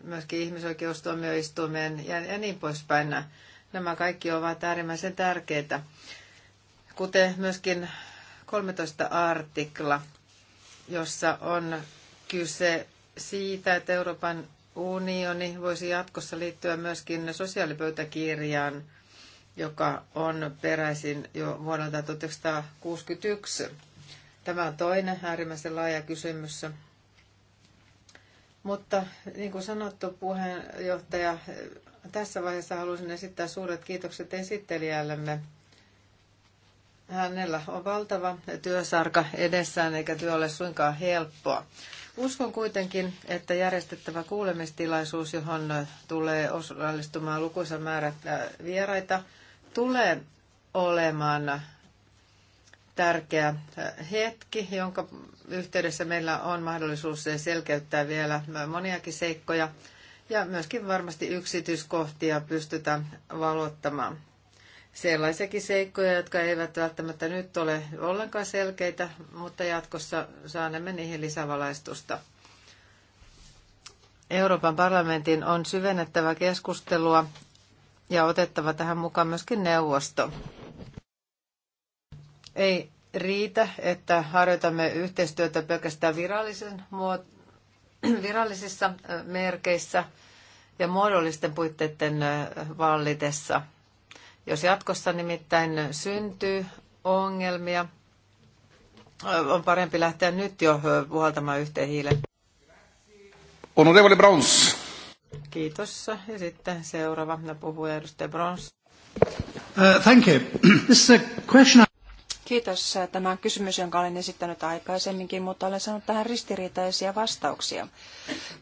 myöskin ihmisoikeustuomioistuimeen ja, ja niin poispäin. Nämä kaikki ovat äärimmäisen tärkeitä. Kuten myöskin 13 artikla, jossa on kyse siitä, että Euroopan unioni voisi jatkossa liittyä myöskin sosiaalipöytäkirjaan, joka on peräisin jo vuodelta 1961. Tämä on toinen äärimmäisen laaja kysymys. Mutta niin kuin sanottu, puheenjohtaja, tässä vaiheessa haluaisin esittää suuret kiitokset esittelijällemme Hänellä on valtava työsarka edessään, eikä työ ole suinkaan helppoa. Uskon kuitenkin, että järjestettävä kuulemistilaisuus, johon tulee osallistumaan lukuisa määrä äh, vieraita, tulee olemaan tärkeä äh, hetki, jonka yhteydessä meillä on mahdollisuus selkeyttää vielä moniakin seikkoja ja myöskin varmasti yksityiskohtia pystytään valottamaan sellaisiakin seikkoja, jotka eivät välttämättä nyt ole ollenkaan selkeitä, mutta jatkossa saanemme niihin lisävalaistusta. Euroopan parlamentin on syvennettävä keskustelua ja otettava tähän mukaan myöskin neuvosto. Ei riitä, että harjoitamme yhteistyötä pelkästään virallisen muot- virallisissa merkeissä ja muodollisten puitteiden vallitessa – jos jatkossa nimittäin syntyy ongelmia, on parempi lähteä nyt jo puhaltamaan yhteen hiilen. Honorable Brons. Kiitos. Ja sitten seuraava puhuja, edustaja Brons. Uh, thank you. This is a question Kiitos. Tämä on kysymys, jonka olen esittänyt aikaisemminkin, mutta olen saanut tähän ristiriitaisia vastauksia.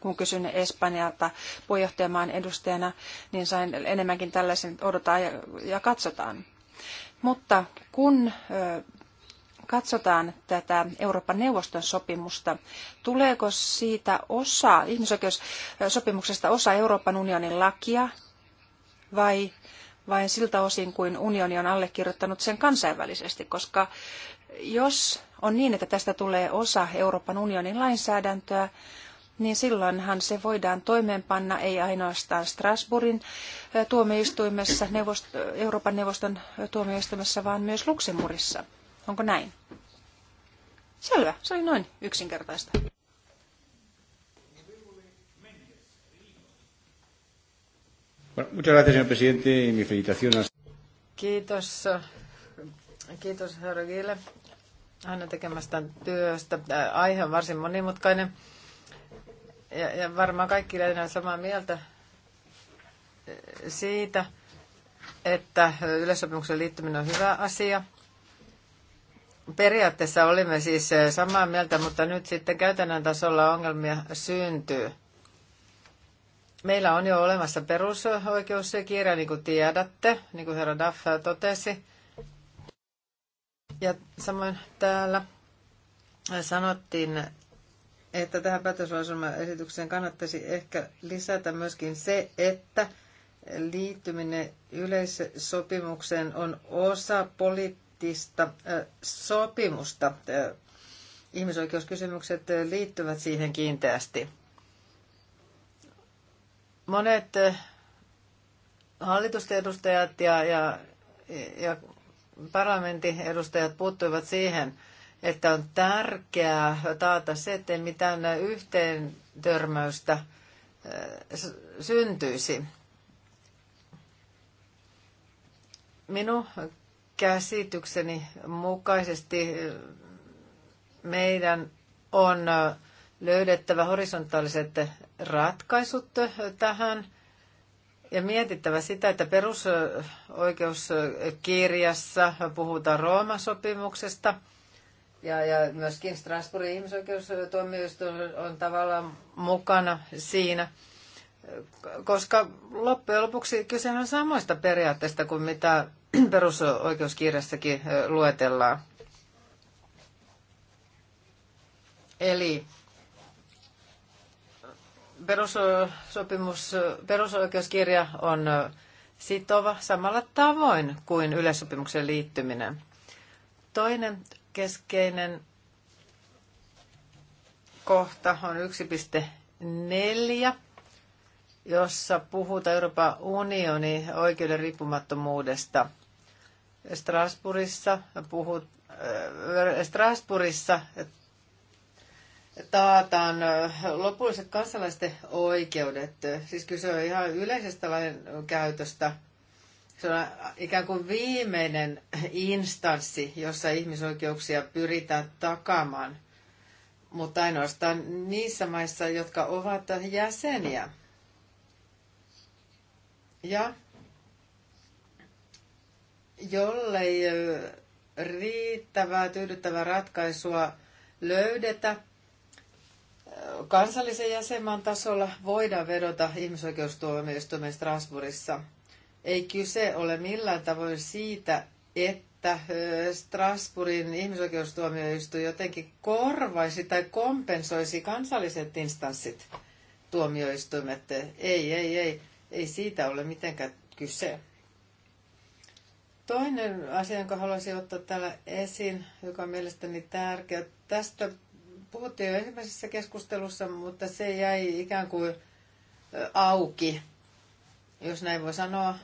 Kun kysyn Espanjalta puheenjohtajamaan edustajana, niin sain enemmänkin tällaisen odotaan ja, katsotaan. Mutta kun katsotaan tätä Euroopan neuvoston sopimusta, tuleeko siitä osa, ihmisoikeussopimuksesta osa Euroopan unionin lakia vai vain siltä osin kuin unioni on allekirjoittanut sen kansainvälisesti, koska jos on niin, että tästä tulee osa Euroopan unionin lainsäädäntöä, niin silloinhan se voidaan toimeenpanna ei ainoastaan Strasbourgin tuomioistuimessa, neuvost- Euroopan neuvoston tuomioistuimessa, vaan myös Luxemburgissa. Onko näin? Selvä, se oli noin yksinkertaista. Kiitos. Kiitos herra Gille hänen tekemästään työstä. Äh, aihe on varsin monimutkainen ja, ja varmaan kaikki olemme samaa mieltä äh, siitä, että yleissopimuksen liittyminen on hyvä asia. Periaatteessa olimme siis äh, samaa mieltä, mutta nyt sitten käytännön tasolla ongelmia syntyy. Meillä on jo olemassa perusoikeuskirja, niin kuin tiedätte, niin kuin herra Daff totesi. Ja samoin täällä sanottiin, että tähän esitykseen kannattaisi ehkä lisätä myöskin se, että liittyminen yleissopimukseen on osa poliittista sopimusta. Ihmisoikeuskysymykset liittyvät siihen kiinteästi. Monet eh, hallitusten ja, ja, ja parlamentin edustajat puuttuivat siihen, että on tärkeää taata se, ettei mitään yhteen törmäystä eh, syntyisi. Minun käsitykseni mukaisesti eh, meidän on löydettävä horisontaaliset ratkaisut tähän ja mietittävä sitä, että perusoikeuskirjassa puhutaan Rooman sopimuksesta ja, ja myöskin Strasbourgin ihmisoikeustuomioistuin on tavallaan mukana siinä, koska loppujen lopuksi kyse on samoista periaatteista kuin mitä perusoikeuskirjassakin luetellaan. Eli Perussopimus, perusoikeuskirja on sitova samalla tavoin kuin yleissopimuksen liittyminen. Toinen keskeinen kohta on 1.4, jossa puhutaan Euroopan unionin oikeuden riippumattomuudesta. Strasbourgissa, puhut, Strasbourgissa taataan lopulliset kansalaisten oikeudet. Siis kyse on ihan yleisestä lain käytöstä. Se on ikään kuin viimeinen instanssi, jossa ihmisoikeuksia pyritään takamaan, mutta ainoastaan niissä maissa, jotka ovat jäseniä. Ja jollei riittävää, tyydyttävää ratkaisua löydetä, kansallisen jäsenmaan tasolla voidaan vedota ihmisoikeustuomioistuimeen Strasbourgissa. Ei kyse ole millään tavoin siitä, että Strasbourgin ihmisoikeustuomioistuin jotenkin korvaisi tai kompensoisi kansalliset instanssit tuomioistuimet. Ei, ei, ei. Ei siitä ole mitenkään kyse. Toinen asia, jonka haluaisin ottaa täällä esiin, joka on mielestäni tärkeä. Tästä puhuttiin jo ensimmäisessä keskustelussa, mutta se jäi ikään kuin auki, jos näin voi sanoa,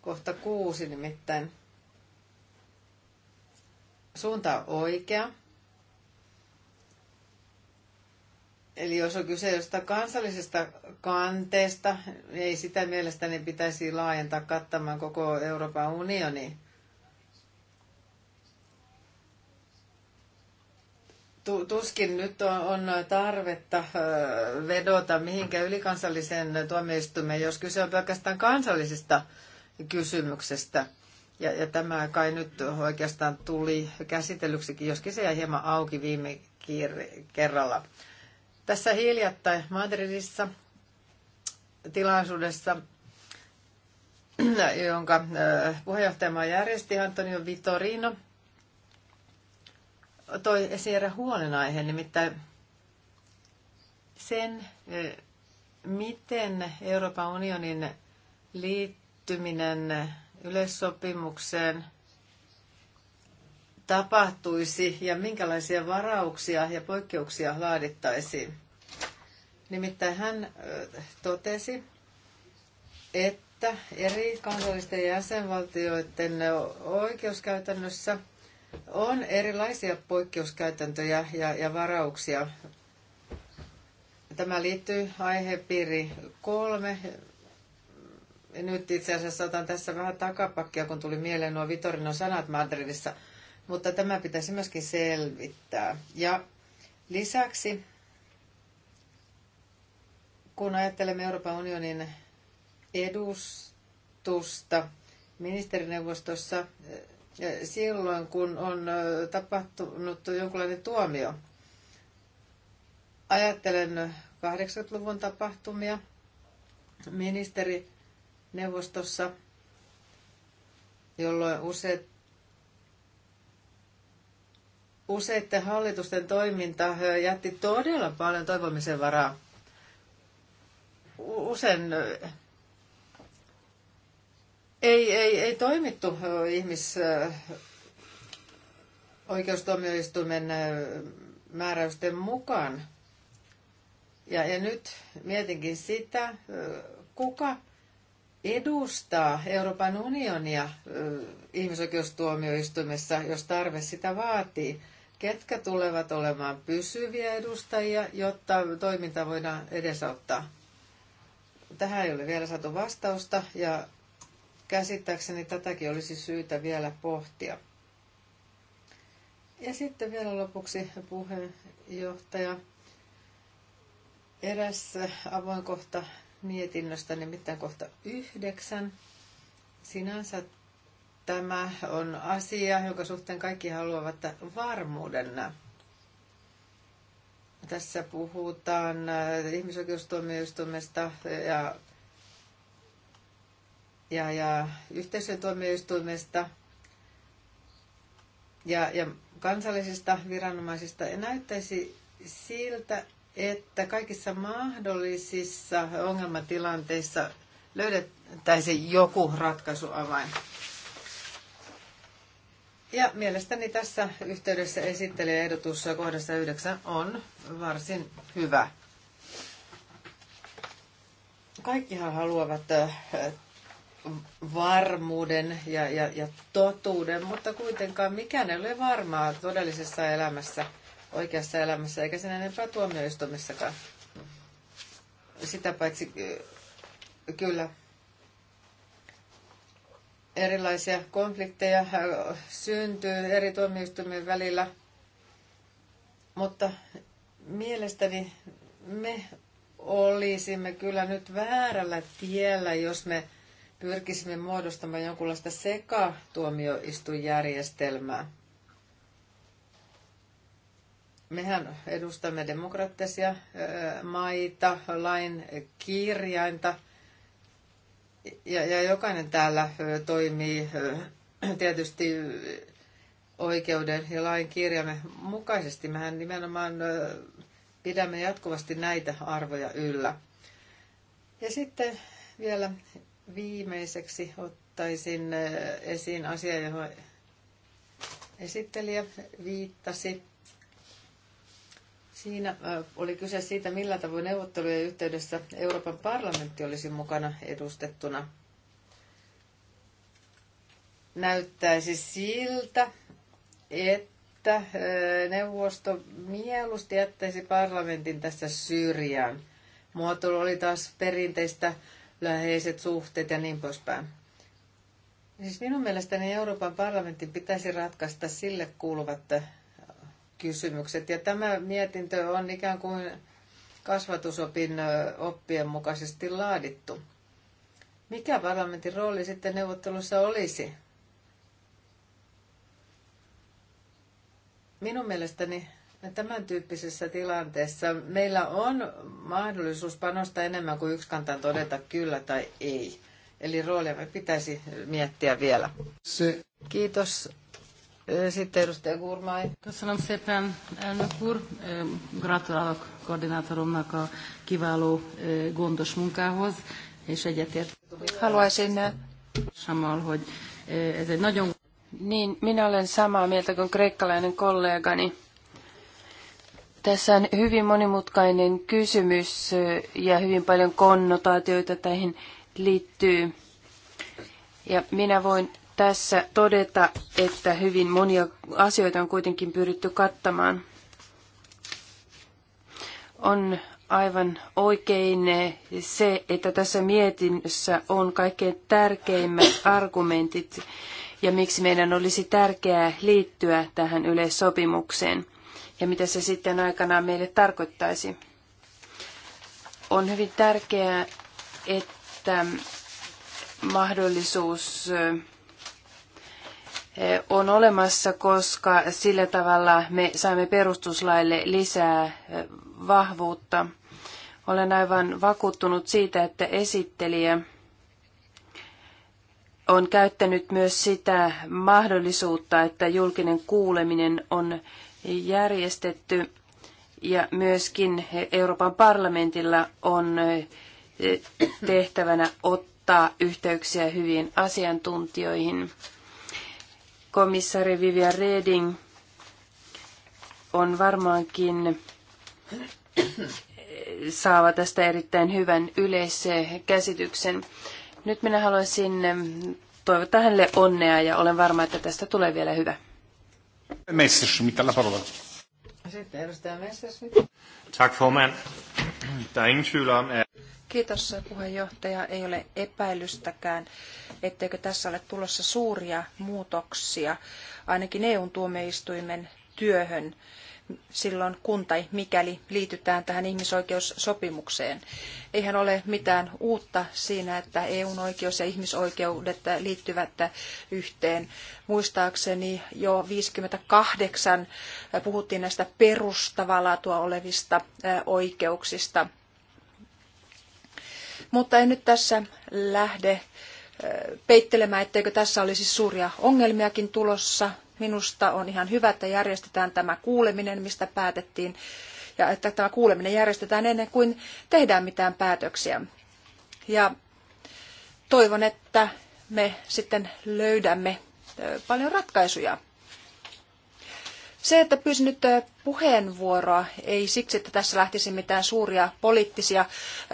kohta kuusi nimittäin. Suunta on oikea. Eli jos on kyse jostain kansallisesta kanteesta, niin ei sitä mielestäni pitäisi laajentaa kattamaan koko Euroopan unioni. tuskin nyt on, on tarvetta vedota mihinkä ylikansalliseen tuomioistuimeen, jos kyse on pelkästään kansallisista kysymyksestä. Ja, ja tämä kai nyt oikeastaan tuli käsitellyksikin, joskin se jäi hieman auki viime kerralla. Tässä hiljattain Madridissa tilaisuudessa, jonka puheenjohtajamaa järjesti Antonio Vitorino – toi esiin erään huolenaiheen, nimittäin sen, miten Euroopan unionin liittyminen yleissopimukseen tapahtuisi ja minkälaisia varauksia ja poikkeuksia laadittaisiin. Nimittäin hän totesi, että eri kansallisten jäsenvaltioiden oikeuskäytännössä – on erilaisia poikkeuskäytäntöjä ja, ja varauksia. Tämä liittyy aihepiiri kolme. Nyt itse asiassa otan tässä vähän takapakkia, kun tuli mieleen nuo Vitorinon sanat Madridissa. Mutta tämä pitäisi myöskin selvittää. Ja lisäksi, kun ajattelemme Euroopan unionin edustusta ministerineuvostossa, silloin, kun on tapahtunut jonkinlainen tuomio. Ajattelen 80-luvun tapahtumia ministerineuvostossa, jolloin useat useiden hallitusten toiminta jätti todella paljon toivomisen varaa. Usein ei, ei, ei toimittu ihmis oikeustuomioistuimen määräysten mukaan. Ja, ja nyt mietinkin sitä, kuka edustaa Euroopan unionia ihmisoikeustuomioistuimessa, jos tarve sitä vaatii. Ketkä tulevat olemaan pysyviä edustajia, jotta toiminta voidaan edesauttaa? Tähän ei ole vielä saatu vastausta ja Käsittääkseni tätäkin olisi syytä vielä pohtia. Ja sitten vielä lopuksi puheenjohtaja. Eräs avoin kohta mietinnöstä, nimittäin kohta yhdeksän. Sinänsä tämä on asia, jonka suhteen kaikki haluavat varmuuden. Tässä puhutaan ihmisoikeustuomioistuimesta ja ja, ja yhteisötuomioistuimesta ja, ja kansallisista viranomaisista. Ja näyttäisi siltä, että kaikissa mahdollisissa ongelmatilanteissa löydettäisiin joku ratkaisuavain. Ja mielestäni tässä yhteydessä esittelijä ehdotus kohdassa 9 on varsin hyvä. Kaikkihan haluavat varmuuden ja, ja, ja totuuden, mutta kuitenkaan mikään ei ole varmaa todellisessa elämässä, oikeassa elämässä, eikä sen enempää tuomioistumissakaan. Sitä paitsi eh, kyllä erilaisia konflikteja eh, syntyy eri tuomioistumien välillä, mutta mielestäni me olisimme kyllä nyt väärällä tiellä, jos me pyrkisimme muodostamaan jonkunlaista sekatuomioistujärjestelmää. Mehän edustamme demokraattisia maita, lain kirjainta, ja, ja jokainen täällä toimii tietysti oikeuden ja lain kirjamme mukaisesti. Mehän nimenomaan pidämme jatkuvasti näitä arvoja yllä. Ja sitten vielä viimeiseksi ottaisin eh, esiin asia johon esittelijä viittasi. Siinä eh, oli kyse siitä, millä tavoin neuvottelujen yhteydessä Euroopan parlamentti olisi mukana edustettuna. Näyttäisi siltä, että eh, neuvosto mieluusti jättäisi parlamentin tässä syrjään. Muotoilu oli taas perinteistä läheiset suhteet ja niin poispäin. Siis minun mielestäni Euroopan parlamentin pitäisi ratkaista sille kuuluvat kysymykset. Ja tämä mietintö on ikään kuin kasvatusopin oppien mukaisesti laadittu. Mikä parlamentin rooli sitten neuvottelussa olisi? Minun mielestäni Tämän tyyppisessä tilanteessa meillä on mahdollisuus panostaa enemmän kuin yksi kantaan todeta kyllä tai ei. Eli roolia me pitäisi miettiä vielä. Se. Kiitos. Sitten edustaja Gurmai. Kiitos szépen, elnök úr. Gratulálok kivailu gondos munkához, Haluaisin samalla, hogy ez egy nagyon... Niin, minä olen samaa mieltä kuin kreikkalainen kollegani tässä on hyvin monimutkainen kysymys eh, ja hyvin paljon konnotaatioita tähän liittyy. Ja minä voin tässä todeta, että hyvin monia asioita on kuitenkin pyritty kattamaan. On aivan oikein eh, se, että tässä mietinnössä on kaikkein tärkeimmät argumentit ja miksi meidän olisi tärkeää liittyä tähän yleissopimukseen – ja mitä se sitten aikanaan meille tarkoittaisi. On hyvin tärkeää, että mahdollisuus eh, on olemassa, koska sillä tavalla me saamme perustuslaille lisää eh, vahvuutta. Olen aivan vakuuttunut siitä, että esittelijä on käyttänyt myös sitä mahdollisuutta, että julkinen kuuleminen on järjestetty ja myöskin Euroopan parlamentilla on tehtävänä ottaa yhteyksiä hyvin asiantuntijoihin. Komissaari Vivian Reding on varmaankin saava tästä erittäin hyvän yleiskäsityksen. Nyt minä haluaisin toivottaa hänelle onnea ja olen varma, että tästä tulee vielä hyvä. Messerschmitt, alla parola. Sitten edustaja Messerschmitt. Tack formen. Er Kiitos puheenjohtaja. Ei ole epäilystäkään, etteikö tässä ole tulossa suuria muutoksia, ainakin EU-tuomioistuimen työhön silloin kun tai mikäli liitytään tähän ihmisoikeussopimukseen. Eihän ole mitään uutta siinä, että EUn oikeus ja ihmisoikeudet liittyvät yhteen. Muistaakseni jo 58 puhuttiin näistä perustavalaatua olevista oikeuksista. Mutta en nyt tässä lähde peittelemään, etteikö tässä olisi suuria ongelmiakin tulossa Minusta on ihan hyvä, että järjestetään tämä kuuleminen, mistä päätettiin, ja että tämä kuuleminen järjestetään ennen kuin tehdään mitään päätöksiä. Ja toivon, että me sitten löydämme paljon ratkaisuja. Se, että pyysin nyt puheenvuoroa, ei siksi, että tässä lähtisi mitään suuria poliittisia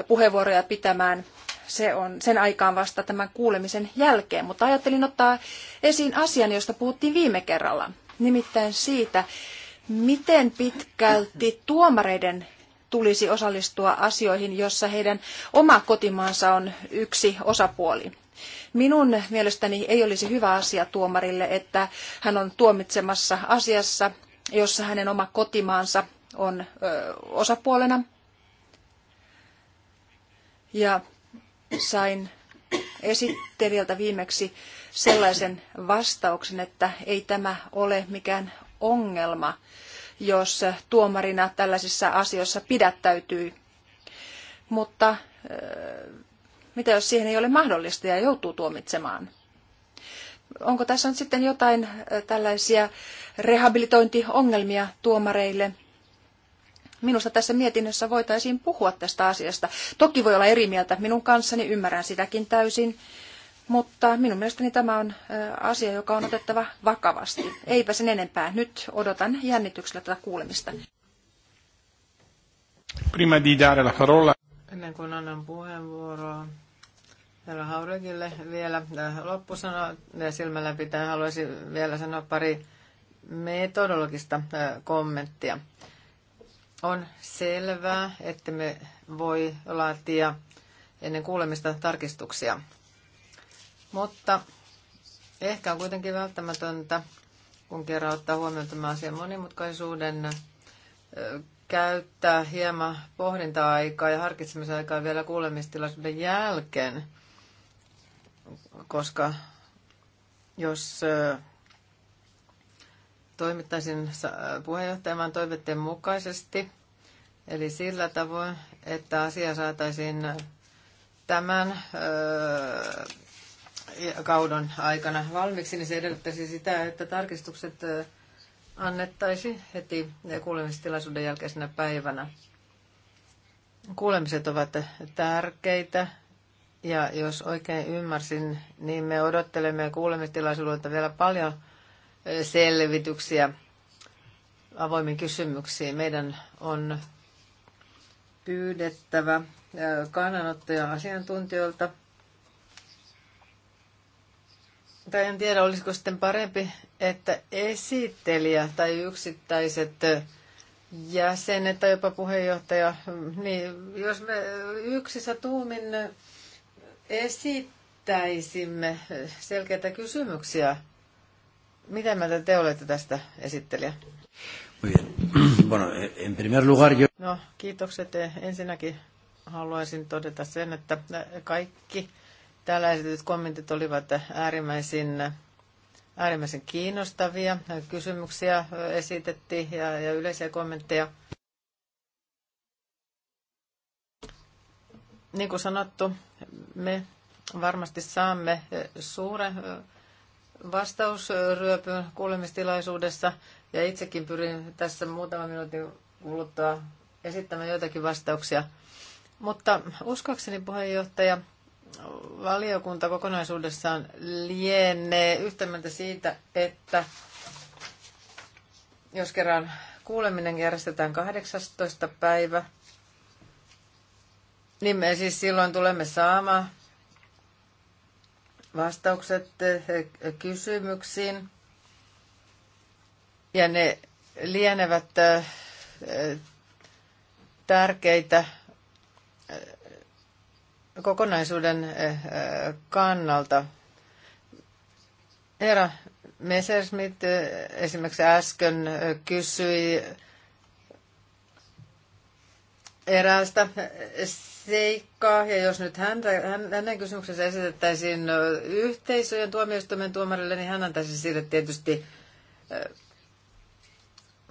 puheenvuoroja pitämään, se on sen aikaan vasta tämän kuulemisen jälkeen, mutta ajattelin ottaa esiin asian, josta puhuttiin viime kerralla, nimittäin siitä, miten pitkälti tuomareiden tulisi osallistua asioihin, jossa heidän oma kotimaansa on yksi osapuoli. Minun mielestäni ei olisi hyvä asia tuomarille, että hän on tuomitsemassa asiassa, jossa hänen oma kotimaansa on osapuolena. Ja sain esittelijältä viimeksi sellaisen vastauksen, että ei tämä ole mikään ongelma, jos tuomarina tällaisissa asioissa pidättäytyy. Mutta mitä jos siihen ei ole mahdollista ja joutuu tuomitsemaan? Onko tässä nyt sitten jotain tällaisia rehabilitointiongelmia tuomareille – Minusta tässä mietinnössä voitaisiin puhua tästä asiasta. Toki voi olla eri mieltä minun kanssani, ymmärrän sitäkin täysin, mutta minun mielestäni tämä on asia, joka on otettava vakavasti. Eipä sen enempää. Nyt odotan jännityksellä tätä kuulemista. Prima di dare la parola. Ennen kuin annan puheenvuoroa Herra Hauregille vielä loppusana ja silmällä pitää haluaisin vielä sanoa pari metodologista kommenttia. On selvää, että me voi laatia ennen kuulemista tarkistuksia. Mutta ehkä on kuitenkin välttämätöntä, kun kerran ottaa huomioon tämän asian monimutkaisuuden, käyttää hieman pohdinta-aikaa ja harkitsemisaikaa vielä kuulemistilaisuuden jälkeen, koska jos toimittaisin puheenjohtajan toivotteen mukaisesti, eli sillä tavoin, että asia saataisiin tämän kaudon aikana valmiiksi, niin se edellyttäisi sitä, että tarkistukset annettaisiin heti kuulemistilaisuuden jälkeisenä päivänä. Kuulemiset ovat tärkeitä ja jos oikein ymmärsin, niin me odottelemme kuulemistilaisuudelta vielä paljon – selvityksiä avoimiin kysymyksiin. Meidän on pyydettävä kannanottoja asiantuntijoilta. Tai en tiedä, olisiko sitten parempi, että esittelijä tai yksittäiset jäsenet tai jopa puheenjohtaja, niin jos me yksissä tuumin esittäisimme selkeitä kysymyksiä mitä mieltä te olette tästä esittelijä? Muy bien. Bueno, eh, en primer lugar yo... No, kiitokset. Eh, ensinnäkin haluaisin todeta sen, että eh, kaikki täällä esitetyt kommentit olivat äärimmäisen, äärimmäisen kiinnostavia. Kysymyksiä esitettiin ja, ja yleisiä kommentteja. Niin kuin sanottu, me varmasti saamme suuren vastausryöpyn kuulemistilaisuudessa ja itsekin pyrin tässä muutama minuutin kuluttua esittämään joitakin vastauksia. Mutta uskoakseni puheenjohtaja, valiokunta kokonaisuudessaan lienee yhtä mieltä siitä, että jos kerran kuuleminen järjestetään 18. päivä, niin me siis silloin tulemme saamaan vastaukset eh, kysymyksiin. Ja ne lienevät eh, tärkeitä eh, kokonaisuuden kannalta. Herra Messersmith esimerkiksi äsken kysyi eräästä seikkaa, ja jos nyt häntä, hänen kysymyksensä esitettäisiin yhteisöjen tuomioistuimen tuomarille, niin hän antaisi sille tietysti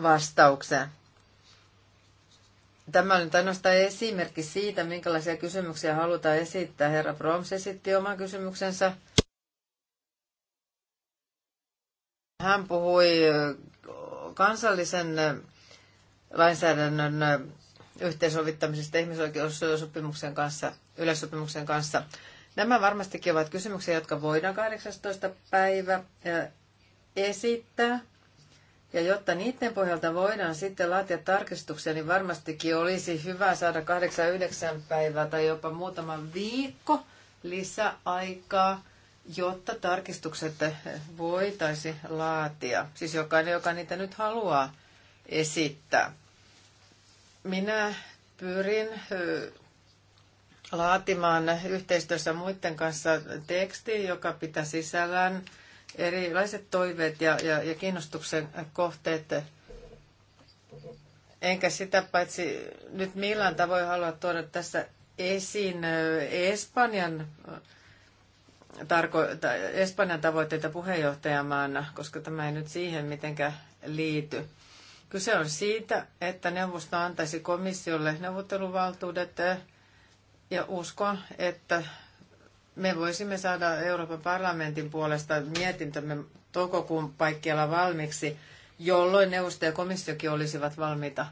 vastauksen. Tämä on nyt ainoastaan esimerkki siitä, minkälaisia kysymyksiä halutaan esittää. Herra Proms esitti oman kysymyksensä. Hän puhui kansallisen lainsäädännön yhteensovittamisesta ihmisoikeussopimuksen kanssa, yleissopimuksen kanssa. Nämä varmastikin ovat kysymyksiä, jotka voidaan 18. päivä esittää. Ja jotta niiden pohjalta voidaan sitten laatia tarkistuksia, niin varmastikin olisi hyvä saada 89 päivää tai jopa muutama viikko lisäaikaa, jotta tarkistukset voitaisi laatia. Siis jokainen, joka niitä nyt haluaa esittää. Minä pyrin laatimaan yhteistyössä muiden kanssa teksti, joka pitää sisällään erilaiset toiveet ja, ja, ja kiinnostuksen kohteet. Enkä sitä paitsi nyt millään tavoin halua tuoda tässä esiin Espanjan, tarko- Espanjan tavoitteita puheenjohtajamaana, koska tämä ei nyt siihen mitenkään liity. Kyse on siitä, että neuvosto antaisi komissiolle neuvotteluvaltuudet eh, ja uskon, että me voisimme saada Euroopan parlamentin puolesta mietintömme toukokuun paikkeilla valmiiksi, jolloin neuvosto ja komissiokin olisivat valmiita.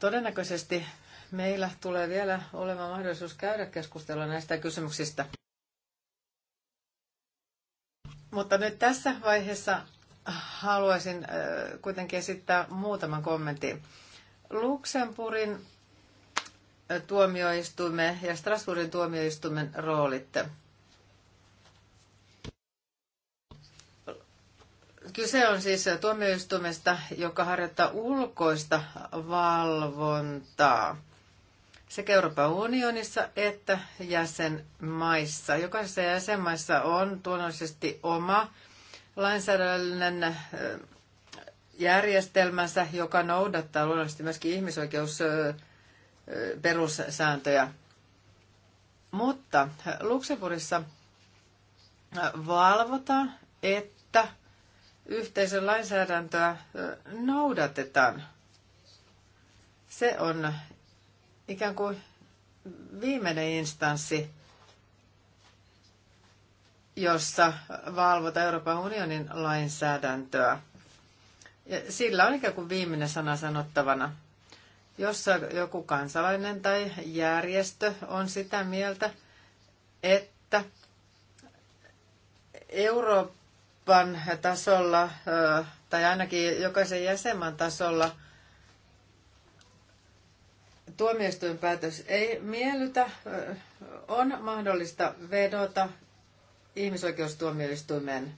Todennäköisesti meillä tulee vielä olemaan mahdollisuus käydä keskustelua näistä kysymyksistä. Mutta nyt tässä vaiheessa haluaisin äh, kuitenkin esittää muutaman kommentin. Luxemburgin äh, tuomioistuimen ja Strasbourgin tuomioistuimen roolit. Kyse on siis tuomioistuimesta, joka harjoittaa ulkoista valvontaa sekä Euroopan unionissa että jäsenmaissa. Jokaisessa jäsenmaissa on tuonnollisesti oma lainsäädännön järjestelmänsä, joka noudattaa luonnollisesti myöskin ihmisoikeusperussääntöjä. Mutta Luxemburgissa valvotaan, että yhteisön lainsäädäntöä noudatetaan. Se on ikään kuin viimeinen instanssi jossa valvota Euroopan unionin lainsäädäntöä. Ja sillä on ikään kuin viimeinen sana sanottavana. Jos joku kansalainen tai järjestö on sitä mieltä, että Euroopan tasolla tai ainakin jokaisen jäsenmaan tasolla tuomioistuinpäätös ei miellytä, on mahdollista vedota ihmisoikeustuomioistuimen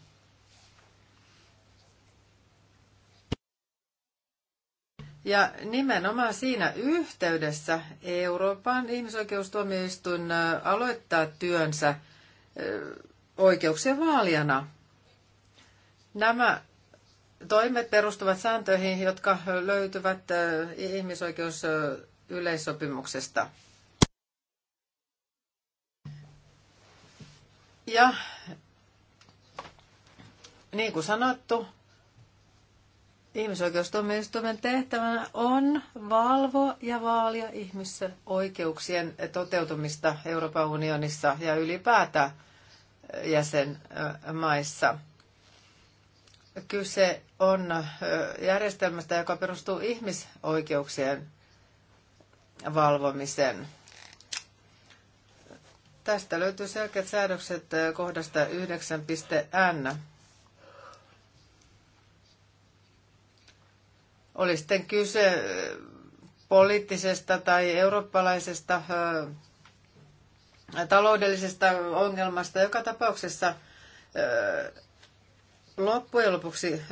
Ja nimenomaan siinä yhteydessä Euroopan ihmisoikeustuomioistuin aloittaa työnsä oikeuksien vaalijana. Nämä toimet perustuvat sääntöihin, jotka löytyvät ihmisoikeusyleissopimuksesta. Ja niin kuin sanottu, ihmisoikeustuomioistuimen tehtävänä on valvoa ja vaalia oikeuksien toteutumista Euroopan unionissa ja ylipäätään jäsenmaissa. Kyse on järjestelmästä, joka perustuu ihmisoikeuksien valvomiseen. Tästä löytyy selkeät säädökset eh, kohdasta 9.n. Oli sitten kyse eh, poliittisesta tai eurooppalaisesta eh, taloudellisesta ongelmasta. Joka tapauksessa loppujen lopuksi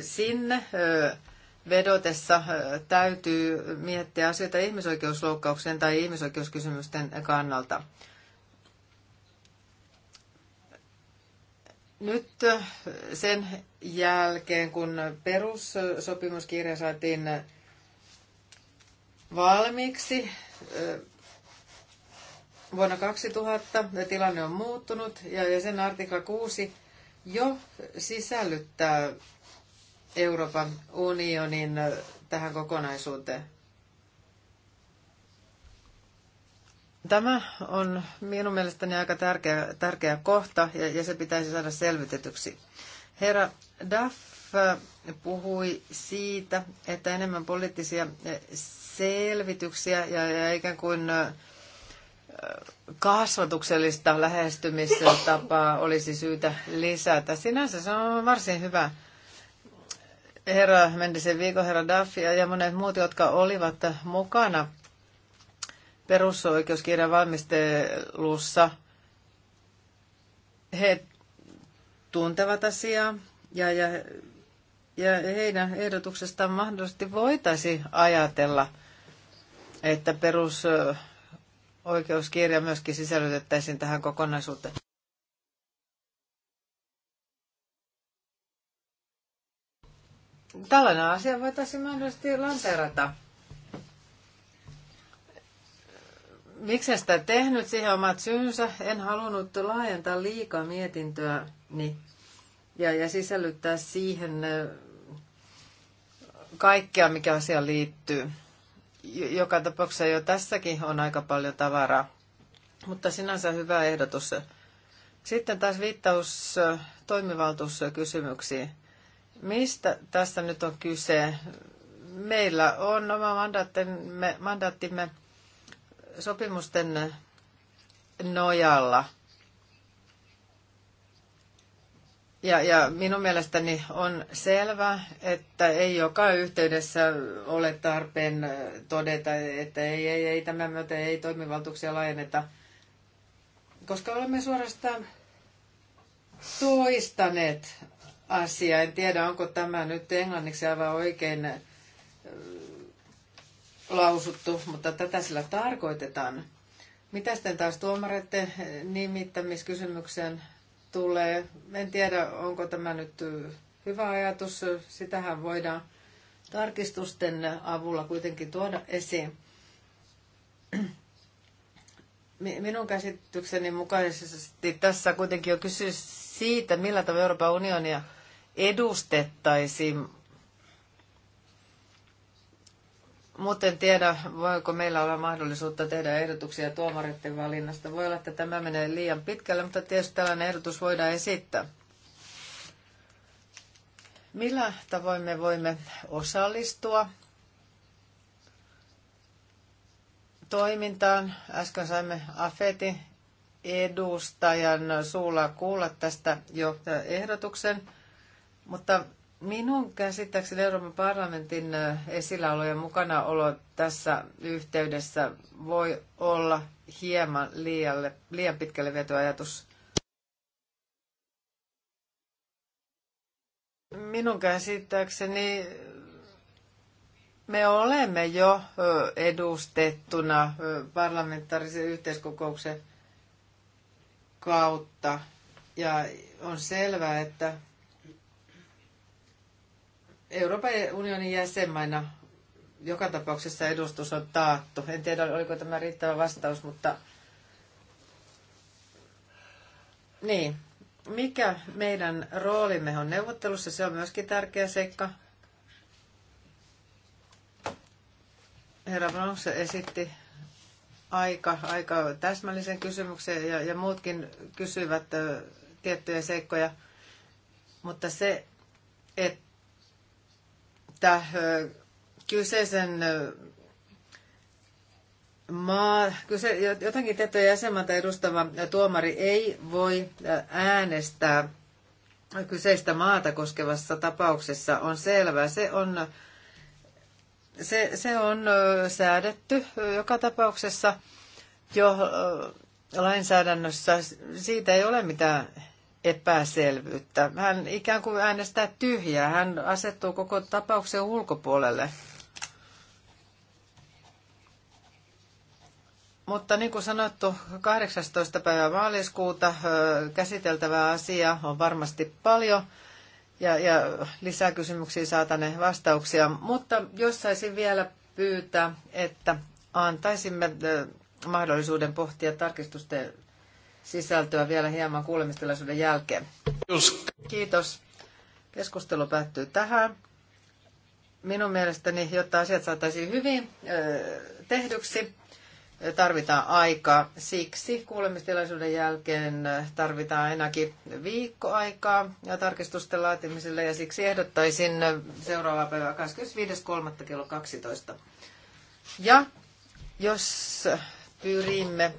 sinne vedotessa täytyy miettiä asioita ihmisoikeusloukkauksen tai ihmisoikeuskysymysten kannalta. Nyt sen jälkeen, kun perussopimuskirja saatiin valmiiksi vuonna 2000, tilanne on muuttunut ja sen artikla 6 jo sisällyttää Euroopan unionin tähän kokonaisuuteen. Tämä on minun mielestäni aika tärkeä, tärkeä kohta ja, ja se pitäisi saada selvitetyksi. Herra Duff puhui siitä, että enemmän poliittisia selvityksiä ja, ja ikään kuin kasvatuksellista lähestymistapaa olisi syytä lisätä. Sinänsä se on varsin hyvä herra Mendisen viikko, herra Daffi ja monet muut, jotka olivat mukana perusoikeuskirjan valmistelussa, he tuntevat asiaa ja, ja, ja heidän ehdotuksestaan mahdollisesti voitaisiin ajatella, että perusoikeuskirja myöskin sisällytettäisiin tähän kokonaisuuteen. Tällainen asia voitaisiin mahdollisesti lanseerata. Miksi sitä tehnyt, siihen omat syynsä. En halunnut laajentaa liikaa mietintöä niin, ja, ja sisällyttää siihen kaikkea, mikä asiaan liittyy. Joka tapauksessa jo tässäkin on aika paljon tavaraa, mutta sinänsä hyvä ehdotus. Sitten taas viittaus toimivaltuuskysymyksiin. kysymyksiin Mistä tässä nyt on kyse? Meillä on oma mandaattimme, mandaattimme sopimusten nojalla. Ja, ja minun mielestäni on selvä, että ei joka yhteydessä ole tarpeen todeta, että ei, ei, ei tämän myötä ei toimivaltuuksia laajenneta, koska olemme suorastaan toistaneet asia. En tiedä, onko tämä nyt englanniksi aivan oikein äh, lausuttu, mutta tätä sillä tarkoitetaan. Mitä sitten taas tuomareiden äh, nimittämiskysymykseen tulee? En tiedä, onko tämä nyt äh, hyvä ajatus. Sitähän voidaan tarkistusten avulla kuitenkin tuoda esiin. Minun käsitykseni mukaisesti tässä kuitenkin on kyse siitä, millä tavalla Euroopan unionia edustettaisiin. Muuten tiedä, voiko meillä olla mahdollisuutta tehdä ehdotuksia tuomareiden valinnasta. Voi olla, että tämä menee liian pitkälle, mutta tietysti tällainen ehdotus voidaan esittää. Millä tavoin me voimme osallistua toimintaan? Äsken saimme afeti edustajan suulla kuulla tästä jo ehdotuksen. Mutta minun käsittääkseni Euroopan parlamentin esilläolo ja mukanaolo tässä yhteydessä voi olla hieman liialle, liian pitkälle viety ajatus. Minun käsittääkseni me olemme jo edustettuna parlamentaarisen yhteiskokouksen kautta. Ja on selvää, että Euroopan unionin jäsenmaina joka tapauksessa edustus on taattu. En tiedä, oliko tämä riittävä vastaus, mutta niin. Mikä meidän roolimme on neuvottelussa, se on myöskin tärkeä seikka. Herra Bronx esitti aika, aika täsmällisen kysymyksen ja, ja muutkin kysyivät ö, tiettyjä seikkoja. Mutta se, että että kyseisen maa, kyse, jotakin tiettyä jäsenmaata edustava tuomari ei voi äänestää kyseistä maata koskevassa tapauksessa on selvää. Se on, se, se on säädetty joka tapauksessa jo lainsäädännössä. Siitä ei ole mitään epäselvyyttä. Hän ikään kuin äänestää tyhjää. Hän asettuu koko tapauksen ulkopuolelle. Mutta niin kuin sanottu, 18. päivä maaliskuuta käsiteltävää asiaa on varmasti paljon ja, ja lisää kysymyksiä saatane vastauksia. Mutta jos saisin vielä pyytää, että antaisimme mahdollisuuden pohtia tarkistusten sisältöä vielä hieman kuulemistilaisuuden jälkeen. Kiitos. Keskustelu päättyy tähän. Minun mielestäni, jotta asiat saataisiin hyvin tehdyksi, tarvitaan aikaa. Siksi kuulemistilaisuuden jälkeen tarvitaan ainakin viikkoaikaa ja tarkistusten laatimiselle ja siksi ehdottaisin seuraavaa päivää 25.3. kello 12. Ja jos pyrimme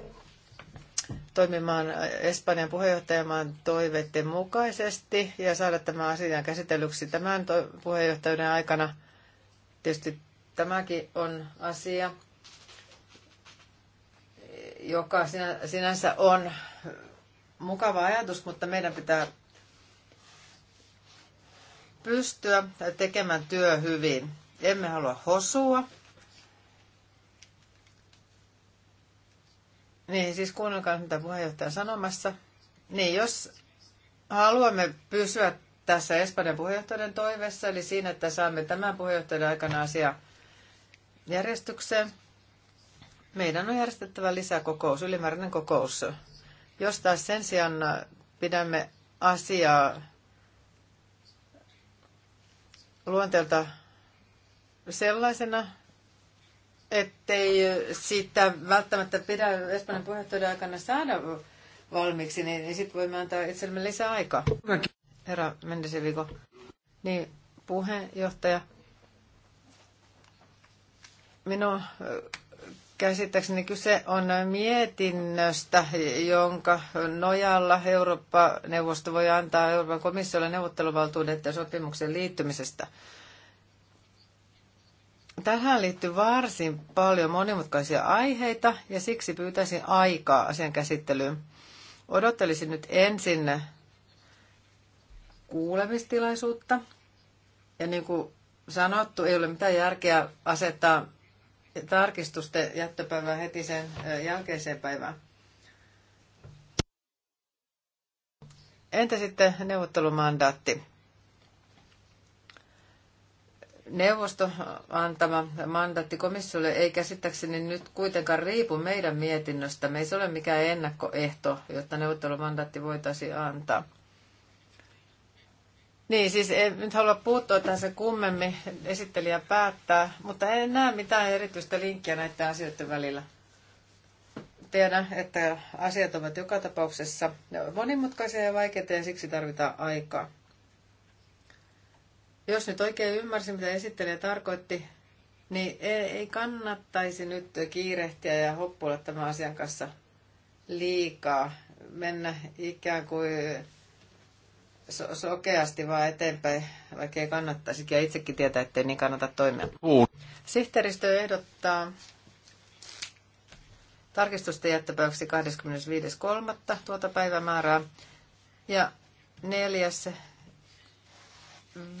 toimimaan Espanjan puheenjohtajamaan toiveiden mukaisesti ja saada tämä asia käsitellyksi tämän puheenjohtajuuden aikana. Tietysti tämäkin on asia, joka sinänsä on mukava ajatus, mutta meidän pitää pystyä tekemään työ hyvin. Emme halua hosua, Niin, siis kuunnelkaa mitä puheenjohtaja on sanomassa. Niin, jos haluamme pysyä tässä Espanjan puheenjohtajan toiveessa, eli siinä, että saamme tämän puheenjohtajan aikana asia järjestykseen, meidän on järjestettävä lisäkokous, ylimääräinen kokous. Jos taas sen sijaan pidämme asiaa luonteelta sellaisena, ettei sitä välttämättä pidä Espanjan puheenjohtajan aikana saada valmiiksi, niin, niin sitten voimme antaa itsellemme lisää aikaa. Herra Mendesiviko. Niin, puheenjohtaja. Minun käsittääkseni kyse on mietinnöstä, jonka nojalla Eurooppa-neuvosto voi antaa Euroopan komissiolle neuvotteluvaltuudet ja sopimuksen liittymisestä. Tähän liittyy varsin paljon monimutkaisia aiheita ja siksi pyytäisin aikaa asian käsittelyyn. Odottelisin nyt ensin kuulemistilaisuutta. Ja niin kuin sanottu, ei ole mitään järkeä asettaa tarkistusten jättöpäivää heti sen jälkeiseen päivään. Entä sitten neuvottelumandaatti? neuvosto antama mandaatti komissiolle ei käsittääkseni nyt kuitenkaan riipu meidän mietinnöstämme. Ei se ole mikään ennakkoehto, jotta neuvottelumandaatti voitaisiin antaa. Niin, siis en nyt halua puuttua tähän se kummemmin, esittelijä päättää, mutta en näe mitään erityistä linkkiä näiden asioiden välillä. Tiedän, että asiat ovat joka tapauksessa monimutkaisia ja vaikeita ja siksi tarvitaan aikaa. Jos nyt oikein ymmärsin, mitä esittelijä tarkoitti, niin ei kannattaisi nyt kiirehtiä ja hoppuilla tämän asian kanssa liikaa, mennä ikään kuin so- sokeasti vaan eteenpäin, vaikka ei kannattaisi, Ja itsekin tietää, ettei niin kannata toimia. Uun. Sihteeristö ehdottaa tarkistusten jättäpäiväksi 25.3. tuota päivämäärää. Ja neljäs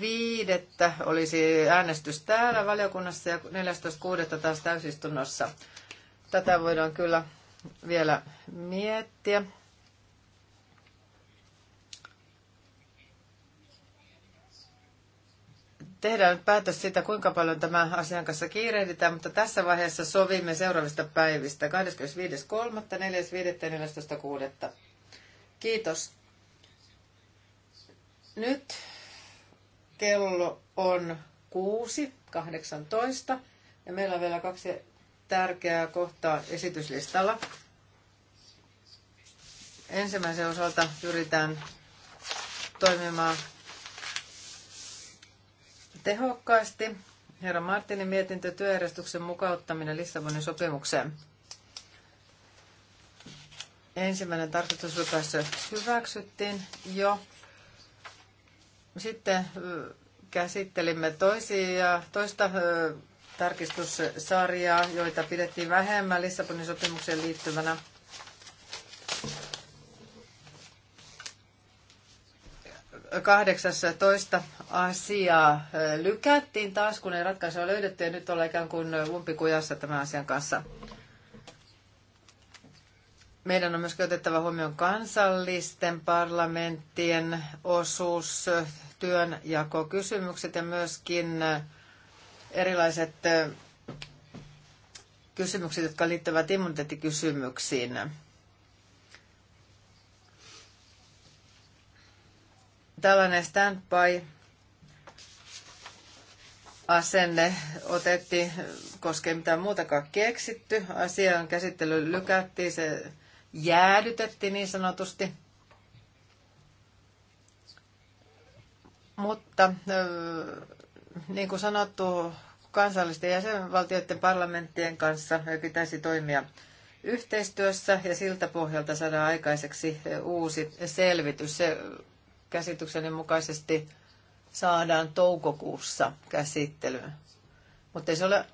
viidettä olisi äänestys täällä valiokunnassa ja 14.6. taas täysistunnossa. Tätä voidaan kyllä vielä miettiä. Tehdään nyt päätös siitä, kuinka paljon tämä asian kanssa kiirehditään, mutta tässä vaiheessa sovimme seuraavista päivistä 25.3., 4.5. ja 14.6. Kiitos. Nyt kello on 6.18 ja meillä on vielä kaksi tärkeää kohtaa esityslistalla. Ensimmäisen osalta pyritään toimimaan tehokkaasti. Herra Martinin mietintö työjärjestyksen mukauttaminen Lissabonin sopimukseen. Ensimmäinen tarkastusrypäs hyväksyttiin jo. Sitten käsittelimme toisia, toista tarkistussarjaa, joita pidettiin vähemmän Lissabonin sopimukseen liittyvänä. toista asiaa lykättiin taas, kun ei ratkaisua löydetty ja nyt ollaan ikään kuin umpikujassa tämän asian kanssa. Meidän on myös otettava huomioon kansallisten parlamenttien osuus, työnjakokysymykset ja myöskin erilaiset kysymykset, jotka liittyvät immuniteettikysymyksiin. Tällainen standby asenne otettiin, koskee mitään muutakaan keksitty. Asian käsittely lykättiin, se jäädytettiin niin sanotusti. Mutta niin kuin sanottu, kansallisten jäsenvaltioiden parlamenttien kanssa pitäisi toimia yhteistyössä ja siltä pohjalta saada aikaiseksi uusi selvitys. Se käsitykseni mukaisesti saadaan toukokuussa käsittelyyn. Mutta ei se ole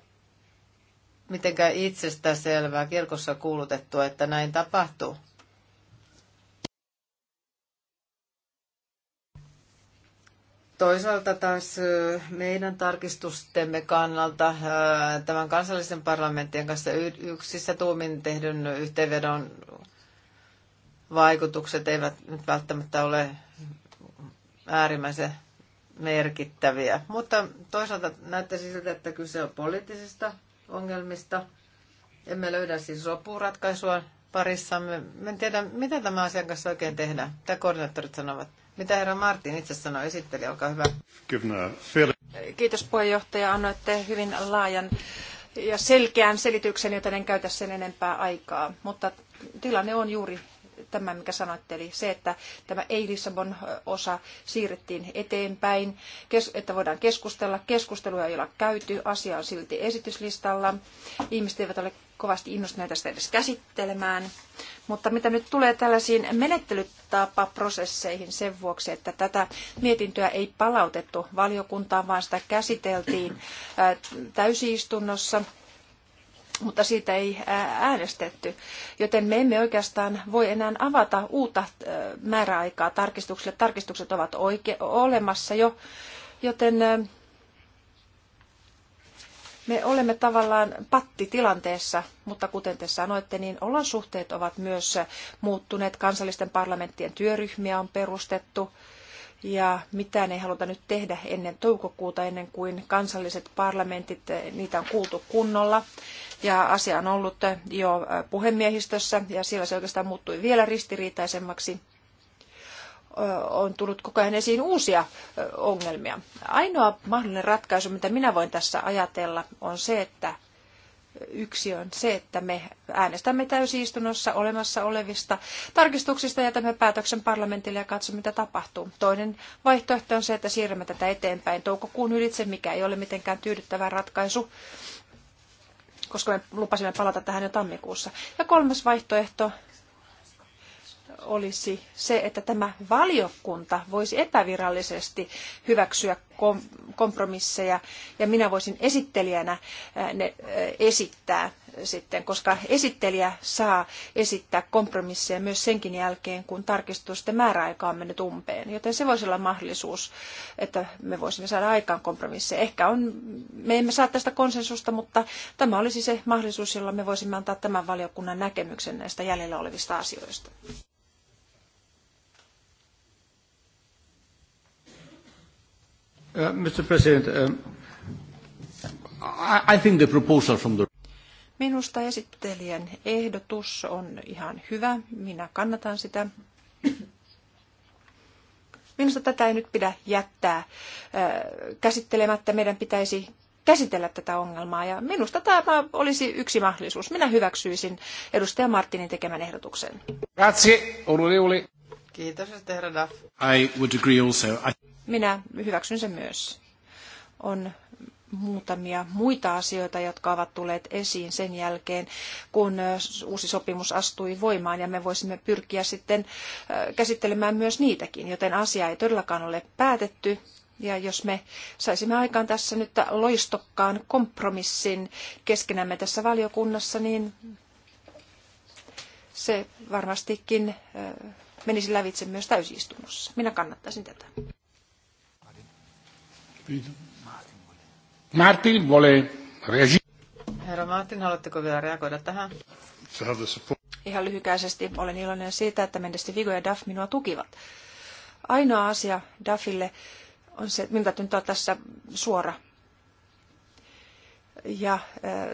mitenkään itsestään selvää kirkossa kuulutettua, että näin tapahtuu. Toisaalta taas meidän tarkistustemme kannalta tämän kansallisen parlamenttien kanssa yksissä tuumin tehdyn yhteenvedon vaikutukset eivät nyt välttämättä ole äärimmäisen merkittäviä. Mutta toisaalta näyttäisi siltä, että kyse on poliittisesta ongelmista. Emme löydä siis sopuratkaisua parissamme. En tiedä, mitä tämä asian kanssa oikein tehdään. Mitä koordinaattorit sanovat? Mitä herra Martin itse sanoi? Esitteli, olkaa hyvä. Kiitos puheenjohtaja. Annoitte hyvin laajan ja selkeän selityksen, joten en käytä sen enempää aikaa. Mutta tilanne on juuri tämä, mikä sanoitte, eli se, että tämä ei-Lissabon osa siirrettiin eteenpäin, että voidaan keskustella. keskusteluja, ei ole käyty, asia on silti esityslistalla. Ihmiset eivät ole kovasti innostuneita sitä edes käsittelemään. Mutta mitä nyt tulee tällaisiin menettelytapaprosesseihin sen vuoksi, että tätä mietintöä ei palautettu valiokuntaan, vaan sitä käsiteltiin äh, täysistunnossa – mutta siitä ei äänestetty. Joten me emme oikeastaan voi enää avata uutta määräaikaa tarkistuksille. Tarkistukset ovat oike- olemassa jo, joten me olemme tavallaan pattitilanteessa, mutta kuten te sanoitte, niin olosuhteet ovat myös muuttuneet. Kansallisten parlamenttien työryhmiä on perustettu ja mitään ei haluta nyt tehdä ennen toukokuuta, ennen kuin kansalliset parlamentit, eh, niitä on kuultu kunnolla. Ja asia on ollut eh, jo eh, puhemiehistössä ja siellä se oikeastaan muuttui vielä ristiriitaisemmaksi. On tullut koko ajan esiin uusia ongelmia. Ainoa mahdollinen ratkaisu, mitä minä voin tässä ajatella, on se, että yksi on se, että me äänestämme täysistunnossa olemassa olevista tarkistuksista ja jätämme päätöksen parlamentille ja katsomme, mitä tapahtuu. Toinen vaihtoehto on se, että siirrämme tätä eteenpäin toukokuun ylitse, mikä ei ole mitenkään tyydyttävä ratkaisu, koska me lupasimme palata tähän jo tammikuussa. Ja kolmas vaihtoehto olisi se, että tämä valiokunta voisi epävirallisesti hyväksyä kompromisseja ja minä voisin esittelijänä ne esittää sitten, koska esittelijä saa esittää kompromisseja myös senkin jälkeen, kun tarkistusten määräaika on mennyt umpeen. Joten se voisi olla mahdollisuus, että me voisimme saada aikaan kompromisseja. Ehkä on, me emme saa tästä konsensusta, mutta tämä olisi se mahdollisuus, jolla me voisimme antaa tämän valiokunnan näkemyksen näistä jäljellä olevista asioista. Uh, Mr. President, um, I, I think the proposal from the... Minusta esittelijän ehdotus on ihan hyvä. Minä kannatan sitä. Minusta tätä ei nyt pidä jättää uh, käsittelemättä. Meidän pitäisi käsitellä tätä ongelmaa ja minusta tämä olisi yksi mahdollisuus. Minä hyväksyisin edustaja Martinin tekemän ehdotuksen. Grazie, Kiitos, herra Duff. I would agree also. I... Minä hyväksyn sen myös. On muutamia muita asioita, jotka ovat tulleet esiin sen jälkeen, kun uusi sopimus astui voimaan ja me voisimme pyrkiä sitten käsittelemään myös niitäkin, joten asia ei todellakaan ole päätetty. Ja jos me saisimme aikaan tässä nyt loistokkaan kompromissin keskenämme tässä valiokunnassa, niin se varmastikin menisi lävitse myös täysistunnossa. Minä kannattaisin tätä. Martin vole regi. Herra Martin, haluatteko vielä reagoida tähän? Ihan lyhykäisesti olen iloinen siitä, että mendesti Vigo ja Daf minua tukivat. Ainoa asia Dafille on se, että minun täytyy nyt tässä suora ja äh,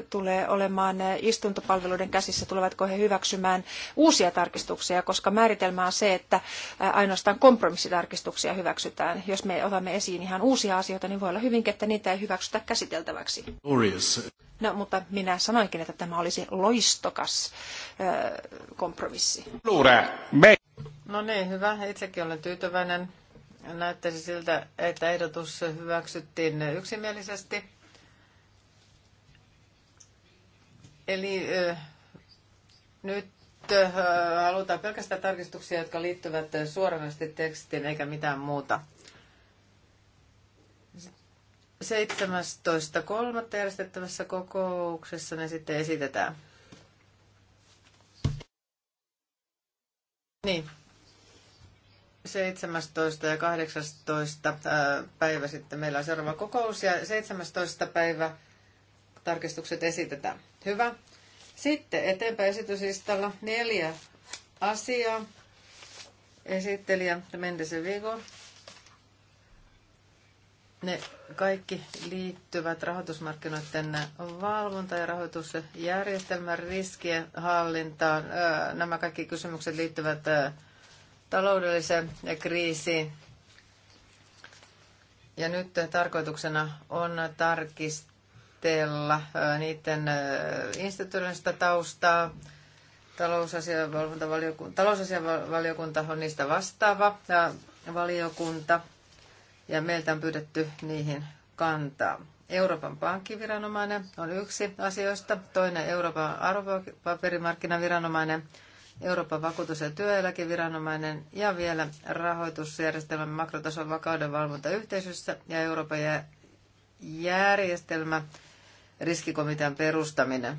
tulee olemaan äh, istuntopalveluiden käsissä, tulevatko he hyväksymään uusia tarkistuksia, koska määritelmä on se, että äh, ainoastaan kompromissitarkistuksia hyväksytään. Jos me otamme esiin ihan uusia asioita, niin voi olla hyvinkin, että niitä ei hyväksytä käsiteltäväksi. No, mutta minä sanoinkin, että tämä olisi loistokas kompromissi. No niin, hyvä. Itsekin olen tyytyväinen. Näyttäisi siltä, että ehdotus hyväksyttiin yksimielisesti. Eli nyt halutaan pelkästään tarkistuksia, jotka liittyvät suoranaisesti tekstiin eikä mitään muuta. 17.3. järjestettävässä kokouksessa ne sitten esitetään. Niin. 17. ja 18. päivä sitten meillä on seuraava kokous ja 17. päivä tarkistukset esitetään. Hyvä. Sitten eteenpäin esityslistalla neljä asiaa. Esittelijä Mendesen Vigo. Ne kaikki liittyvät rahoitusmarkkinoiden valvonta- ja rahoitusjärjestelmän riskien hallintaan. Nämä kaikki kysymykset liittyvät taloudelliseen kriisiin. Ja nyt tarkoituksena on tarkistaa perusteella niiden instituutioista taustaa. Talousasianvaliokunta, on niistä vastaava valiokunta ja meiltä on pyydetty niihin kantaa. Euroopan pankkiviranomainen on yksi asioista, toinen Euroopan arvopaperimarkkinaviranomainen, Euroopan vakuutus- ja työeläkeviranomainen ja vielä rahoitusjärjestelmän makrotason vakauden valvontayhteisössä ja Euroopan järjestelmä riskikomitean perustaminen.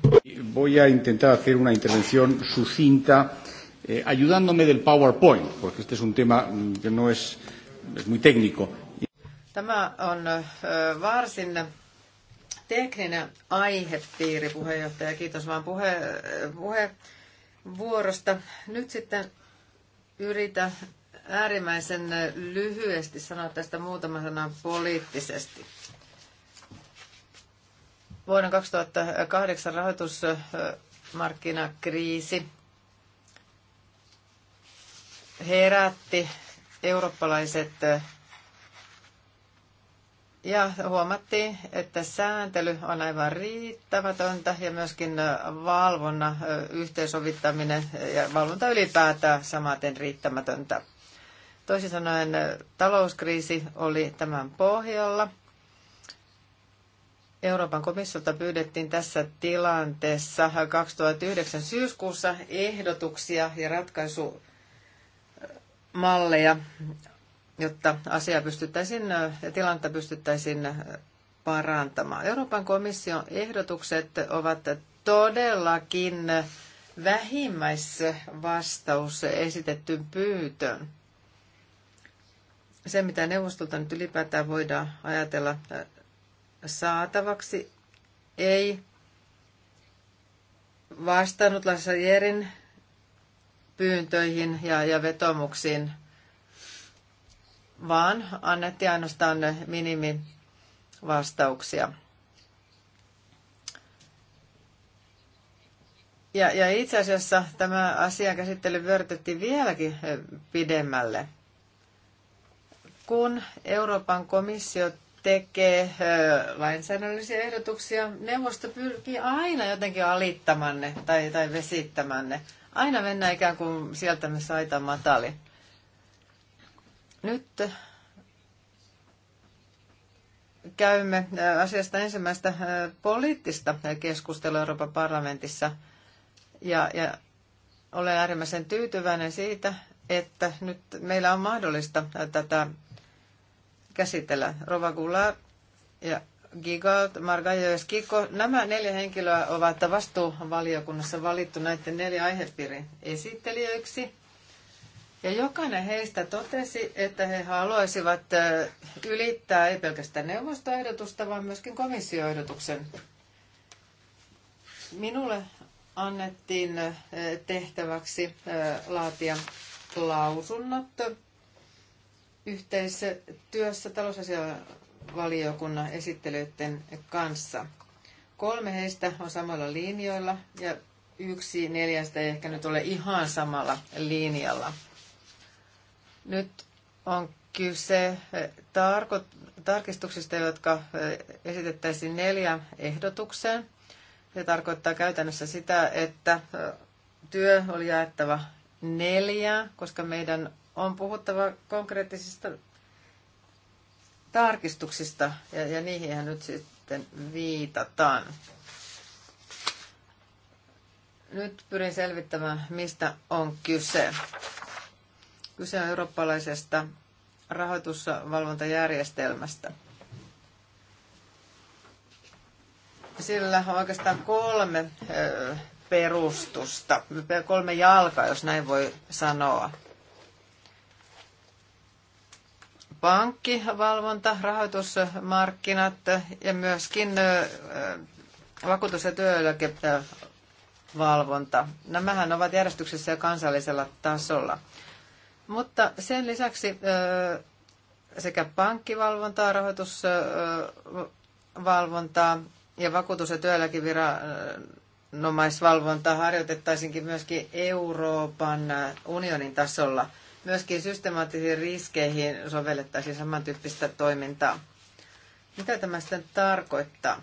Voy a intentar hacer una intervención sucinta eh, ayudándome del PowerPoint, porque este es un tema mm, que no es, es muy técnico. Tämä on varsin tekninen aihepiiri, puheenjohtaja. Kiitos vaan puhe, puheenvuorosta. Nyt sitten yritä äärimmäisen lyhyesti sanoa tästä muutama sana poliittisesti. Vuoden 2008 rahoitusmarkkinakriisi herätti eurooppalaiset ja huomattiin, että sääntely on aivan riittämätöntä ja myöskin valvonnan yhteensovittaminen ja valvonta ylipäätään samaten riittämätöntä. Toisin sanoen talouskriisi oli tämän pohjalla Euroopan komissiolta pyydettiin tässä tilanteessa 2009 syyskuussa ehdotuksia ja ratkaisumalleja, jotta asia pystyttäisiin ja tilannetta pystyttäisiin parantamaan. Euroopan komission ehdotukset ovat todellakin vähimmäisvastaus esitettyyn pyytöön. Se, mitä neuvostolta nyt ylipäätään voidaan ajatella saatavaksi, ei vastannut Lassajerin pyyntöihin ja, ja vetomuksiin, vaan annettiin ainoastaan minimivastauksia. Ja, ja itse asiassa tämä asian käsittely vyörytettiin vieläkin eh, pidemmälle. Kun Euroopan komissio tekee lainsäädännöllisiä ehdotuksia, neuvosto pyrkii aina jotenkin alittamaan ne tai, tai vesittämään ne. Aina mennään ikään kuin sieltä, missä aita matali. Nyt käymme asiasta ensimmäistä poliittista keskustelua Euroopan parlamentissa. Ja, ja olen äärimmäisen tyytyväinen siitä, että nyt meillä on mahdollista tätä käsitellä. Rova Gula ja Gigalt, Margaio ja Skikko. Nämä neljä henkilöä ovat vastuuvaliokunnassa valittu näiden neljä aihepiirin esittelijöiksi. Ja jokainen heistä totesi, että he haluaisivat ylittää ei pelkästään neuvostoehdotusta, vaan myöskin komissioehdotuksen. Minulle annettiin tehtäväksi laatia lausunnot yhteisessä työssä talousasiavaliokunnan esittelyiden kanssa. Kolme heistä on samalla linjoilla ja yksi neljästä ei ehkä nyt ole ihan samalla linjalla. Nyt on kyse eh, tarkistuksista, jotka eh, esitettäisiin neljä ehdotukseen. Se tarkoittaa käytännössä sitä, että eh, työ oli jaettava neljää, koska meidän on puhuttava konkreettisista tarkistuksista, ja, ja niihin nyt sitten viitataan. Nyt pyrin selvittämään, mistä on kyse. Kyse on eurooppalaisesta rahoitusvalvontajärjestelmästä. Sillä on oikeastaan kolme perustusta, kolme jalkaa, jos näin voi sanoa. pankkivalvonta, rahoitusmarkkinat ja myöskin vakuutus- ja työeläkevalvonta. Nämähän ovat järjestyksessä ja kansallisella tasolla. Mutta sen lisäksi sekä pankkivalvontaa, rahoitusvalvontaa ja vakuutus- ja työeläkeviranomaisvalvontaa harjoitettaisinkin myöskin Euroopan unionin tasolla – myöskin systemaattisiin riskeihin sovellettaisiin samantyyppistä toimintaa. Mitä tämä sitten tarkoittaa?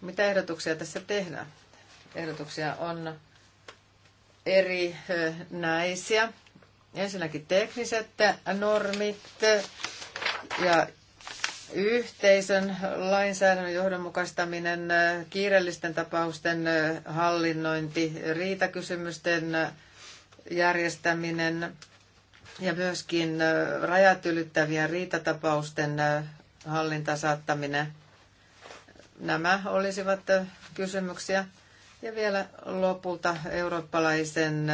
Mitä ehdotuksia tässä tehdään? Ehdotuksia on eri näisiä. Ensinnäkin tekniset normit ja yhteisön lainsäädännön johdonmukaistaminen, kiireellisten tapausten hallinnointi, riitakysymysten järjestäminen – ja myöskin rajat ylittävien riitatapausten hallinta saattaminen. Nämä olisivat kysymyksiä. Ja vielä lopulta eurooppalaisen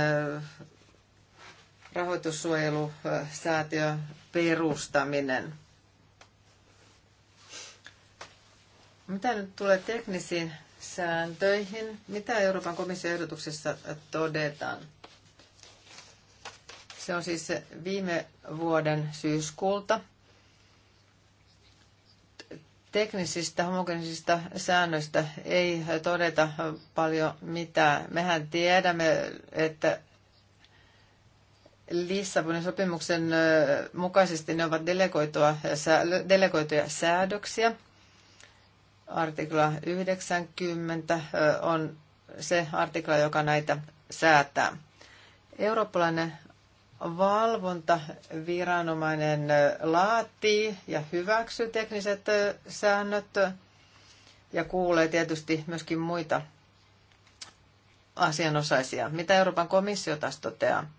rahoitussuojelusäätiön perustaminen. Mitä nyt tulee teknisiin sääntöihin? Mitä Euroopan komission ehdotuksessa todetaan? Se on siis viime vuoden syyskuulta. Teknisistä homogenisista säännöistä ei todeta paljon mitään. Mehän tiedämme, että Lissabonin sopimuksen mukaisesti ne ovat delegoituja säädöksiä. Artikla 90 on se artikla, joka näitä säätää. Eurooppalainen valvontaviranomainen laatii ja hyväksyy tekniset säännöt ja kuulee tietysti myöskin muita asianosaisia. Mitä Euroopan komissio taas toteaa?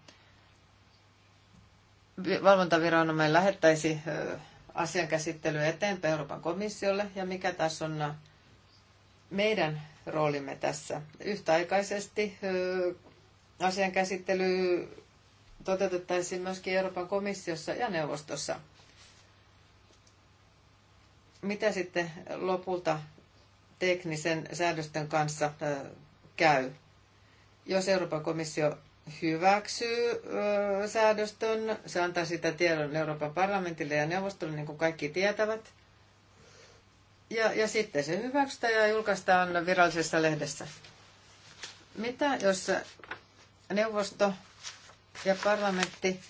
Valvontaviranomainen lähettäisi asian käsittelyä eteenpäin Euroopan komissiolle ja mikä tässä on meidän roolimme tässä. Yhtäaikaisesti asian käsittely toteutettaisiin myöskin Euroopan komissiossa ja neuvostossa. Mitä sitten lopulta teknisen säädösten kanssa käy? Jos Euroopan komissio hyväksyy säädöstön, se antaa sitä tiedon Euroopan parlamentille ja neuvostolle, niin kuin kaikki tietävät – ja, ja sitten se hyväksytään ja julkaistaan virallisessa lehdessä. Mitä jos neuvosto ja parlamentti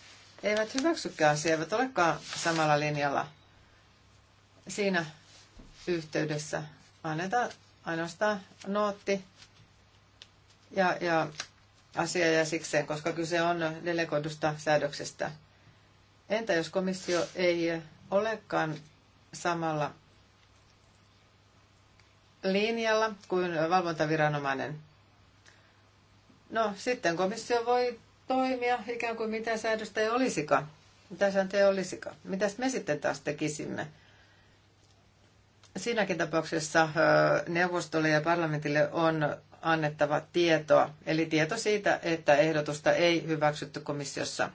eivät hyväksykään asiaa, eivät olekaan samalla linjalla. Siinä yhteydessä annetaan ainoastaan nootti ja, ja asia ja sikseen, koska kyse on delegoidusta säädöksestä. Entä jos komissio ei olekaan samalla linjalla kuin valvontaviranomainen? No, sitten komissio voi toimia ikään kuin mitä säädöstä ei olisikaan. Mitä sääntöjä olisikaan? Mitäs me sitten taas tekisimme? Siinäkin tapauksessa neuvostolle ja parlamentille on annettava tietoa, eli tieto siitä, että ehdotusta ei hyväksytty komissiossa.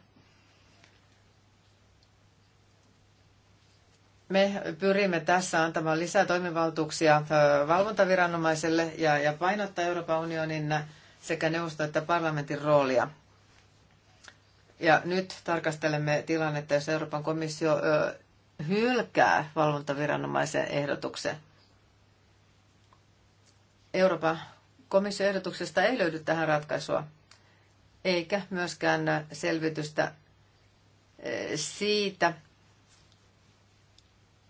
Me pyrimme tässä antamaan lisää toimivaltuuksia valvontaviranomaiselle ja painottaa Euroopan unionin sekä neuvosto- että parlamentin roolia ja nyt tarkastelemme tilannetta, jos Euroopan komissio hylkää valvontaviranomaisen ehdotuksen. Euroopan komission ehdotuksesta ei löydy tähän ratkaisua, eikä myöskään selvitystä siitä,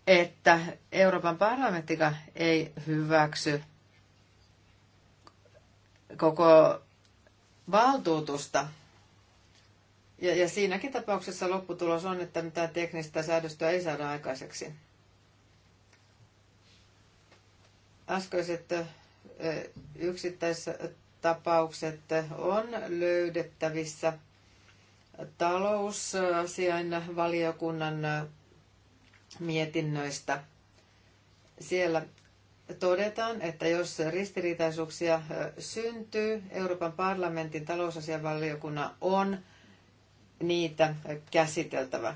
että Euroopan parlamenttika ei hyväksy koko valtuutusta ja, ja siinäkin tapauksessa lopputulos on, että mitään teknistä säädöstöä ei saada aikaiseksi. Äskeiset yksittäistapaukset on löydettävissä talousasian valiokunnan mietinnöistä. Siellä todetaan, että jos ristiriitaisuuksia syntyy, Euroopan parlamentin talousasianvaliokunnan on niitä käsiteltävä.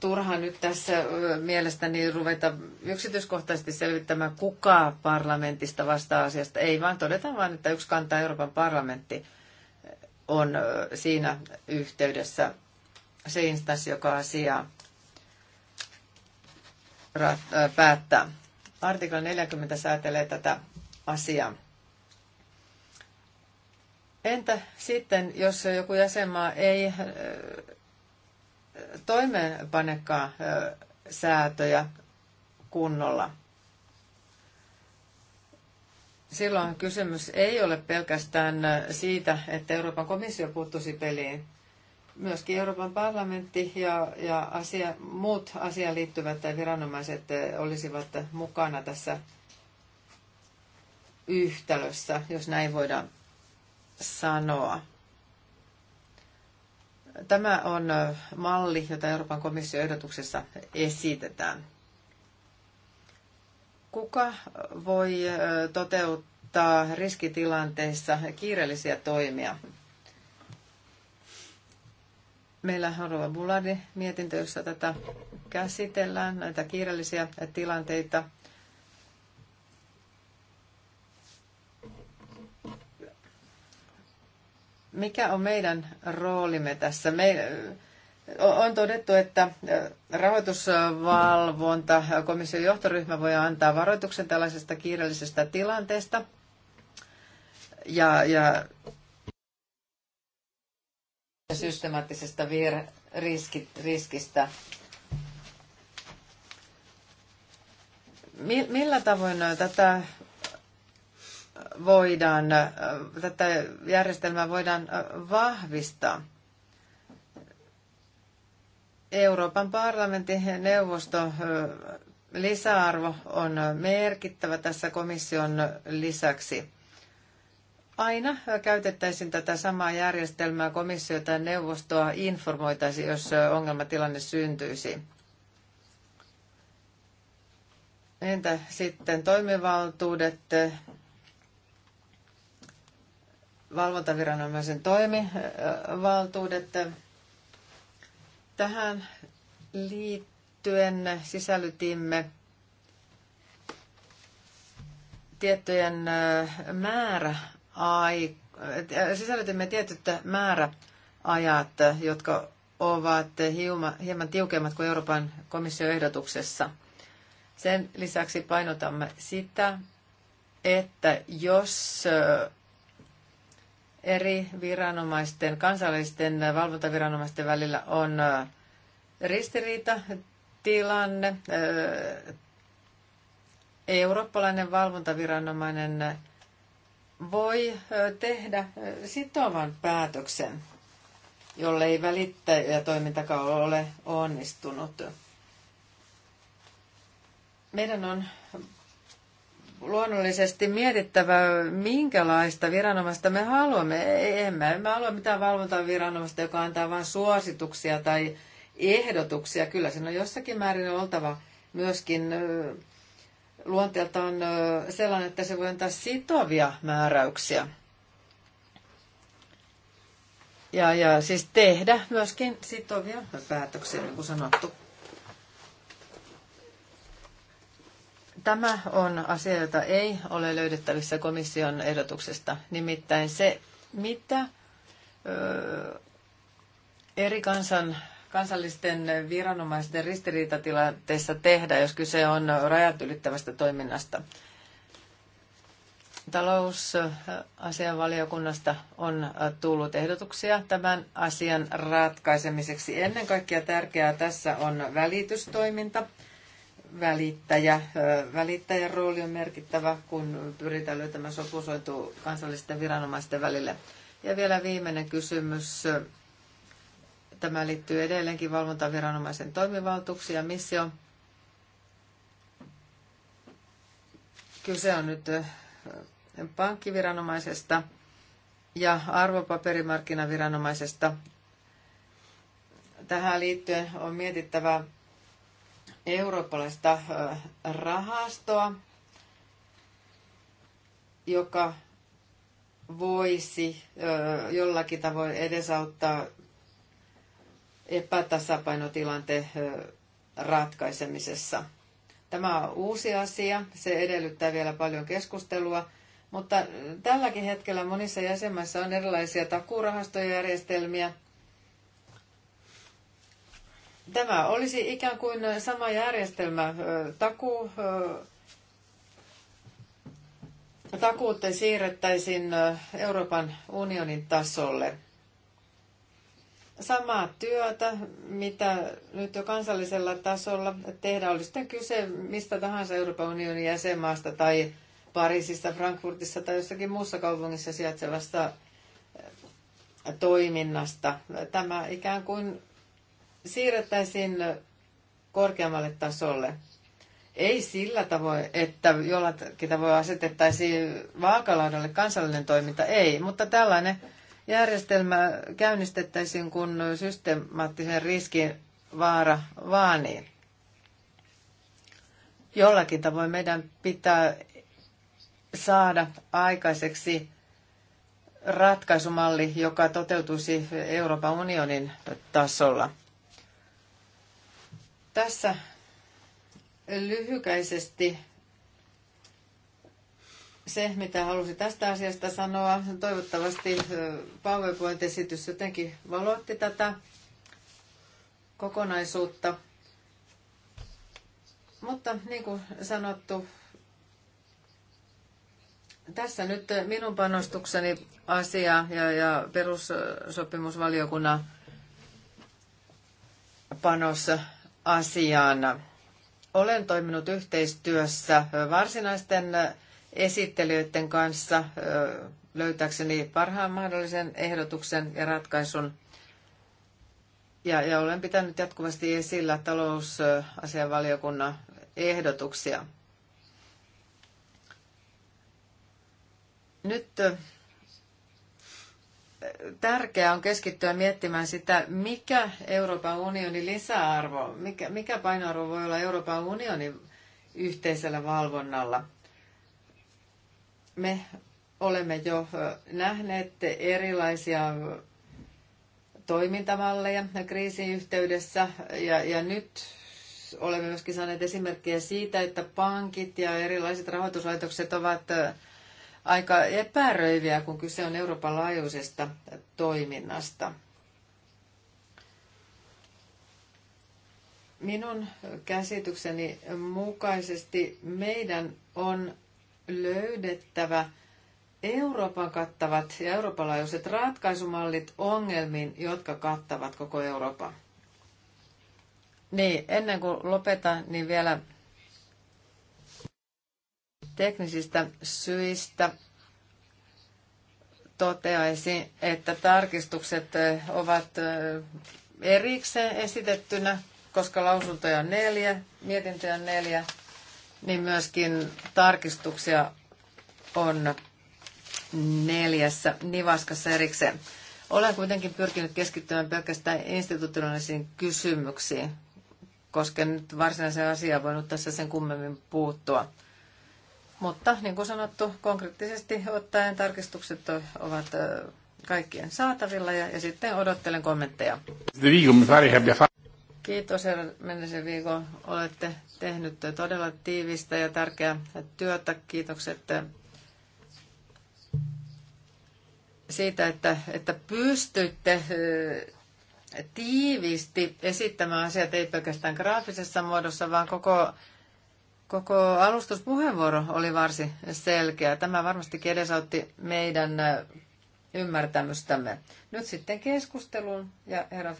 Turha nyt tässä mielestäni ruveta yksityiskohtaisesti selvittämään, kuka parlamentista vastaa asiasta. Ei vaan todeta vaan että yksi kantaa Euroopan parlamentti on siinä yhteydessä se instanssi, joka asiaa päättää. Artikla 40 säätelee tätä asiaa. Entä sitten, jos joku jäsenmaa ei toimeenpanekaan säätöjä kunnolla? Silloin kysymys ei ole pelkästään siitä, että Euroopan komissio puuttuisi peliin. Myöskin Euroopan parlamentti ja, ja asia, muut asiaan liittyvät tai viranomaiset olisivat mukana tässä yhtälössä, jos näin voidaan sanoa. Tämä on malli, jota Euroopan komission ehdotuksessa esitetään. Kuka voi toteuttaa riskitilanteissa kiireellisiä toimia? Meillä on Rova Buladi mietintö, jossa tätä käsitellään, näitä kiireellisiä tilanteita – mikä on meidän roolimme tässä? Me, on todettu, että rahoitusvalvonta, komission johtoryhmä voi antaa varoituksen tällaisesta kiireellisestä tilanteesta. Ja, ja systemaattisesta vir- riskit, riskistä. Millä tavoin tätä voidaan, äh, tätä järjestelmää voidaan äh, vahvistaa. Euroopan parlamentin neuvosto äh, lisäarvo on merkittävä tässä komission lisäksi. Aina käytettäisiin tätä samaa järjestelmää komissiota ja neuvostoa informoitaisiin, jos ongelmatilanne syntyisi. Entä sitten toimivaltuudet valvontaviranomaisen toimivaltuudet. Tähän liittyen sisällytimme tiettyjen määrä sisällytimme tietyt määräajat, jotka ovat hieman tiukemmat kuin Euroopan komission ehdotuksessa. Sen lisäksi painotamme sitä, että jos eri viranomaisten, kansallisten valvontaviranomaisten välillä on ristiriita tilanne. Eurooppalainen valvontaviranomainen voi tehdä sitovan päätöksen, jolle ei välittäjä toimintakaan ole onnistunut. Meidän on luonnollisesti mietittävä, minkälaista viranomaista me haluamme. Emme me halua mitään valvontaviranomaista, joka antaa vain suosituksia tai ehdotuksia. Kyllä sen on jossakin määrin oltava myöskin luonteeltaan sellainen, että se voi antaa sitovia määräyksiä. Ja, ja siis tehdä myöskin sitovia päätöksiä, niin kuin sanottu. Tämä on asia, jota ei ole löydettävissä komission ehdotuksesta, nimittäin se, mitä eri kansan, kansallisten viranomaisten ristiriitatilanteissa tehdä, jos kyse on rajat ylittävästä toiminnasta. Talousasianvaliokunnasta on tullut ehdotuksia tämän asian ratkaisemiseksi. Ennen kaikkea tärkeää tässä on välitystoiminta – välittäjä. Välittäjän rooli on merkittävä, kun pyritään löytämään sopusointu kansallisten viranomaisten välille. Ja vielä viimeinen kysymys. Tämä liittyy edelleenkin valvontaviranomaisen toimivaltuuksiin ja missio. Kyse on nyt pankkiviranomaisesta ja arvopaperimarkkinaviranomaisesta. Tähän liittyen on mietittävä eurooppalaista rahastoa, joka voisi jollakin tavoin edesauttaa epätasapainotilanteen ratkaisemisessa. Tämä on uusi asia, se edellyttää vielä paljon keskustelua, mutta tälläkin hetkellä monissa jäsenmaissa on erilaisia takuurahastojärjestelmiä, Tämä olisi ikään kuin sama järjestelmä taku, takuutte siirrettäisiin Euroopan unionin tasolle. Samaa työtä, mitä nyt jo kansallisella tasolla tehdään, oli sitten kyse mistä tahansa Euroopan unionin jäsenmaasta tai Pariisista, Frankfurtissa tai jossakin muussa kaupungissa sijaitsevasta toiminnasta. Tämä ikään kuin siirrettäisiin korkeammalle tasolle. Ei sillä tavoin, että jollakin tavoin asetettaisiin vaakalaudalle kansallinen toiminta, ei, mutta tällainen järjestelmä käynnistettäisiin, kun systemaattisen riskin vaara vaanii. Jollakin tavoin meidän pitää saada aikaiseksi ratkaisumalli, joka toteutuisi Euroopan unionin tasolla – tässä lyhykäisesti se, mitä halusin tästä asiasta sanoa. Toivottavasti PowerPoint-esitys jotenkin valotti tätä kokonaisuutta. Mutta niin kuin sanottu, tässä nyt minun panostukseni asia ja, ja perussopimusvaliokunnan panos asiaan. Olen toiminut yhteistyössä varsinaisten esittelijöiden kanssa löytääkseni parhaan mahdollisen ehdotuksen ja ratkaisun. Ja, ja olen pitänyt jatkuvasti esillä talousasianvaliokunnan ehdotuksia. Nyt tärkeää on keskittyä miettimään sitä, mikä Euroopan unionin lisäarvo, mikä, mikä painoarvo voi olla Euroopan unionin yhteisellä valvonnalla. Me olemme jo nähneet erilaisia toimintamalleja kriisin yhteydessä ja, ja nyt olemme myöskin saaneet esimerkkejä siitä, että pankit ja erilaiset rahoituslaitokset ovat aika epäröiviä, kun kyse on Euroopan laajuisesta toiminnasta. Minun käsitykseni mukaisesti meidän on löydettävä Euroopan kattavat ja Euroopan laajuiset ratkaisumallit ongelmiin, jotka kattavat koko Euroopan. Niin, ennen kuin lopetan, niin vielä Teknisistä syistä toteaisin, että tarkistukset ovat erikseen esitettynä, koska lausuntoja on neljä, mietintöjä on neljä, niin myöskin tarkistuksia on neljässä nivaskassa erikseen. Olen kuitenkin pyrkinyt keskittymään pelkästään institutionaalisiin kysymyksiin, koska nyt varsinaisen asiaan voinut tässä sen kummemmin puuttua. Mutta niin kuin sanottu, konkreettisesti ottaen tarkistukset ovat kaikkien saatavilla ja, ja sitten odottelen kommentteja. Kiitos herra Mennisen viikon. Olette tehnyt todella tiivistä ja tärkeää työtä. Kiitokset siitä, että, että pystytte tiiviisti esittämään asiat ei pelkästään graafisessa muodossa, vaan koko Koko alustuspuheenvuoro oli varsin selkeä. Tämä varmasti edesautti meidän äh, ymmärtämystämme. Nyt sitten keskusteluun ja herra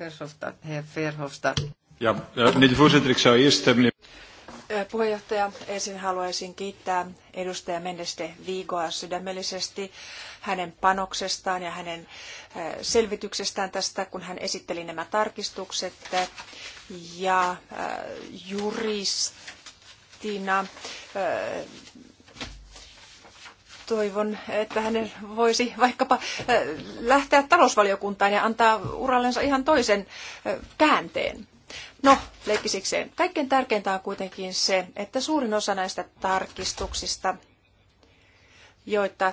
Ferhofsta. Ja, nyt voorzitter, ik zou puheenjohtaja, ensin haluaisin kiittää edustaja Mendeste Viigoa sydämellisesti hänen panoksestaan ja hänen äh, selvityksestään tästä, kun hän esitteli nämä tarkistukset. Ja äh, juristi Palestiinaa. Toivon, että hän voisi vaikkapa lähteä talousvaliokuntaan ja antaa urallensa ihan toisen käänteen. No, leikkisikseen. Kaikkein tärkeintä on kuitenkin se, että suurin osa näistä tarkistuksista, joita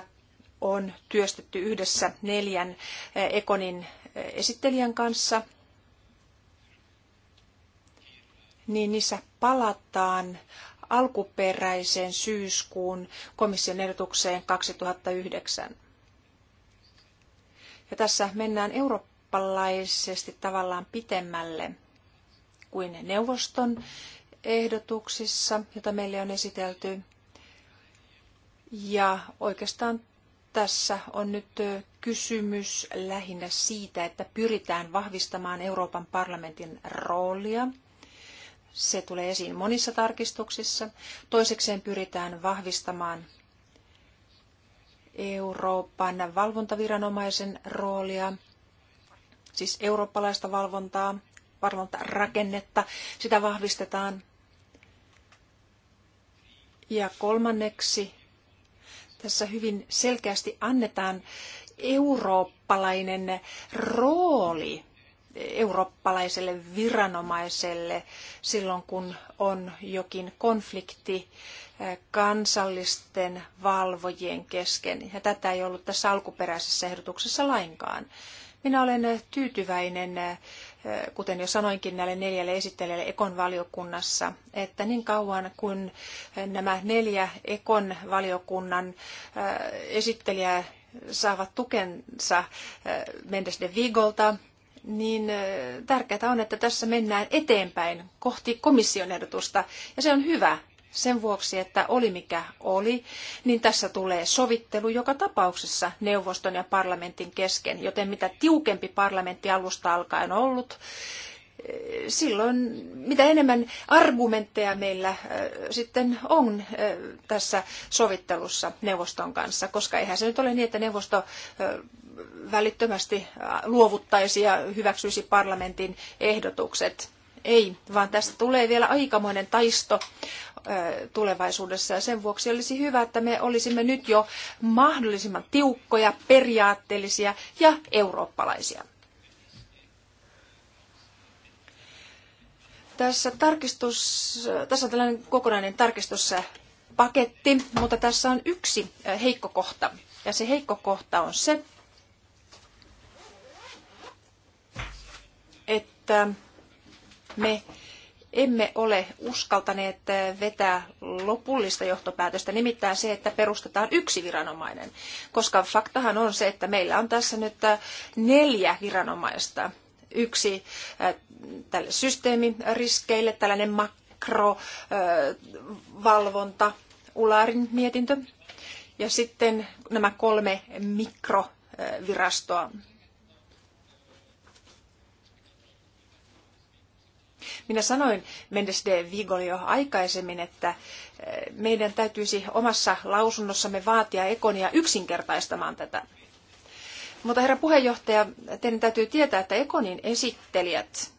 on työstetty yhdessä neljän Ekonin esittelijän kanssa, niin niissä palataan alkuperäiseen syyskuun komission ehdotukseen 2009. Ja tässä mennään eurooppalaisesti tavallaan pitemmälle kuin neuvoston ehdotuksissa, jota meille on esitelty. Ja oikeastaan tässä on nyt kysymys lähinnä siitä, että pyritään vahvistamaan Euroopan parlamentin roolia – se tulee esiin monissa tarkistuksissa. Toisekseen pyritään vahvistamaan Euroopan valvontaviranomaisen roolia, siis eurooppalaista valvontaa, valvontarakennetta, sitä vahvistetaan. Ja kolmanneksi tässä hyvin selkeästi annetaan eurooppalainen rooli eurooppalaiselle viranomaiselle silloin, kun on jokin konflikti eh, kansallisten valvojien kesken. Ja tätä ei ollut tässä alkuperäisessä ehdotuksessa lainkaan. Minä olen eh, tyytyväinen, eh, kuten jo sanoinkin näille neljälle esittelijälle Ekon valiokunnassa, että niin kauan kuin nämä neljä Ekon valiokunnan esittelijää saavat tukensa Mendes de Vigolta, niin tärkeää on, että tässä mennään eteenpäin kohti komission ehdotusta. Ja se on hyvä sen vuoksi, että oli mikä oli, niin tässä tulee sovittelu joka tapauksessa neuvoston ja parlamentin kesken. Joten mitä tiukempi parlamentti alusta alkaen ollut, silloin mitä enemmän argumentteja meillä sitten on tässä sovittelussa neuvoston kanssa, koska eihän se nyt ole niin, että neuvosto välittömästi äh, luovuttaisi ja hyväksyisi parlamentin ehdotukset. Ei, vaan tästä tulee vielä aikamoinen taisto äh, tulevaisuudessa ja sen vuoksi olisi hyvä, että me olisimme nyt jo mahdollisimman tiukkoja, periaatteellisia ja eurooppalaisia. Tässä, tarkistus, äh, tässä on tällainen kokonainen tarkistuspaketti, mutta tässä on yksi heikko kohta. Ja se heikko kohta on se, että me emme ole uskaltaneet vetää lopullista johtopäätöstä, nimittäin se, että perustetaan yksi viranomainen. Koska faktahan on se, että meillä on tässä nyt äh, neljä viranomaista. Yksi äh, tälle systeemiriskeille, tällainen makrovalvonta, äh, Ularin mietintö, ja sitten nämä kolme mikrovirastoa, Minä sanoin Mendes de Vigo jo aikaisemmin, että eh, meidän täytyisi omassa lausunnossamme vaatia Ekonia yksinkertaistamaan tätä. Mutta herra puheenjohtaja, teidän täytyy tietää, että Ekonin esittelijät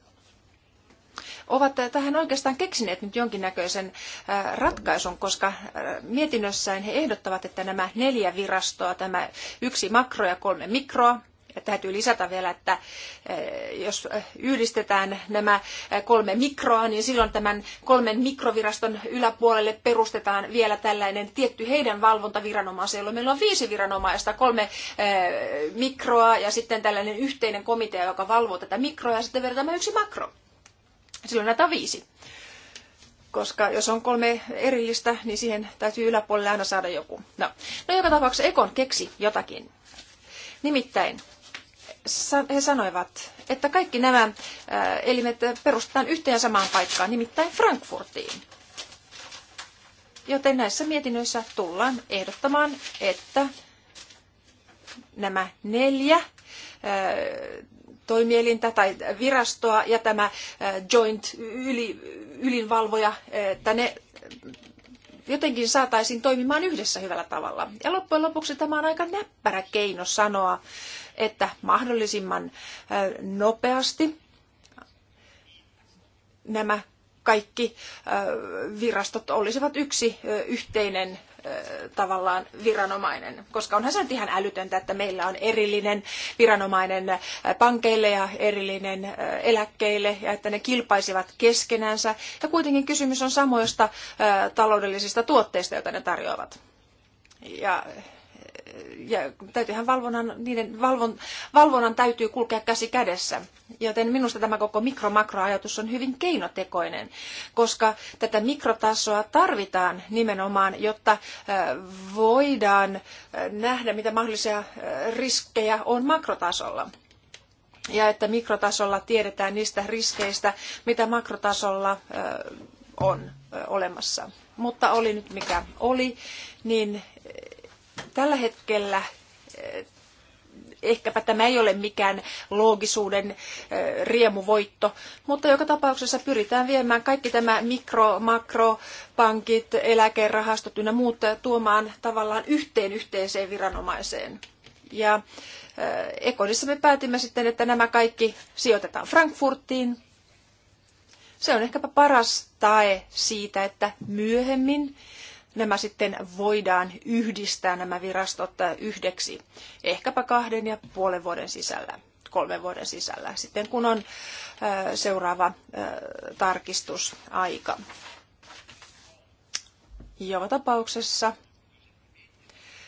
ovat tähän oikeastaan keksineet nyt jonkinnäköisen eh, ratkaisun, koska eh, mietinnössään he ehdottavat, että nämä neljä virastoa, tämä yksi makro ja kolme mikroa, ja täytyy lisätä vielä, että eh, jos eh, yhdistetään nämä eh, kolme mikroa, niin silloin tämän kolmen mikroviraston yläpuolelle perustetaan vielä tällainen tietty heidän valvontaviranomaisen, jolloin meillä on viisi viranomaista, kolme mikroa ja sitten tällainen yhteinen komitea, joka valvoo tätä mikroa ja sitten vielä tämä yksi makro. Silloin näitä on viisi. Koska jos on kolme erillistä, niin siihen täytyy yläpuolelle aina saada joku. No, no joka tapauksessa Ekon keksi jotakin. Nimittäin he sanoivat, että kaikki nämä äh, elimet perustetaan yhteen samaan paikkaan, nimittäin Frankfurtiin. Joten näissä mietinnöissä tullaan ehdottamaan, että nämä neljä äh, toimielintä tai virastoa ja tämä äh, joint yli, ylinvalvoja, että ne jotenkin saataisiin toimimaan yhdessä hyvällä tavalla. Ja loppujen lopuksi tämä on aika näppärä keino sanoa, että mahdollisimman nopeasti nämä kaikki virastot olisivat yksi yhteinen tavallaan viranomainen, koska onhan se nyt ihan älytöntä, että meillä on erillinen viranomainen pankeille ja erillinen eläkkeille ja että ne kilpaisivat keskenänsä. Ja kuitenkin kysymys on samoista taloudellisista tuotteista, joita ne tarjoavat. Ja ja täytyyhän valvonnan, niiden valvon, valvonnan täytyy kulkea käsi kädessä. Joten minusta tämä koko mikromakroajatus on hyvin keinotekoinen, koska tätä mikrotasoa tarvitaan nimenomaan, jotta voidaan nähdä, mitä mahdollisia riskejä on makrotasolla ja että mikrotasolla tiedetään niistä riskeistä, mitä makrotasolla on olemassa. Mutta oli nyt mikä oli, niin Tällä hetkellä eh, ehkäpä tämä ei ole mikään loogisuuden eh, riemuvoitto, mutta joka tapauksessa pyritään viemään kaikki tämä mikro, makro, pankit, eläkerahastot ynnä muut eh, tuomaan tavallaan yhteen yhteiseen viranomaiseen. Ja Ekonissa me päätimme sitten, että nämä kaikki sijoitetaan Frankfurtiin. Se on ehkäpä paras tae siitä, että myöhemmin nämä sitten voidaan yhdistää nämä virastot äh, yhdeksi, ehkäpä kahden ja puolen vuoden sisällä, kolmen vuoden sisällä, sitten kun on äh, seuraava äh, tarkistusaika. Joka tapauksessa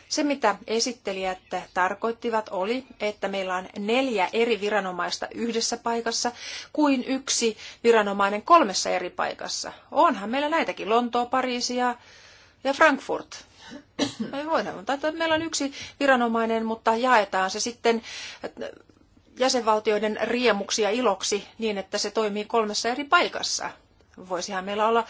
se, mitä esittelijät tarkoittivat, oli, että meillä on neljä eri viranomaista yhdessä paikassa kuin yksi viranomainen kolmessa eri paikassa. Onhan meillä näitäkin, Lontoa, Pariisia, ja Frankfurt. Ei voida, mutta meillä on yksi viranomainen, mutta jaetaan se sitten jäsenvaltioiden riemuksi ja iloksi niin, että se toimii kolmessa eri paikassa. Voisihan meillä olla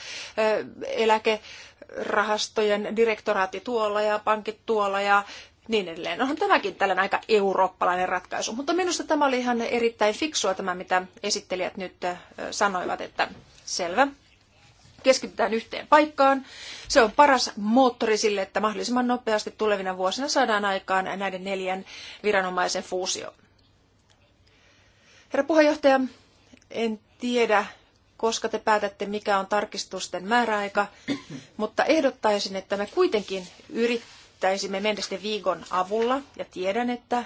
eläkerahastojen direktoraatti tuolla ja pankit tuolla ja niin edelleen. Onhan tämäkin tällainen aika eurooppalainen ratkaisu, mutta minusta tämä oli ihan erittäin fiksua tämä, mitä esittelijät nyt sanoivat, että selvä, keskitytään yhteen paikkaan. Se on paras moottori sille, että mahdollisimman nopeasti tulevina vuosina saadaan aikaan näiden neljän viranomaisen fuusio. Herra puheenjohtaja, en tiedä, koska te päätätte, mikä on tarkistusten määräaika, mutta ehdottaisin, että me kuitenkin yrittäisimme mennä sitten viikon avulla, ja tiedän, että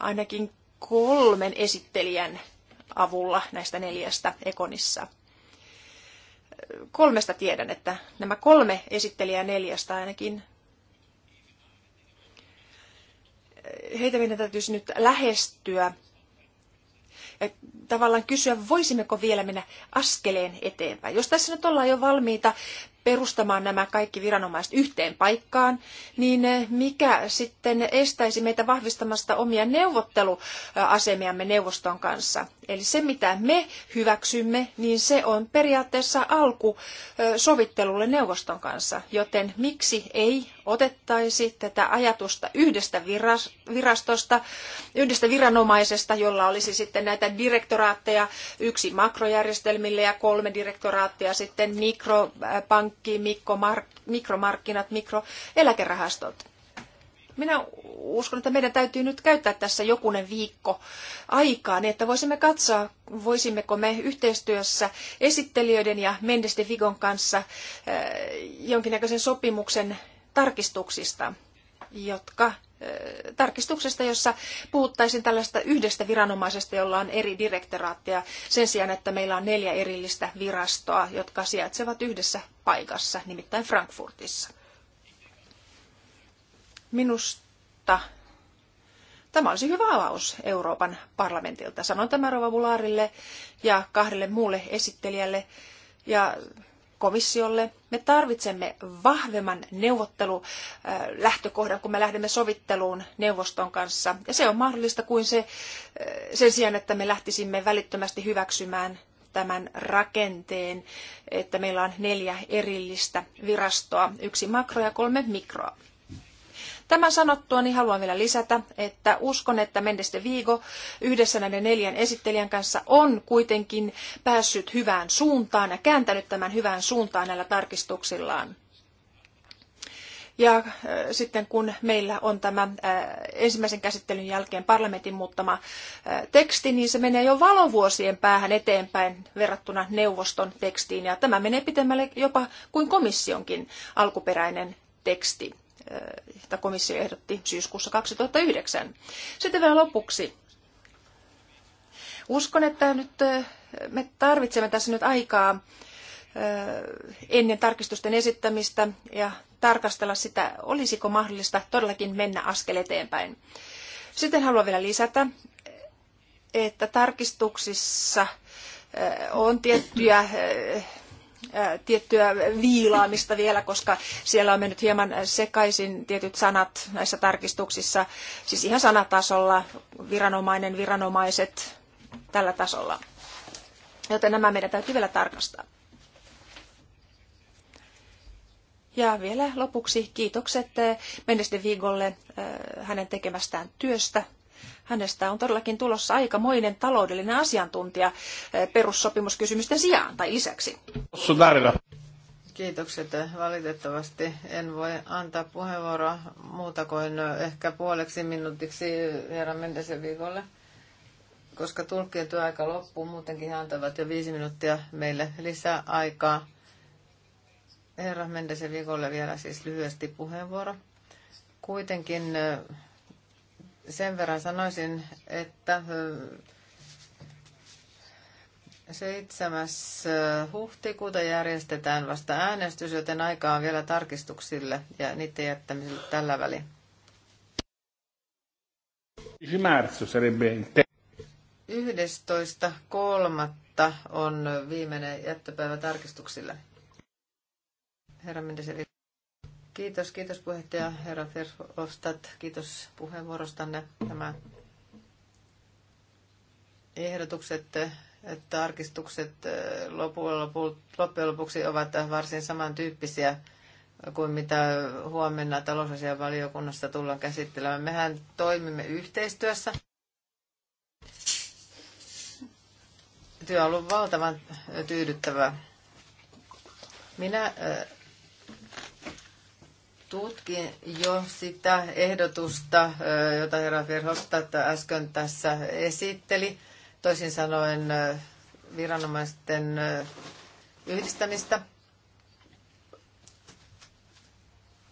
ainakin kolmen esittelijän avulla näistä neljästä Ekonissa – kolmesta tiedän, että nämä kolme esittelijää neljästä ainakin, heitä meidän täytyisi nyt lähestyä ja tavallaan kysyä, voisimmeko vielä mennä askeleen eteenpäin. Jos tässä nyt ollaan jo valmiita perustamaan nämä kaikki viranomaiset yhteen paikkaan, niin mikä sitten estäisi meitä vahvistamasta omia neuvotteluasemiamme neuvoston kanssa? Eli se, mitä me hyväksymme, niin se on periaatteessa alku sovittelulle neuvoston kanssa. Joten miksi ei otettaisi tätä ajatusta yhdestä virastosta, yhdestä viranomaisesta, jolla olisi sitten näitä direktoraatteja, yksi makrojärjestelmille ja kolme direktoraattia, sitten mikropankki, mikromark, mikromarkkinat, mikroeläkerahastot. Minä uskon, että meidän täytyy nyt käyttää tässä jokunen viikko aikaa, niin että voisimme katsoa, voisimmeko me yhteistyössä esittelijöiden ja Mendes de Vigon kanssa äh, jonkinnäköisen sopimuksen tarkistuksista, jotka äh, tarkistuksesta, jossa puhuttaisiin tällaista yhdestä viranomaisesta, jolla on eri direktoraatteja sen sijaan, että meillä on neljä erillistä virastoa, jotka sijaitsevat yhdessä paikassa, nimittäin Frankfurtissa. Minusta tämä olisi hyvä avaus Euroopan parlamentilta. Sanon tämän Rova bularille ja kahdelle muulle esittelijälle ja komissiolle. Me tarvitsemme vahvemman neuvottelulähtökohdan, äh, kun me lähdemme sovitteluun neuvoston kanssa. Ja se on mahdollista kuin se äh, sen sijaan, että me lähtisimme välittömästi hyväksymään tämän rakenteen, että meillä on neljä erillistä virastoa, yksi makro ja kolme mikroa. Tämän sanottua niin haluan vielä lisätä, että uskon, että Mendes de Vigo yhdessä näiden neljän esittelijän kanssa on kuitenkin päässyt hyvään suuntaan ja kääntänyt tämän hyvään suuntaan näillä tarkistuksillaan. Ja äh, sitten kun meillä on tämä äh, ensimmäisen käsittelyn jälkeen parlamentin muuttama äh, teksti, niin se menee jo valovuosien päähän eteenpäin verrattuna neuvoston tekstiin. Ja tämä menee pitemmälle jopa kuin komissionkin alkuperäinen teksti. Eh, jota komissio ehdotti syyskuussa 2009. Sitten vielä lopuksi. Uskon, että nyt eh, me tarvitsemme tässä nyt aikaa eh, ennen tarkistusten esittämistä ja tarkastella sitä, olisiko mahdollista todellakin mennä askel eteenpäin. Sitten haluan vielä lisätä, että tarkistuksissa on tiettyjä tiettyä viilaamista vielä, koska siellä on mennyt hieman sekaisin tietyt sanat näissä tarkistuksissa, siis ihan sanatasolla, viranomainen, viranomaiset, tällä tasolla. Joten nämä meidän täytyy vielä tarkastaa. Ja vielä lopuksi kiitokset Mendes de Vigolle hänen tekemästään työstä. Hänestä on todellakin tulossa aikamoinen taloudellinen asiantuntija eh, perussopimuskysymysten sijaan tai lisäksi. Kiitokset. Valitettavasti en voi antaa puheenvuoroa muuta kuin eh, ehkä puoleksi minuutiksi herra Mendesen viikolle, koska tulkkien työaika loppuu. Muutenkin he antavat jo viisi minuuttia meille lisää aikaa. Herra Mendesen viikolle vielä siis lyhyesti puheenvuoro. Kuitenkin eh, sen verran sanoisin, että 7. huhtikuuta järjestetään vasta äänestys, joten aikaa on vielä tarkistuksille ja niiden jättämiselle tällä välin. kolmatta on viimeinen jättöpäivä tarkistuksille. Herra Mendeseli. Kiitos, kiitos puheenjohtaja herra Verhofstadt. Kiitos puheenvuorostanne. Tämä ehdotukset, tarkistukset eh, loppujen lopuksi ovat varsin samantyyppisiä kuin mitä huomenna talousasianvaliokunnassa tullaan käsittelemään. Mehän toimimme yhteistyössä. Työ on ollut valtavan tyydyttävää. Minä eh, tutkin jo sitä ehdotusta, jota herra Verhofstadt äsken tässä esitteli, toisin sanoen viranomaisten yhdistämistä.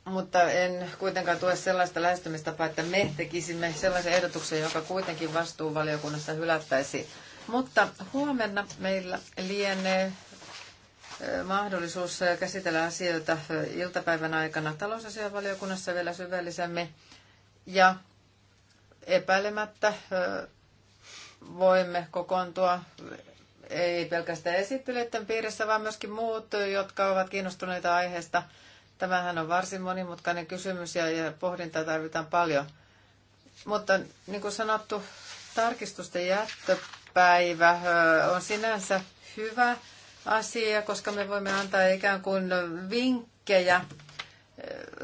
Mutta en kuitenkaan tue sellaista lähestymistapaa, että me tekisimme sellaisen ehdotuksen, joka kuitenkin vastuuvaliokunnassa hylättäisi. Mutta huomenna meillä lienee mahdollisuus käsitellä asioita iltapäivän aikana talousasianvaliokunnassa vielä syvällisemmin. Ja epäilemättä voimme kokoontua ei pelkästään esittelyiden piirissä, vaan myöskin muut, jotka ovat kiinnostuneita aiheesta. Tämähän on varsin monimutkainen kysymys ja, ja pohdintaa tarvitaan paljon. Mutta niin kuin sanottu, tarkistusten jättöpäivä on sinänsä hyvä asia, koska me voimme antaa ikään kuin vinkkejä eh,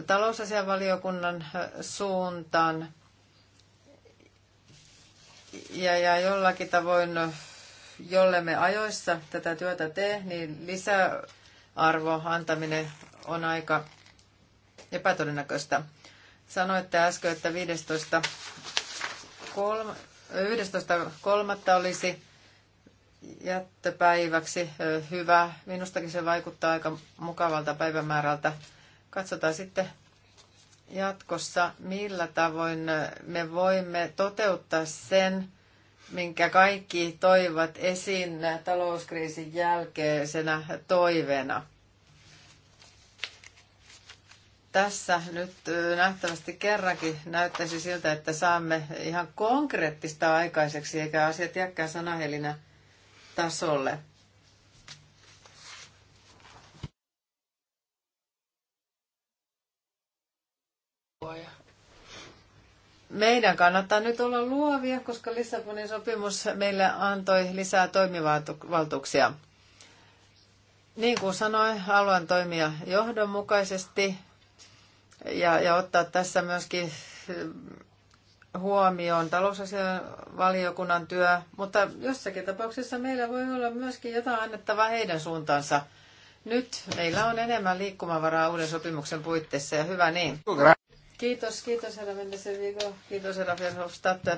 talousasianvaliokunnan eh, suuntaan ja, ja jollakin tavoin, eh, jolle me ajoissa tätä työtä tee, niin lisäarvo antaminen on aika epätodennäköistä. Sanoitte äsken, että 15.3. 11.3. olisi jättöpäiväksi. Hyvä. Minustakin se vaikuttaa aika mukavalta päivämäärältä. Katsotaan sitten jatkossa, millä tavoin me voimme toteuttaa sen, minkä kaikki toivat esiin talouskriisin jälkeisenä toiveena. Tässä nyt nähtävästi kerrankin näyttäisi siltä, että saamme ihan konkreettista aikaiseksi, eikä asiat jääkään sanahelinä – tasolle. Meidän kannattaa nyt olla luovia, koska Lissabonin sopimus meille antoi lisää toimivaltuuksia. Niin kuin sanoin, haluan toimia johdonmukaisesti ja, ja ottaa tässä myöskin huomioon talousasian valiokunnan työ, mutta jossakin tapauksessa meillä voi olla myöskin jotain annettavaa heidän suuntaansa. Nyt meillä on enemmän liikkumavaraa uuden sopimuksen puitteissa ja hyvä niin. Kiitos, kiitos herra Mendesen viikon. Kiitos herra Fjellhofstadt.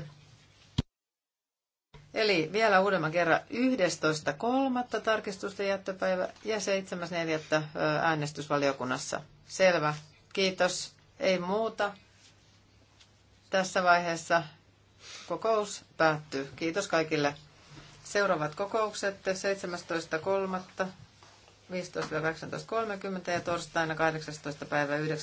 Eli vielä uudemman kerran 11.3. tarkistusten jättöpäivä ja 7.4. äänestysvaliokunnassa. Selvä. Kiitos. Ei muuta. Tässä vaiheessa kokous päättyy. Kiitos kaikille. Seuraavat kokoukset 17.3. 15-18.30 ja torstaina 18. päivä 9.